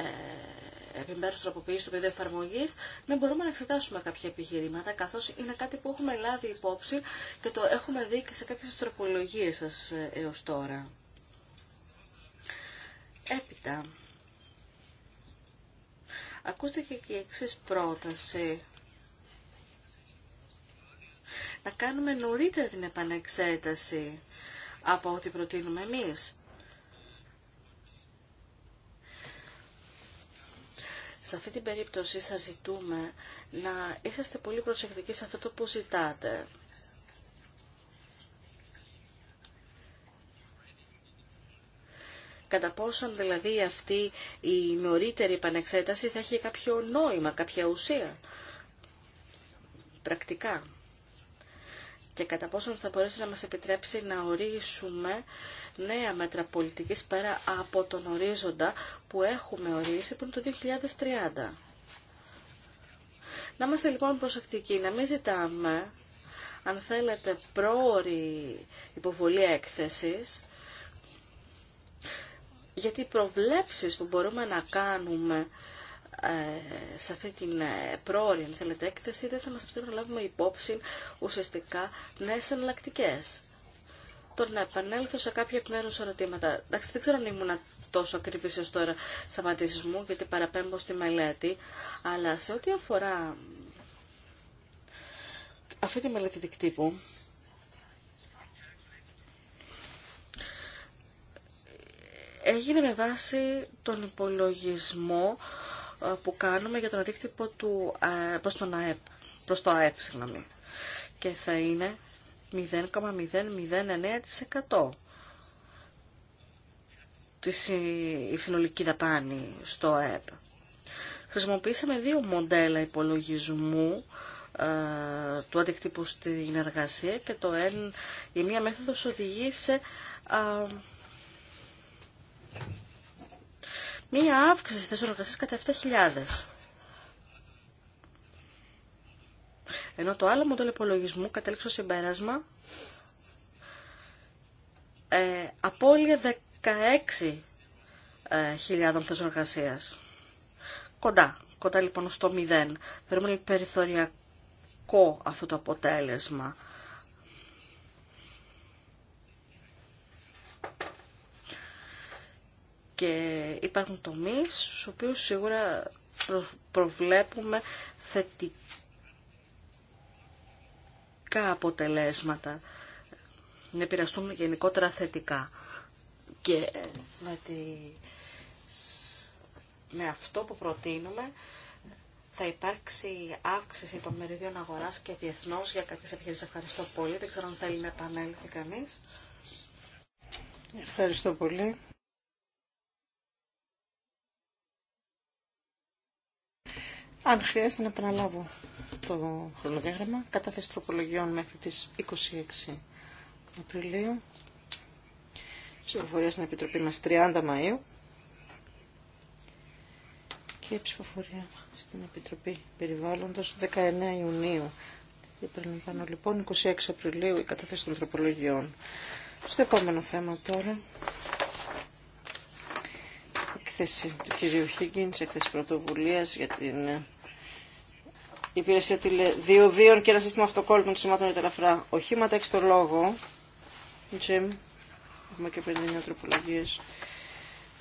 επιμέρους τροποποίηση του πεδίου εφαρμογή, να μπορούμε να εξετάσουμε κάποια επιχειρήματα, καθώς είναι κάτι που έχουμε λάβει υπόψη και το έχουμε δει και σε κάποιες τροπολογίες σας ε, έως τώρα. Έπειτα, Ακούστε και η εξή πρόταση. Να κάνουμε νωρίτερα την επανεξέταση από ό,τι προτείνουμε εμείς. Σε αυτή την περίπτωση θα ζητούμε να είσαστε πολύ προσεκτικοί σε αυτό που ζητάτε. κατά πόσον δηλαδή αυτή η νωρίτερη επανεξέταση θα έχει κάποιο νόημα, κάποια ουσία πρακτικά και κατά πόσον θα μπορέσει να μας επιτρέψει να ορίσουμε νέα μέτρα πολιτικής πέρα από τον ορίζοντα που έχουμε ορίσει πριν το 2030. Να είμαστε λοιπόν προσεκτικοί, να μην ζητάμε, αν θέλετε, πρόορη υποβολή έκθεσης, γιατί οι προβλέψεις που μπορούμε να κάνουμε ε, σε αυτή την ε, πρόορη, αν θέλετε, έκθεση, δεν θα μας επιτρέψουν να λάβουμε υπόψη ουσιαστικά νέες εναλλακτικέ. Τώρα να επανέλθω σε κάποια επιμέρους ερωτήματα. Εντάξει, δεν ξέρω αν ήμουν τόσο ακριβής έως τώρα στα μου, γιατί παραπέμπω στη μελέτη, αλλά σε ό,τι αφορά αυτή τη μελέτη δικτύπου, έγινε με βάση τον υπολογισμό ε, που κάνουμε για τον αντίκτυπο του, ε, προς, τον ΑΕΠ, προς το ΑΕΠ συγγνώμη. και θα είναι 0,009% της, η συνολική δαπάνη στο ΑΕΠ. Χρησιμοποίησαμε δύο μοντέλα υπολογισμού ε, του αντικτύπου στην εργασία και το εν, η μία μέθοδος οδηγεί σε μία αύξηση θέσεων εργασίας κατά 7.000. Ενώ το άλλο μοντέλο υπολογισμού κατέληξε στο συμπέρασμα ε, 16.000 ε, θέσεων εργασία. Κοντά, κοντά λοιπόν στο 0. Θεωρούμε περιθωριακό αυτό το αποτέλεσμα Και υπάρχουν τομείς στους οποίους σίγουρα προβλέπουμε θετικά αποτελέσματα, να επηρεαστούν γενικότερα θετικά. Και ε, με, με αυτό που προτείνουμε θα υπάρξει αύξηση των μερίδιων αγοράς και διεθνώς για κάποιες επιχειρήσεις. Ευχαριστώ πολύ. Δεν ξέρω αν θέλει να επανέλθει κανείς. Ευχαριστώ πολύ. Αν χρειάζεται να επαναλάβω το χρονοδιάγραμμα, κατάθεση τροπολογιών μέχρι τι 26 Απριλίου, ψηφοφορία στην Επιτροπή μας 30 Μαΐου και ψηφοφορία στην Επιτροπή Περιβάλλοντος 19 Ιουνίου. Επαναλαμβάνω λοιπόν 26 Απριλίου η κατάθεση των τροπολογιών. Στο επόμενο θέμα τώρα, έκθεση του κυρίου Χίγκιν, έκθεση πρωτοβουλία για την η υπηρεσία τηλεδιοδίων και ένα σύστημα αυτοκόλλητων σημάτων για τα ελαφρά οχήματα. Έχει το λόγο. Τζιμ, έχουμε και 59 τροπολογίε.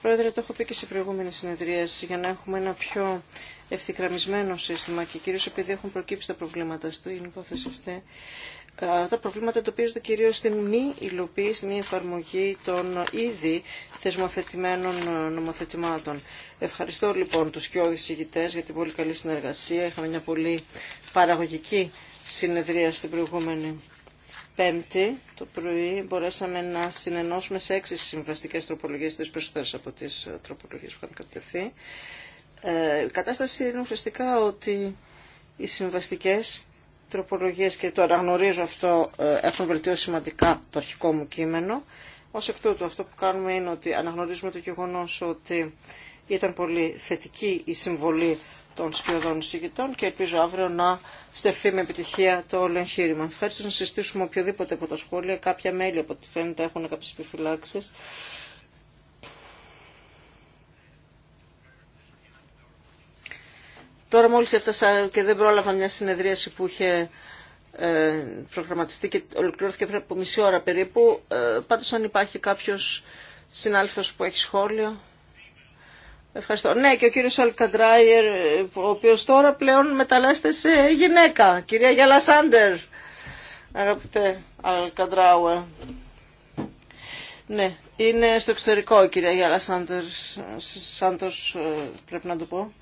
Πρόεδρε, το έχω πει και σε προηγούμενε συνεδρίε για να έχουμε ένα πιο ευθυγραμμισμένο σύστημα και κυρίω επειδή έχουν προκύψει τα προβλήματα στην υπόθεση αυτή. Τα προβλήματα εντοπίζονται κυρίω στην μη υλοποίηση, στην μη εφαρμογή των ήδη θεσμοθετημένων ε, νομοθετημάτων. Ευχαριστώ λοιπόν τους κοιόδης ηγητές για την πολύ καλή συνεργασία. Είχαμε μια πολύ παραγωγική συνεδρία στην προηγούμενη Πέμπτη το πρωί μπορέσαμε να συνενώσουμε σε έξι συμβαστικές τροπολογίες, τις περισσότερες από τις ε, τροπολογίες που είχαν κατευθεί. Ε, η κατάσταση είναι ουσιαστικά ότι οι συμβαστικές τροπολογίες, και το αναγνωρίζω αυτό, ε, έχουν βελτιώσει σημαντικά το αρχικό μου κείμενο. Ως εκ τούτου αυτό που κάνουμε είναι ότι αναγνωρίζουμε το γεγονός ότι ήταν πολύ θετική η συμβολή των σκιωδών εισηγητών και ελπίζω αύριο να στεφθεί με επιτυχία το όλο εγχείρημα. Ευχαριστώ να συζητήσουμε οποιοδήποτε από τα σχόλια. Κάποια μέλη από ό,τι φαίνεται έχουν κάποιες επιφυλάξεις. Τώρα μόλις έφτασα και δεν πρόλαβα μια συνεδρίαση που είχε ε, προγραμματιστεί και ολοκληρώθηκε πριν από μισή ώρα περίπου. Ε, πάντως αν υπάρχει κάποιος συνάλφος που έχει σχόλιο. Ευχαριστώ. Ναι, και ο κύριο Αλκαντράιερ, ο οποίο τώρα πλέον μεταλλάσσεται σε γυναίκα. Κυρία Γιαλασάντερ, αγαπητέ Αλκαντράουε. Ναι, είναι στο εξωτερικό η κυρία Γιαλασάντερ, Σάντος, ε, πρέπει να το πω.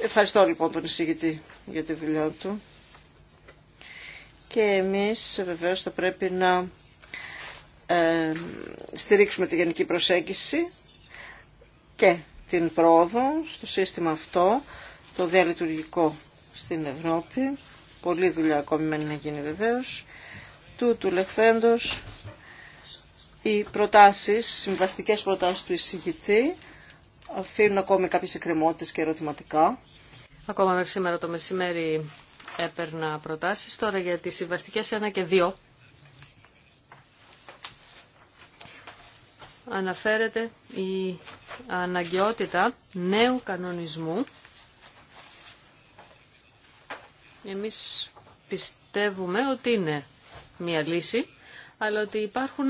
Ευχαριστώ λοιπόν τον εισηγητή για τη δουλειά του. Και εμείς βεβαίως θα πρέπει να ε, στηρίξουμε τη γενική προσέγγιση και την πρόοδο στο σύστημα αυτό, το διαλειτουργικό στην Ευρώπη. Πολλή δουλειά ακόμη μένει να γίνει βεβαίως. Τούτου λεχθέντος οι προτάσεις, συμβαστικές προτάσεις του εισηγητή αφήνουν ακόμη κάποιες εκκρεμότητες και ερωτηματικά. Ακόμα μέχρι σήμερα το μεσημέρι έπαιρνα προτάσεις. Τώρα για τις συμβαστικές 1 και 2 αναφέρεται η αναγκαιότητα νέου κανονισμού. Εμείς πιστεύουμε ότι είναι μία λύση, αλλά ότι υπάρχουν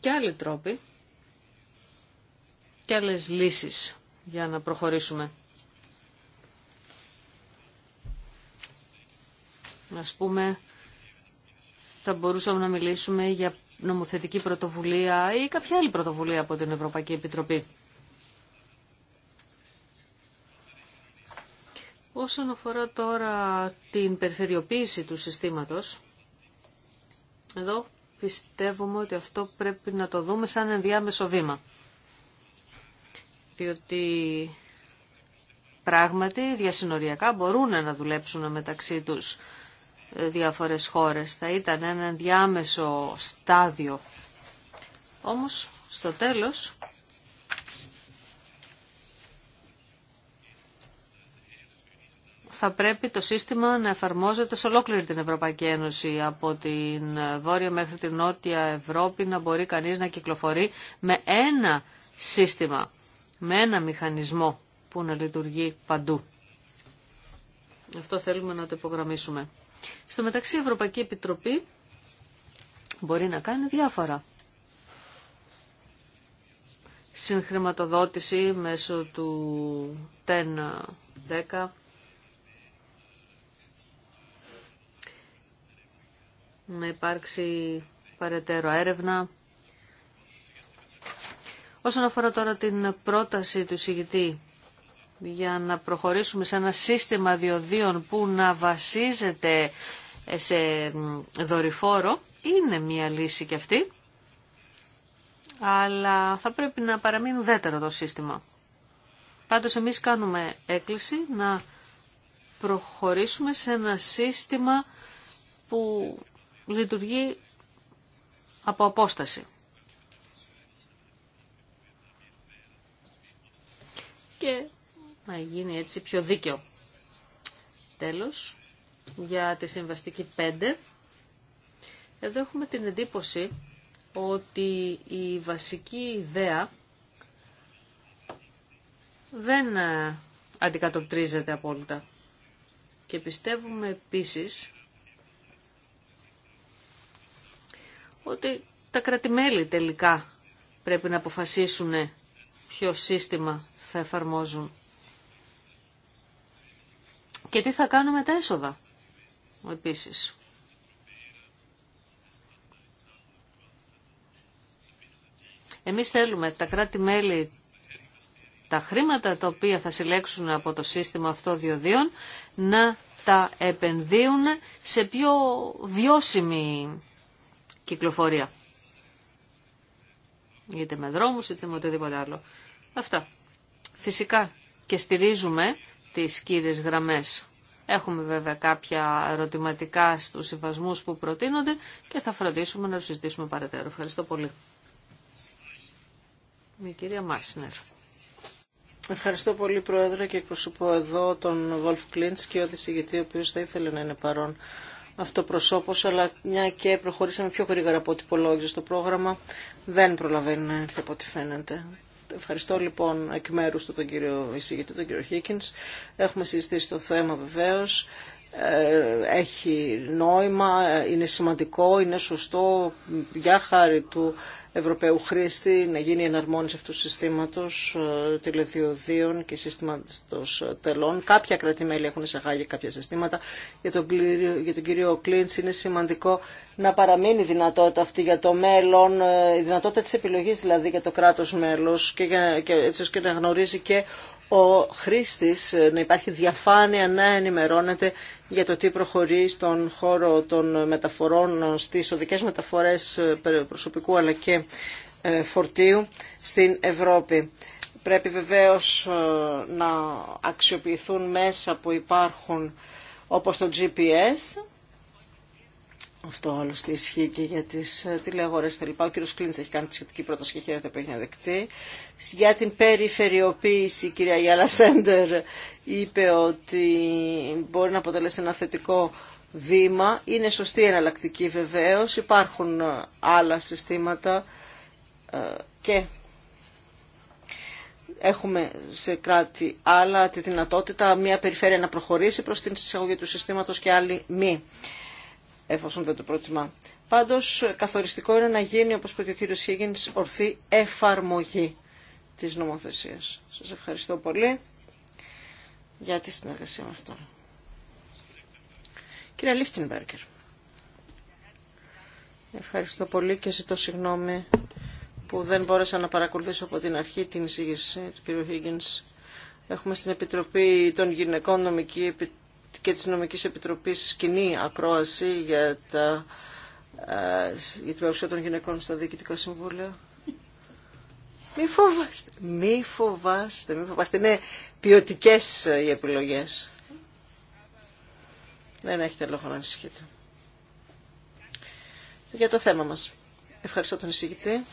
και άλλοι τρόποι και άλλες λύσεις για να προχωρήσουμε. Ας πούμε, θα μπορούσαμε να μιλήσουμε για νομοθετική πρωτοβουλία ή κάποια άλλη πρωτοβουλία από την Ευρωπαϊκή Επιτροπή. Όσον αφορά τώρα την περιφερειοποίηση του συστήματος, εδώ πιστεύουμε ότι αυτό πρέπει να το δούμε σαν ενδιάμεσο βήμα. Διότι πράγματι διασυνοριακά μπορούν να δουλέψουν μεταξύ τους διάφορες χώρες. Θα ήταν ένα διάμεσο στάδιο. Όμως, στο τέλος, θα πρέπει το σύστημα να εφαρμόζεται σε ολόκληρη την Ευρωπαϊκή Ένωση, από την Βόρεια μέχρι την Νότια Ευρώπη, να μπορεί κανείς να κυκλοφορεί με ένα σύστημα, με ένα μηχανισμό που να λειτουργεί παντού. Αυτό θέλουμε να το υπογραμμίσουμε. Στο μεταξύ η Ευρωπαϊκή Επιτροπή μπορεί να κάνει διάφορα. Συγχρηματοδότηση μέσω του 10-10. να υπάρξει παρετέρω έρευνα. Όσον αφορά τώρα την πρόταση του συγητή για να προχωρήσουμε σε ένα σύστημα διοδίων που να βασίζεται σε δορυφόρο είναι μια λύση και αυτή, αλλά θα πρέπει να παραμείνει δέτερο το σύστημα. Πάντως εμείς κάνουμε έκκληση να προχωρήσουμε σε ένα σύστημα που λειτουργεί από απόσταση. Και να γίνει έτσι πιο δίκαιο. Τέλος, για τη συμβαστική 5, εδώ έχουμε την εντύπωση ότι η βασική ιδέα δεν ε, αντικατοπτρίζεται απόλυτα. Και πιστεύουμε επίσης ότι τα κρατημέλη τελικά πρέπει να αποφασίσουν ποιο σύστημα θα εφαρμόζουν. Και τι θα κάνουμε τα έσοδα επίσης. Εμείς θέλουμε τα κράτη-μέλη τα χρήματα τα οποία θα συλλέξουν από το σύστημα αυτό διοδίων να τα επενδύουν σε πιο βιώσιμη κυκλοφορία. Είτε με δρόμους είτε με οτιδήποτε άλλο. Αυτά. Φυσικά και στηρίζουμε τις κύριες γραμμές. Έχουμε βέβαια κάποια ερωτηματικά στους συμβασμού που προτείνονται και θα φροντίσουμε να τους συζητήσουμε παρατέρω. Ευχαριστώ πολύ. Η κυρία Μάσινερ. Ευχαριστώ πολύ Πρόεδρε και εκπροσωπώ εδώ τον Βολφ Κλίντς και ο Δησηγητή ο οποίος θα ήθελε να είναι παρόν αυτοπροσώπος αλλά μια και προχωρήσαμε πιο γρήγορα από ό,τι υπολόγιζε στο πρόγραμμα δεν προλαβαίνει να έρθει από ό,τι φαίνεται. Ευχαριστώ λοιπόν εκ μέρου του τον κύριο εισηγητή, τον κύριο Χίκινς. Έχουμε συζητήσει το θέμα βεβαίως. Ε, έχει νόημα, είναι σημαντικό, είναι σωστό για χάρη του Ευρωπαίου χρήστη να γίνει εναρμόνιση αυτού του συστήματος ε, τηλεδιοδίων και συστήματος τελών. Κάποια κρατημέλη έχουν εισαγάγει κάποια συστήματα. Για τον, κύριο, για τον κύριο Κλίντς είναι σημαντικό να παραμείνει η δυνατότητα αυτή για το μέλλον, ε, η δυνατότητα της επιλογής δηλαδή για το κράτος μέλος και, για, και έτσι ώστε να γνωρίζει και ο χρήστης ε, να υπάρχει διαφάνεια να ενημερώνεται για το τι προχωρεί στον χώρο των μεταφορών, στις οδικές μεταφορές ε, προσωπικού αλλά και ε, φορτίου στην Ευρώπη. Πρέπει βεβαίως να αξιοποιηθούν μέσα που υπάρχουν όπως το GPS αυτό άλλωστε ισχύει και για τι ε, τηλεαγορέ κτλ. Ο κ. Κλίντ έχει κάνει τη σχετική πρόταση και χαίρεται που έχει αναδεκτεί. Για την περιφερειοποίηση, η κυρία Γιάλα Σέντερ είπε ότι μπορεί να αποτελέσει ένα θετικό βήμα. Είναι σωστή εναλλακτική βεβαίω. Υπάρχουν ε, άλλα συστήματα ε, και έχουμε σε κράτη άλλα τη δυνατότητα μια περιφέρεια να προχωρήσει προς την εισαγωγή του συστήματος και άλλη μη εφόσον δεν το προτιμά. Πάντως, καθοριστικό είναι να γίνει, όπως είπε και ο κύριο Χίγγινς, ορθή εφαρμογή της νομοθεσίας. Σας ευχαριστώ πολύ για τη συνεργασία με αυτό. Κύριε Λίχτινμπέργκερ, ευχαριστώ πολύ και ζητώ συγγνώμη που δεν μπόρεσα να παρακολουθήσω από την αρχή την εισήγηση του κύριου Χίγγινς. Έχουμε στην Επιτροπή των Γυναικών Νομική Επιτροπή και της Νομικής Επιτροπής κοινή ακρόαση για, τα, ε, για την παρουσία των γυναικών στα Διοικητικά Συμβούλια. Μη φοβάστε, μη φοβάστε, μη φοβάστε. Είναι ποιοτικέ ε, οι επιλογές. Δεν ναι, ναι, έχετε λόγο να ανησυχείτε. Για το θέμα μας. Ευχαριστώ τον εισηγητή.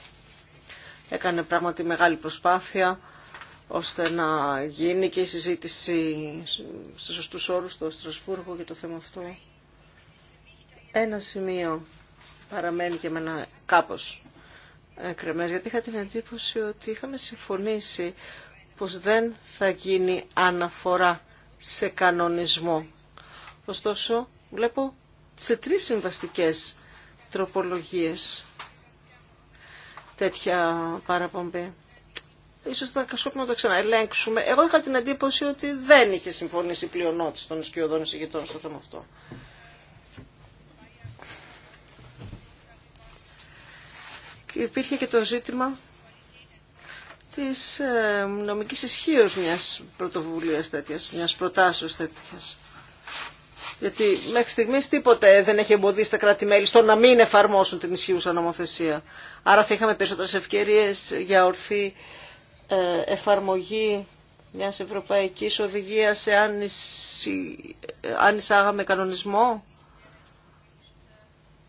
Έκανε πράγματι μεγάλη προσπάθεια ώστε να γίνει και η συζήτηση στους σωστούς όρους στο Στρασβούργο για το θέμα αυτό. Ένα σημείο παραμένει και μενα κάπως κρεμές, γιατί είχα την εντύπωση ότι είχαμε συμφωνήσει πως δεν θα γίνει αναφορά σε κανονισμό. Ωστόσο, βλέπω σε τρεις συμβαστικές τροπολογίες τέτοια παραπομπή. Ίσως θα σκόπιμο να το ξαναελέγξουμε. Εγώ είχα την εντύπωση ότι δεν είχε συμφωνήσει η πλειονότητα των σκιωδών εισηγητών στο θέμα αυτό. Και υπήρχε και το ζήτημα της ε, νομικής ισχύω μιας πρωτοβουλίας τέτοιας, μιας προτάσεως τέτοιας. Γιατί μέχρι στιγμής τίποτε δεν έχει εμποδίσει τα κράτη-μέλη στο να μην εφαρμόσουν την ισχύουσα νομοθεσία. Άρα θα είχαμε περισσότερες ευκαιρίες για ορθή ε, εφαρμογή μιας ευρωπαϊκής οδηγίας εάν, ε, αν εισάγαμε κανονισμό.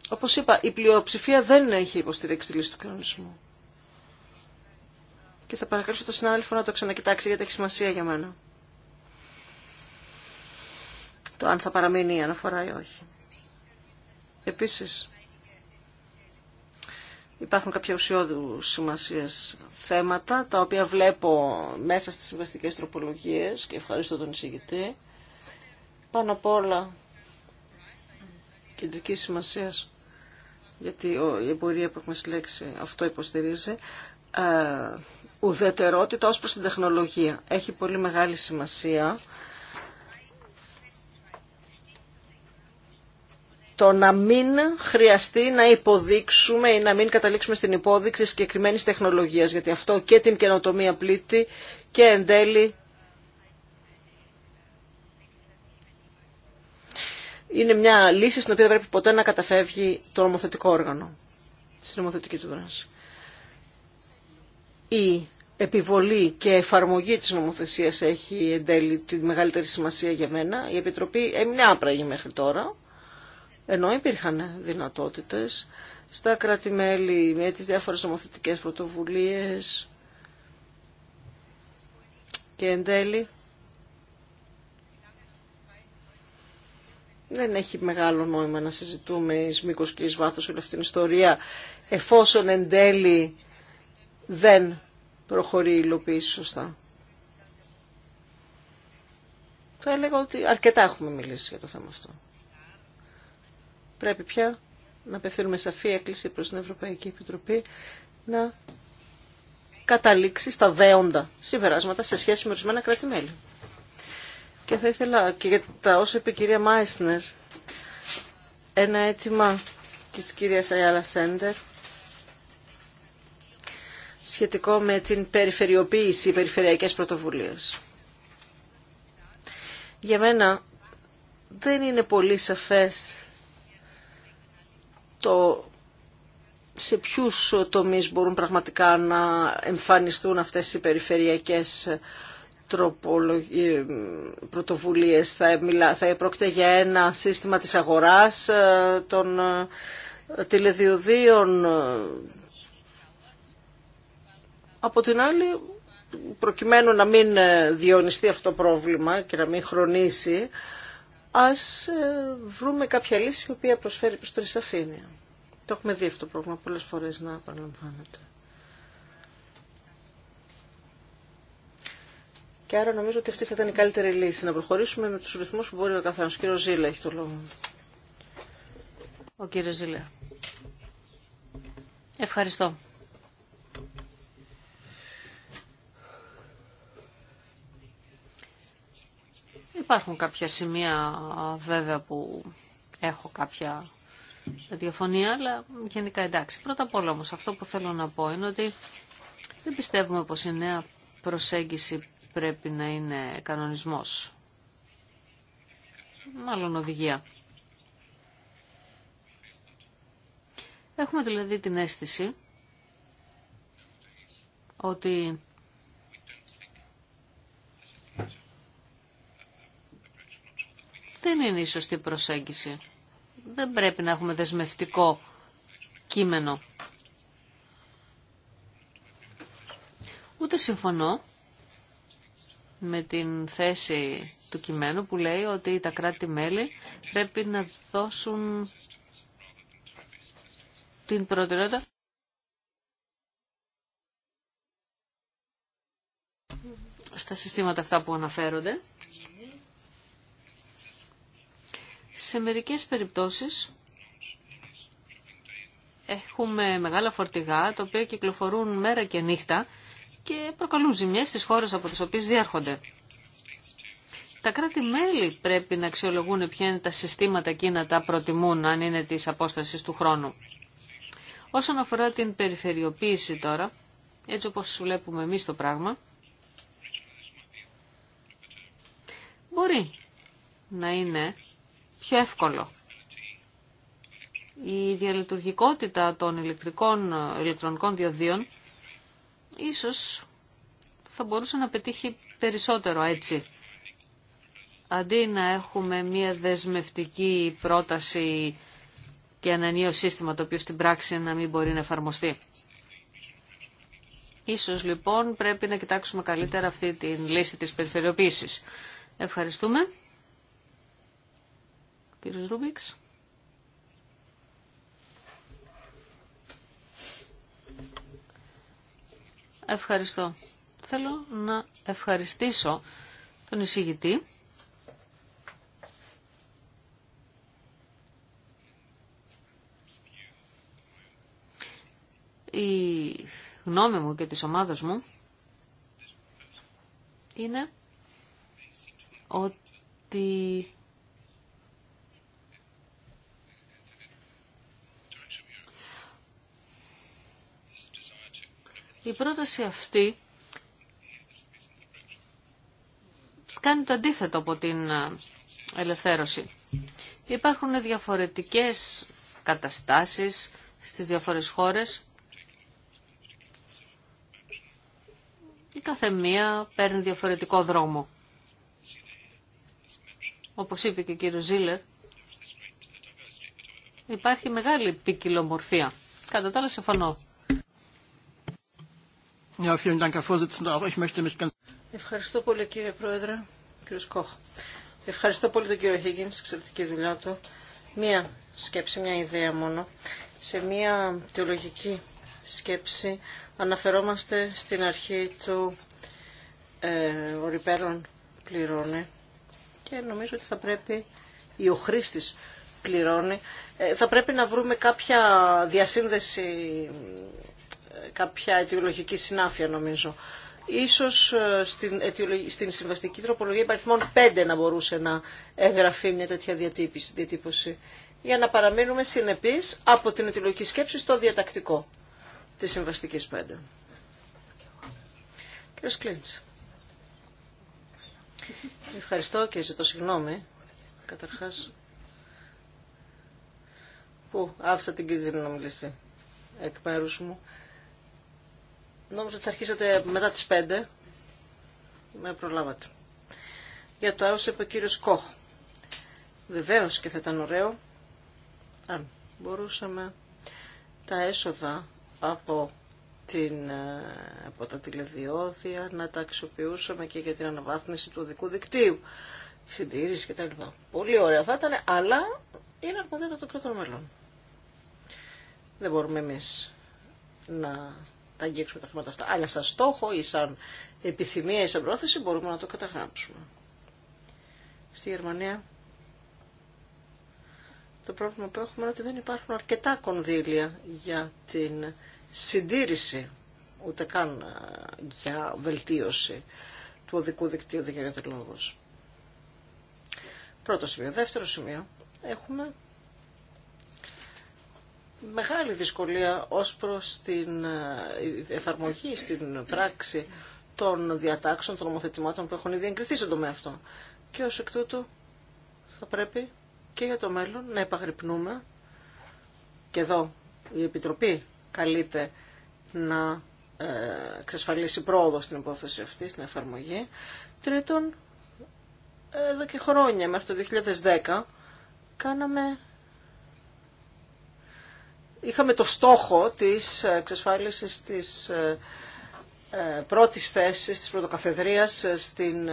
Όπως είπα, η πλειοψηφία δεν έχει υποστηρίξει τη λύση του κανονισμού. Και θα παρακαλέσω το συνάδελφο να το ξανακοιτάξει γιατί έχει σημασία για μένα. Το αν θα παραμείνει η αναφορά ή όχι. Επίσης, Υπάρχουν κάποια ουσιώδου σημασία θέματα, τα οποία βλέπω μέσα στις συμβαστικές τροπολογίες και ευχαριστώ τον εισηγητή. Πάνω απ' όλα, κεντρική σημασία, γιατί η εμπορία που έχουμε συλλέξει αυτό υποστηρίζει, ε, ουδετερότητα ως προς την τεχνολογία. Έχει πολύ μεγάλη σημασία το να μην χρειαστεί να υποδείξουμε ή να μην καταλήξουμε στην υπόδειξη συγκεκριμένη τεχνολογίας, γιατί αυτό και την καινοτομία πλήττει και εν τέλει είναι μια λύση στην οποία πρέπει ποτέ να καταφεύγει το νομοθετικό όργανο, στην νομοθετική του δράση. Η επιβολή και εφαρμογή της νομοθεσίας έχει εν τέλει τη μεγαλύτερη σημασία για μένα. Η Επιτροπή έμεινε άπραγη μέχρι τώρα ενώ υπήρχαν δυνατότητες στα κρατη με τις διάφορες νομοθετικές πρωτοβουλίες και εν τέλει δεν έχει μεγάλο νόημα να συζητούμε εις μήκος και εις βάθος όλη αυτή την ιστορία εφόσον εν τέλει δεν προχωρεί η υλοποίηση σωστά. Θα έλεγα ότι αρκετά έχουμε μιλήσει για το θέμα αυτό. Πρέπει πια να απευθύνουμε σαφή έκκληση προς την Ευρωπαϊκή Επιτροπή να καταλήξει στα δέοντα συμπεράσματα σε σχέση με ορισμένα κράτη-μέλη. Και θα ήθελα και για τα όσα είπε η κυρία Μάισνερ, ένα αίτημα της κυρίας Αιάλα Σέντερ σχετικό με την περιφερειοποίηση περιφερειακές πρωτοβουλίες. Για μένα δεν είναι πολύ σαφές το σε ποιους τομείς μπορούν πραγματικά να εμφανιστούν αυτές οι περιφερειακές πρωτοβουλίες. Θα, μιλά, θα πρόκειται για ένα σύστημα της αγοράς ε, των ε, τηλεδιοδίων. Ε. Από την άλλη, προκειμένου να μην διονυστεί αυτό το πρόβλημα και να μην χρονίσει, ας ε, βρούμε κάποια λύση η οποία προσφέρει προς αφήνεια. Το έχουμε δει αυτό το πρόβλημα πολλές φορές να παραλαμβάνεται. Και άρα νομίζω ότι αυτή θα ήταν η καλύτερη λύση, να προχωρήσουμε με τους ρυθμούς που μπορεί ο καθένας. Ο κύριος Ζήλα έχει το λόγο. Ο κύριος Ζήλα. Ευχαριστώ. Υπάρχουν κάποια σημεία βέβαια που έχω κάποια διαφωνία, αλλά γενικά εντάξει. Πρώτα απ' όλα όμως αυτό που θέλω να πω είναι ότι δεν πιστεύουμε πως η νέα προσέγγιση πρέπει να είναι κανονισμός. Μάλλον οδηγία. Έχουμε δηλαδή την αίσθηση ότι δεν είναι η σωστή προσέγγιση. Δεν πρέπει να έχουμε δεσμευτικό κείμενο. Ούτε συμφωνώ με την θέση του κειμένου που λέει ότι τα κράτη-μέλη πρέπει να δώσουν την προτεραιότητα στα συστήματα αυτά που αναφέρονται Σε μερικές περιπτώσεις έχουμε μεγάλα φορτηγά τα οποία κυκλοφορούν μέρα και νύχτα και προκαλούν ζημιές στις χώρες από τις οποίες διέρχονται. Τα κράτη-μέλη πρέπει να αξιολογούν ποια είναι τα συστήματα εκείνα τα προτιμούν αν είναι της απόστασης του χρόνου. Όσον αφορά την περιφερειοποίηση τώρα, έτσι όπως βλέπουμε εμείς το πράγμα, μπορεί να είναι πιο Η διαλειτουργικότητα των ηλεκτρικών, ηλεκτρονικών διοδίων ίσως θα μπορούσε να πετύχει περισσότερο έτσι. Αντί να έχουμε μία δεσμευτική πρόταση και ένα νέο σύστημα το οποίο στην πράξη να μην μπορεί να εφαρμοστεί. Ίσως λοιπόν πρέπει να κοιτάξουμε καλύτερα αυτή τη λύση της περιφερειοποίησης. Ευχαριστούμε κύριος Ρούμπιξ. Ευχαριστώ. Θέλω να ευχαριστήσω τον εισηγητή. Η γνώμη μου και της ομάδας μου είναι ότι Η πρόταση αυτή κάνει το αντίθετο από την ε, ελευθέρωση. Υπάρχουν διαφορετικές καταστάσεις στις διάφορες χώρες. Η κάθε μία παίρνει διαφορετικό δρόμο. Όπως είπε και ο κύριος Ζήλερ, υπάρχει μεγάλη ποικιλομορφία. Κατά τα άλλα συμφωνώ. Ευχαριστώ πολύ κύριε Πρόεδρε, κύριος Κόχ. Ευχαριστώ πολύ τον κύριο Higgins, εξαιρετική δουλειά του. Μία σκέψη, μία ιδέα μόνο. Σε μία θεολογική σκέψη αναφερόμαστε στην αρχή του ε, ο Ριπέρον πληρώνει και νομίζω ότι θα πρέπει ή ο χρήστης πληρώνει. Ε, θα πρέπει να βρούμε κάποια διασύνδεση κάποια αιτιολογική συνάφεια νομίζω. Ίσως ε, στην, στην συμβαστική τροπολογία υπαριθμών πέντε να μπορούσε να εγγραφεί μια τέτοια διατύπωση, για να παραμείνουμε συνεπείς από την αιτιολογική σκέψη στο διατακτικό της συμβαστικής πέντε Κύριε Ευχαριστώ και ζητώ συγγνώμη, καταρχάς, που άφησα την κίνδυνο να μιλήσει εκ μέρους μου. Νόμιζα ότι θα αρχίσετε μετά τις 5. Με προλάβατε. Για το άος είπε ο κύριος Κόχ. Βεβαίως και θα ήταν ωραίο αν μπορούσαμε τα έσοδα από, την, ε, από τα τηλεδιώδια να τα αξιοποιούσαμε και για την αναβάθμιση του οδικού δικτύου. Συντήρηση κτλ. Πολύ ωραία θα ήταν, αλλά είναι αρμοδιότητα των κρατών μελών. Δεν μπορούμε εμείς να αγγίξουμε τα χρήματα αυτά. Αλλά σαν στόχο ή σαν επιθυμία ή σαν πρόθεση μπορούμε να το καταγράψουμε. Στη Γερμανία το πρόβλημα που έχουμε είναι ότι δεν υπάρχουν αρκετά κονδύλια για την συντήρηση ούτε καν ε, για βελτίωση του οδικού δικτύου δεν Πρώτο σημείο. Δεύτερο σημείο. Έχουμε μεγάλη δυσκολία ως προς την ε, εφαρμογή στην πράξη των διατάξεων, των νομοθετημάτων που έχουν ήδη εγκριθεί στον τομέα αυτό. Και ως εκ τούτου θα πρέπει και για το μέλλον να επαγρυπνούμε και εδώ η Επιτροπή καλείται να ε, εξασφαλίσει πρόοδο στην υπόθεση αυτή, στην εφαρμογή. Τρίτον, εδώ και χρόνια, μέχρι το 2010, κάναμε είχαμε το στόχο της εξασφάλισης της ε, ε, πρώτης θέσης, της πρωτοκαθεδρίας ε, στην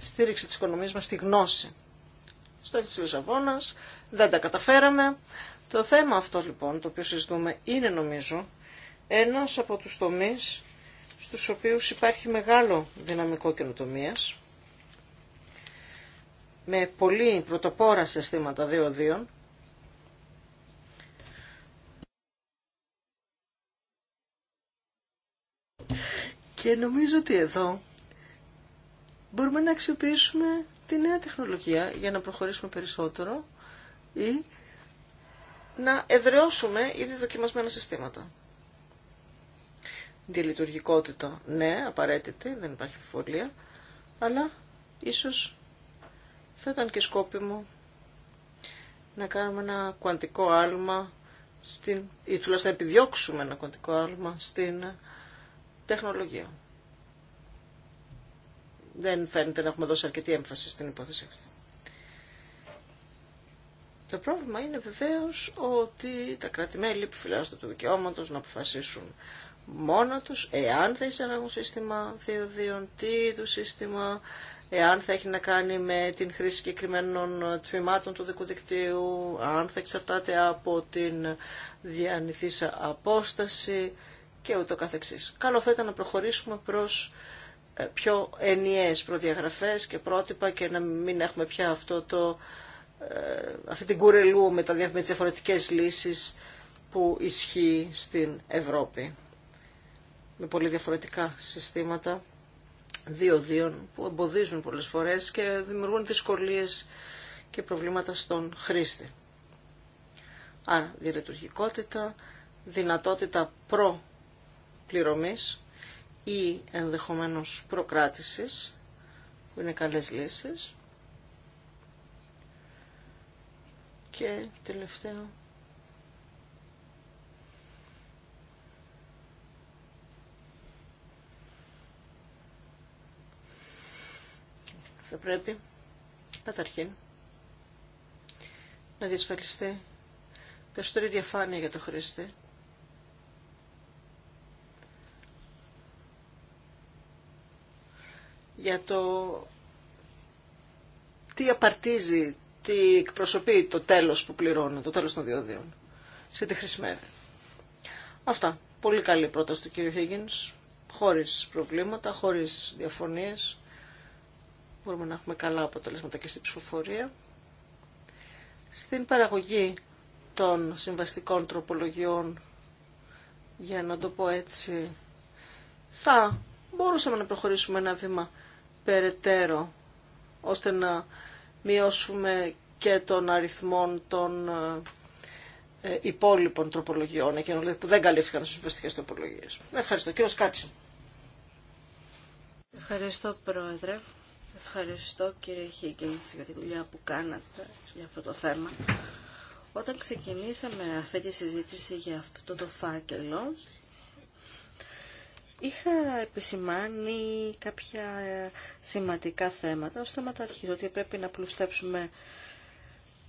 στήριξη της οικονομίας μας στη γνώση. στο της Λισαβόνας, δεν τα καταφέραμε. Το θέμα αυτό λοιπόν, το οποίο συζητούμε, είναι νομίζω ένας από τους τομείς στους οποίους υπάρχει μεγάλο δυναμικό καινοτομία με πολύ πρωτοπόρα δύο. Και νομίζω ότι εδώ μπορούμε να αξιοποιήσουμε τη νέα τεχνολογία για να προχωρήσουμε περισσότερο ή να εδραιώσουμε ήδη δοκιμασμένα συστήματα. Διαλειτουργικότητα, ναι, απαραίτητη, δεν υπάρχει φωλία, αλλά ίσως θα ήταν και σκόπιμο να κάνουμε ένα κουαντικό άλμα στην, ή τουλάχιστον να επιδιώξουμε ένα κουαντικό άλμα στην τεχνολογία. Δεν φαίνεται να έχουμε δώσει αρκετή έμφαση στην υπόθεση αυτή. Το πρόβλημα είναι βεβαίως ότι τα κράτη-μέλη που φυλάσσονται του δικαιώματος να αποφασίσουν μόνα τους εάν θα εισαγάγουν σύστημα θεοδίων, τι του σύστημα, εάν θα έχει να κάνει με την χρήση συγκεκριμένων τμήματων του δικού δικτύου, αν θα εξαρτάται από την διανηθήσα απόσταση, και ούτω καθεξής. Καλό θα ήταν να προχωρήσουμε προς ε, πιο ενιαίες προδιαγραφές και πρότυπα και να μην έχουμε πια αυτό το, ε, αυτή την κουρελού με, τα, διαφορετικέ τις διαφορετικές λύσεις που ισχύει στην Ευρώπη. Με πολύ διαφορετικά συστήματα δύο-δύο που εμποδίζουν πολλές φορές και δημιουργούν δυσκολίες και προβλήματα στον χρήστη. Άρα, διαλειτουργικότητα, δυνατότητα προ πληρωμής ή ενδεχομένως προκράτησης, που είναι καλές λύσεις. Και τελευταίο. Θα πρέπει καταρχήν να διασφαλιστεί περισσότερη διαφάνεια για το χρήστη για το τι απαρτίζει, τι εκπροσωπεί το τέλος που πληρώνει, το τέλος των διοδίων, σε τι χρησιμεύει. Αυτά. Πολύ καλή πρόταση του κύριου Higgins, χωρίς προβλήματα, χωρίς διαφωνίες. Μπορούμε να έχουμε καλά αποτελέσματα και στην ψηφοφορία. Στην παραγωγή των συμβαστικών τροπολογιών, για να το πω έτσι, θα μπορούσαμε να προχωρήσουμε ένα βήμα περαιτέρω, ώστε να μειώσουμε και των αριθμών ε, των υπόλοιπων τροπολογιών, εκείνων που δεν καλύφθηκαν στις βασικέ τροπολογίες. Ευχαριστώ. Κύριος Κάτσι. Ευχαριστώ, Πρόεδρε. Ευχαριστώ, κύριε Χίγκινς, για τη δουλειά που κάνατε για αυτό το θέμα. Όταν ξεκινήσαμε αυτή τη συζήτηση για αυτό το φάκελο, Είχα επισημάνει κάποια ε, σημαντικά θέματα, ως θέματα αρχής, ότι πρέπει να πλουστέψουμε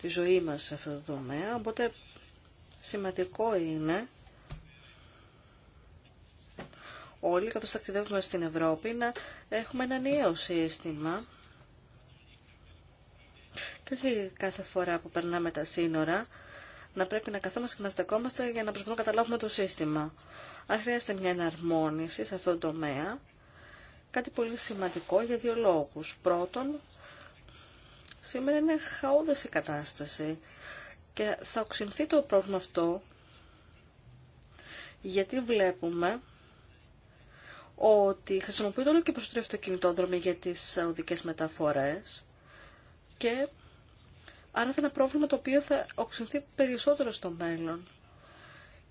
τη ζωή μας σε αυτό το τομέα, οπότε σημαντικό είναι όλοι, καθώς ταξιδεύουμε στην Ευρώπη, να έχουμε ένα νέο σύστημα και όχι κάθε φορά που περνάμε τα σύνορα να πρέπει να καθόμαστε και να στεκόμαστε για να προσπαθούμε να καταλάβουμε το σύστημα. Αν χρειάζεται μια εναρμόνιση σε αυτό το τομέα, κάτι πολύ σημαντικό για δύο λόγους. Πρώτον, σήμερα είναι χαόδες η κατάσταση και θα οξυνθεί το πρόβλημα αυτό γιατί βλέπουμε ότι χρησιμοποιούνται όλο και προστρέφει το κινητόδρομο για τις οδικές μεταφορές και Άρα θα είναι ένα πρόβλημα το οποίο θα οξυνθεί περισσότερο στο μέλλον.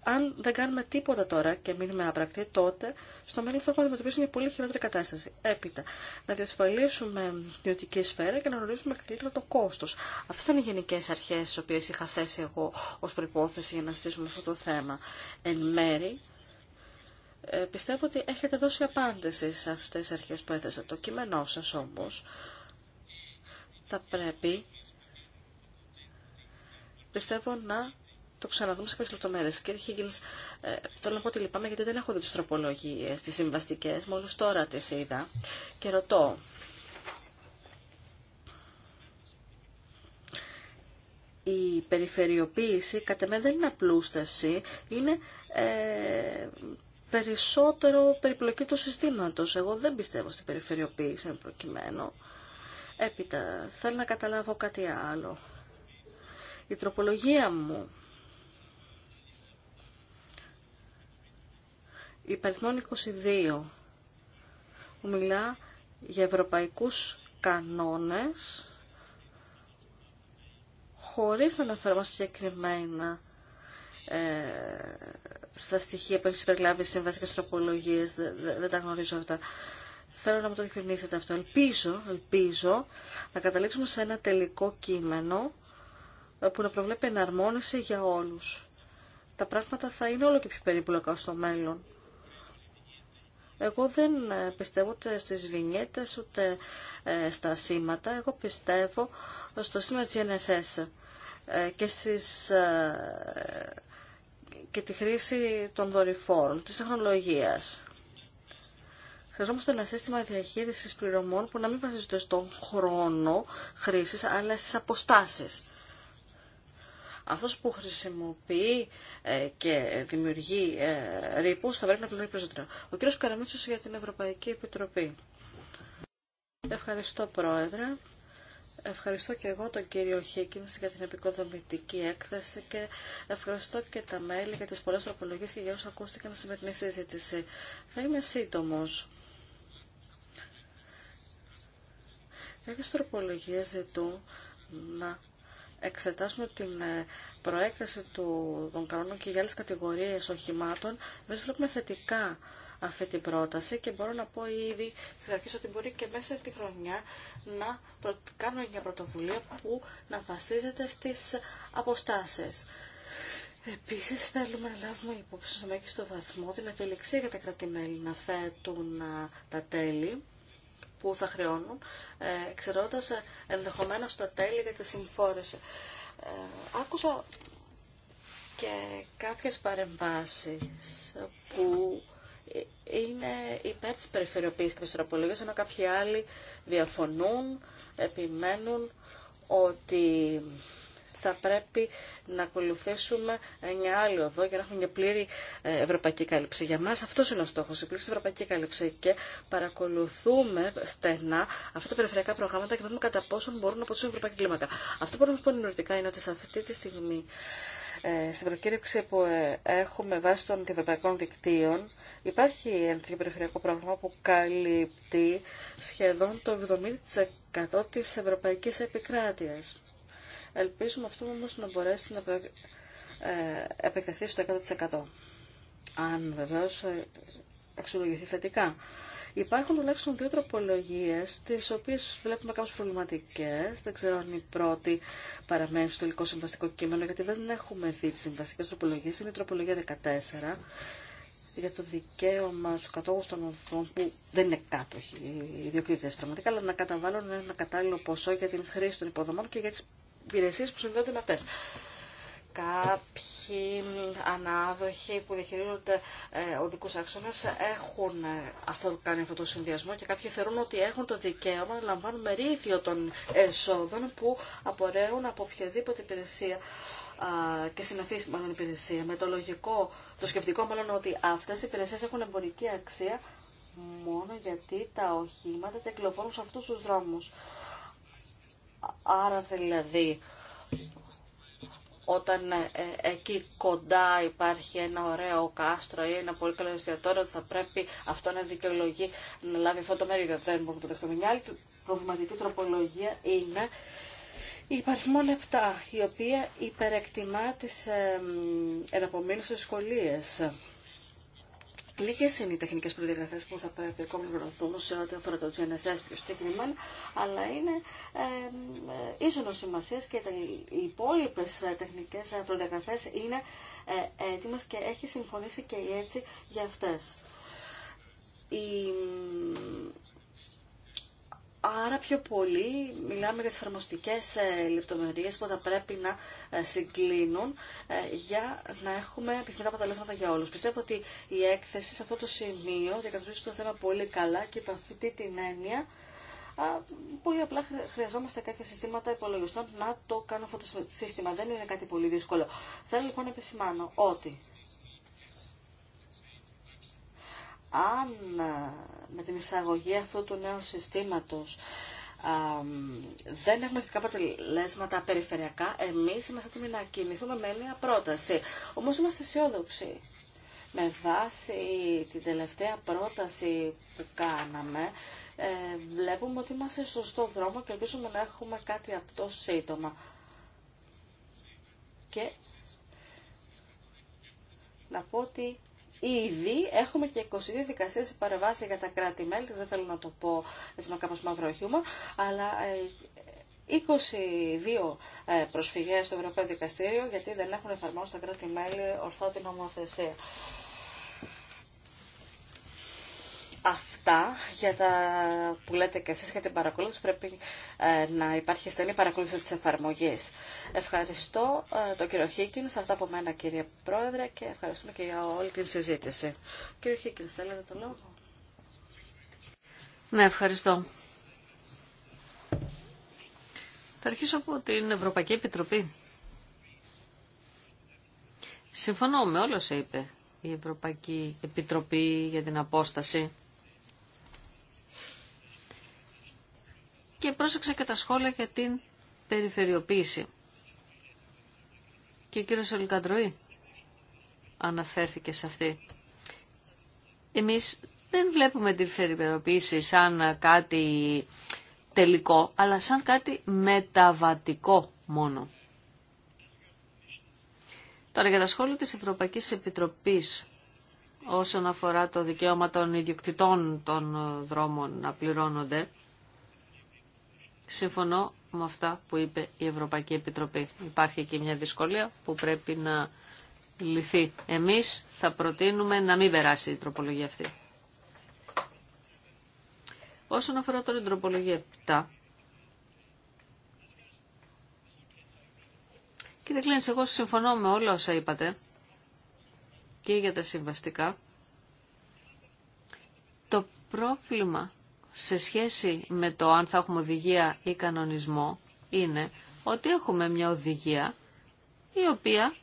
Αν δεν κάνουμε τίποτα τώρα και μείνουμε άπρακτοι, τότε στο μέλλον θα έχουμε αντιμετωπίσει μια πολύ χειρότερη κατάσταση. Έπειτα, να διασφαλίσουμε την ιδιωτική σφαίρα και να γνωρίζουμε καλύτερα το κόστο. Αυτέ ήταν οι γενικέ αρχέ, τι οποίε είχα θέσει εγώ ω προπόθεση για να συζητήσουμε αυτό το θέμα. Εν μέρη, ε, πιστεύω ότι έχετε δώσει απάντηση σε αυτές τις αρχές που έθεσα. Το κείμενό σα όμω, θα πρέπει πιστεύω να το ξαναδούμε σε κάποιε λεπτομέρειε. Κύριε Χίγκιν, ε, θέλω να πω ότι λυπάμαι γιατί δεν έχω δει τι τροπολογίε, τι συμβαστικέ. Μόλι τώρα τι είδα και ρωτώ. Η περιφερειοποίηση, κατά μένα δεν είναι απλούστευση, είναι ε, περισσότερο περιπλοκή του συστήματος. Εγώ δεν πιστεύω στην περιφερειοποίηση, εν προκειμένου. Έπειτα, θέλω να καταλάβω κάτι άλλο. Η τροπολογία μου η περίπτωση 22 που μιλά για ευρωπαϊκούς κανόνες χωρίς να αναφέρομαστε συγκεκριμένα ε, στα στοιχεία που έχει συμπεριλάβει στις συμβασικές τροπολογίες, δεν, τα γνωρίζω αυτά. Θέλω να μου το διευκρινίσετε αυτό. Ελπίζω, ελπίζω να καταλήξουμε σε ένα τελικό κείμενο που να προβλέπει εναρμόνιση για όλους. Τα πράγματα θα είναι όλο και πιο περίπλοκα στο μέλλον. Εγώ δεν ε, πιστεύω ούτε στις βινιέτες ούτε ε, στα σήματα. Εγώ πιστεύω στο σύστημα τη NSS ε, και, και τη χρήση των δορυφόρων, της τεχνολογίας. Χρειαζόμαστε ένα σύστημα διαχείρισης πληρωμών που να μην βασίζεται στον χρόνο χρήσης, αλλά στις αποστάσεις. Αυτός που χρησιμοποιεί ε, και δημιουργεί ε, ρήπους θα πρέπει να πληρώνει περισσότερο. Ο κύριος Καραμίτσος για την Ευρωπαϊκή Επιτροπή. Ευχαριστώ Πρόεδρε. Ευχαριστώ και εγώ τον κύριο Χίκινς για την επικοδομητική έκθεση και ευχαριστώ και τα μέλη για τις πολλές τροπολογίες και για όσους ακούστηκαν στη σημερινή συζήτηση. Θα είμαι σύντομος. Κάποιες τροπολογίες ζητούν να εξετάσουμε την ε, προέκταση του, των κανόνων και για άλλες κατηγορίες οχημάτων, εμείς βλέπουμε θετικά αυτή την πρόταση και μπορώ να πω ήδη στην αρχή ότι μπορεί και μέσα αυτή τη χρονιά να κάνουμε μια πρωτοβουλία που να βασίζεται στις αποστάσεις. Επίση, θέλουμε να λάβουμε υπόψη στο μέγιστο βαθμό την ευελιξία για τα κρατημέλη να θέτουν τα τέλη που θα χρεώνουν, ε, εξαιρώντας ε, ενδεχομένως τα τέλη για τη συμφόρηση. Ε, άκουσα και κάποιες παρεμβάσεις που είναι υπέρ της περιφερειοποίησης και της τροπολογίας, ενώ κάποιοι άλλοι διαφωνούν, επιμένουν ότι θα πρέπει να ακολουθήσουμε μια άλλη οδό για να έχουμε μια πλήρη ε, ευρωπαϊκή κάλυψη. Για μας αυτός είναι ο στόχος, η πλήρη ευρωπαϊκή κάλυψη και παρακολουθούμε στενά αυτά τα περιφερειακά προγράμματα και να κατά πόσο μπορούν να αποτύσσουν ευρωπαϊκή κλίμακα. Αυτό που μπορούμε να πω νοητικά είναι ότι σε αυτή τη στιγμή ε, στην προκήρυξη που ε, έχουμε βάσει των ευρωπαϊκών δικτύων υπάρχει ένα τέτοιο περιφερειακό πρόγραμμα που καλύπτει σχεδόν το 70% της ευρωπαϊκής επικράτειας. Ελπίζουμε αυτό όμως να μπορέσει να ε, επεκταθεί στο 100%. Αν βεβαίω ε, αξιολογηθεί θετικά. Υπάρχουν τουλάχιστον δύο τροπολογίε, τι οποίε βλέπουμε κάπω προβληματικέ. Δεν ξέρω αν η πρώτη παραμένει στο τελικό συμβαστικό κείμενο, γιατί δεν έχουμε δει τι συμβαστικέ τροπολογίε. Είναι η τροπολογία 14 για το δικαίωμα στου κατόχου των οδών που δεν είναι κάτοχοι, οι ιδιοκτήτε πραγματικά, αλλά να καταβάλουν ένα κατάλληλο ποσό για την χρήση των υποδομών και για τι Υπηρεσίε που συνδέονται με αυτέ. Κάποιοι ανάδοχοι που διαχειρίζονται ε, οδικούς άξονες έχουν ε, αυτό, κάνει αυτό το συνδυασμό και κάποιοι θεωρούν ότι έχουν το δικαίωμα να λαμβάνουν μερίδιο των εσόδων που απορρέουν από οποιαδήποτε υπηρεσία και συναφή την υπηρεσία. Με το λογικό, το σκεπτικό μάλλον ότι αυτέ οι υπηρεσίε έχουν εμπορική αξία μόνο γιατί τα οχήματα τα σε αυτού του δρόμου. Άρα δηλαδή όταν ε, ε, εκεί κοντά υπάρχει ένα ωραίο κάστρο ή ένα πολύ καλό εστιατόριο, θα πρέπει αυτό να δικαιολογεί να λάβει αυτό το μερίδιο. Δεν μπορούμε να το δεχτούμε. Μια άλλη προβληματική τροπολογία είναι η υπαριθμό 7, η οποία υπερεκτιμά τις ε, εναπομείνωσες σχολείες. Λίγε είναι οι τεχνικέ προδιαγραφέ που θα πρέπει να βρωθούν σε ό,τι αφορά το GNSS πιο συγκεκριμένα, αλλά είναι ε, ε, ίσονος σημασίας και οι υπόλοιπες τεχνικές προδιαγραφές είναι ε, έτοιμες και έχει συμφωνήσει και έτσι για αυτές. Η... Άρα πιο πολύ μιλάμε για τις εφαρμοστικές ε, λεπτομερίες που θα πρέπει να ε, συγκλίνουν για να έχουμε επιθυμητά αποτελέσματα για όλους. Πιστεύω ότι η έκθεση σε αυτό το σημείο διακαθορίζει το θέμα πολύ καλά και αυτή την έννοια πολύ απλά χρειαζόμαστε κάποια συστήματα υπολογιστών να το κάνω αυτό το σύστημα. Δεν είναι κάτι πολύ δύσκολο. Θέλω λοιπόν να επισημάνω ότι αν ε, με την εισαγωγή αυτού του νέου συστήματος δεν έχουμε θετικά αποτελέσματα περιφερειακά, εμείς είμαστε έτοιμοι να κινηθούμε με μια πρόταση. Όμως είμαστε αισιόδοξοι. Με βάση την τελευταία πρόταση που κάναμε, ε, βλέπουμε ότι είμαστε στο σωστό δρόμο και ελπίζουμε να έχουμε κάτι αυτό σύντομα. Και να πω ότι Ήδη έχουμε και 22 δικασίες σε παρεμβάσει για τα κράτη-μέλη, δεν θέλω να το πω έτσι με κάπως μαύρο χιούμορ, αλλά 22 ε, ε, προσφυγές στο Ευρωπαϊκό Δικαστήριο γιατί δεν έχουν εφαρμόσει τα κράτη-μέλη ορθά την νομοθεσία αυτά για τα που λέτε και εσείς για την παρακολούθηση πρέπει ε, να υπάρχει στενή παρακολούθηση της εφαρμογής. Ευχαριστώ ε, τον κύριο Χίκιν, σε αυτά από μένα κύριε Πρόεδρε και ευχαριστούμε και για όλη την συζήτηση. Κύριο Χίκιν, θέλετε το λόγο. Ναι, ευχαριστώ. Θα αρχίσω από την Ευρωπαϊκή Επιτροπή. Συμφωνώ με όλα όσα είπε η Ευρωπαϊκή Επιτροπή για την απόσταση. και πρόσεξα και τα σχόλια για την περιφερειοποίηση. Και ο κύριος Ολικαντροή αναφέρθηκε σε αυτή. Εμείς δεν βλέπουμε την περιφερειοποίηση σαν κάτι τελικό, αλλά σαν κάτι μεταβατικό μόνο. Τώρα για τα σχόλια της Ευρωπαϊκής Επιτροπής όσον αφορά το δικαίωμα των ιδιοκτητών των δρόμων να πληρώνονται, Συμφωνώ με αυτά που είπε η Ευρωπαϊκή Επιτροπή. Υπάρχει και μια δυσκολία που πρέπει να λυθεί. Εμείς θα προτείνουμε να μην περάσει η τροπολογία αυτή. Όσον αφορά τώρα την τροπολογία 7, Κύριε Κλίνης, εγώ συμφωνώ με όλα όσα είπατε και για τα συμβαστικά. Το πρόβλημα σε σχέση με το αν θα έχουμε οδηγία ή κανονισμό είναι ότι έχουμε μια οδηγία η οποία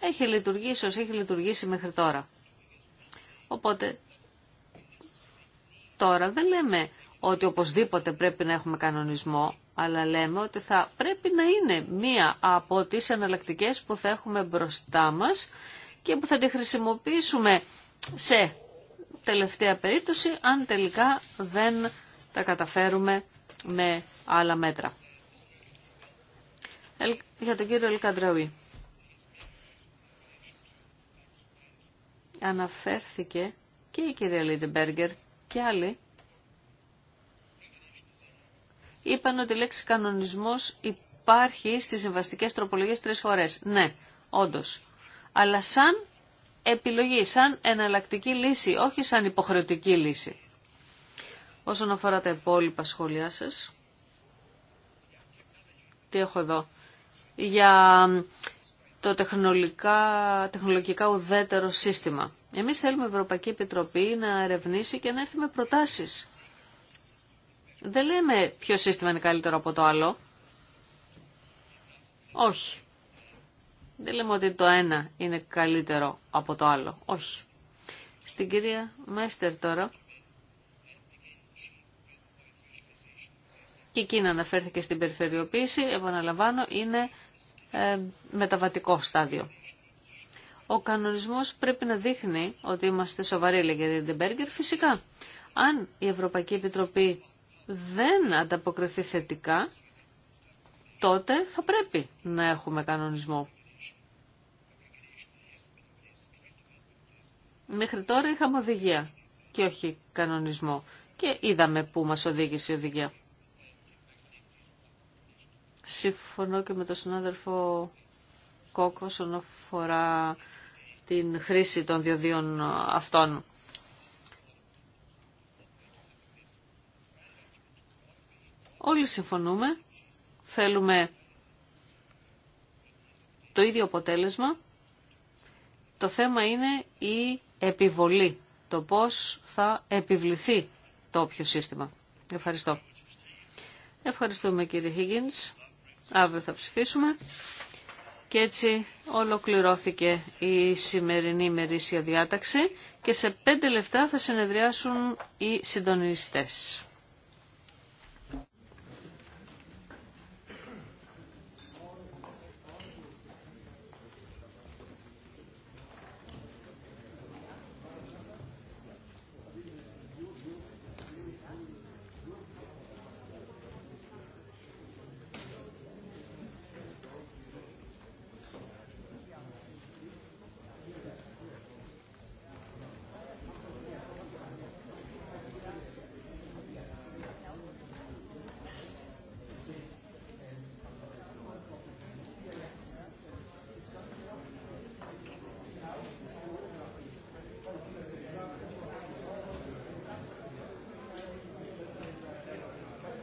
έχει λειτουργήσει όσο έχει λειτουργήσει μέχρι τώρα. Οπότε τώρα δεν λέμε ότι οπωσδήποτε πρέπει να έχουμε κανονισμό, αλλά λέμε ότι θα πρέπει να είναι μία από τις εναλλακτικές που θα έχουμε μπροστά μας και που θα τη χρησιμοποιήσουμε σε τελευταία περίπτωση αν τελικά δεν τα καταφέρουμε με άλλα μέτρα. Για τον κύριο Ελκαντραουή. Αναφέρθηκε και η κυρία Λίτεμπέργκερ και άλλοι είπαν ότι η λέξη κανονισμός υπάρχει στις συμβαστικές τροπολογίες τρεις φορές. Ναι, όντως. Αλλά σαν επιλογή, σαν εναλλακτική λύση, όχι σαν υποχρεωτική λύση. Όσον αφορά τα υπόλοιπα σχόλιά σας, τι έχω εδώ, για το τεχνολογικά, τεχνολογικά ουδέτερο σύστημα. Εμείς θέλουμε η Ευρωπαϊκή Επιτροπή να ερευνήσει και να έρθει με προτάσεις. Δεν λέμε ποιο σύστημα είναι καλύτερο από το άλλο. Όχι. Δεν λέμε ότι το ένα είναι καλύτερο από το άλλο. Όχι. Στην κυρία Μέστερ τώρα. Και εκείνα αναφέρθηκε στην περιφερειοποίηση. Επαναλαμβάνω, είναι ε, μεταβατικό στάδιο. Ο κανονισμός πρέπει να δείχνει ότι είμαστε σοβαροί, λέγε η Ντεμπέργκερ, φυσικά. Αν η Ευρωπαϊκή Επιτροπή δεν ανταποκριθεί θετικά, τότε θα πρέπει να έχουμε κανονισμό. Μέχρι τώρα είχαμε οδηγία και όχι κανονισμό. Και είδαμε που μας οδήγησε η οδηγία. Συμφωνώ και με τον συνάδελφο Κόκο όσον αφορά την χρήση των διοδίων αυτών. Όλοι συμφωνούμε, θέλουμε το ίδιο αποτέλεσμα. Το θέμα είναι η επιβολή, το πώς θα επιβληθεί το όποιο σύστημα. Ευχαριστώ. Ευχαριστούμε κύριε Higgins. Αύριο θα ψηφίσουμε. Και έτσι ολοκληρώθηκε η σημερινή μερίσια διάταξη και σε πέντε λεπτά θα συνεδριάσουν οι συντονιστές.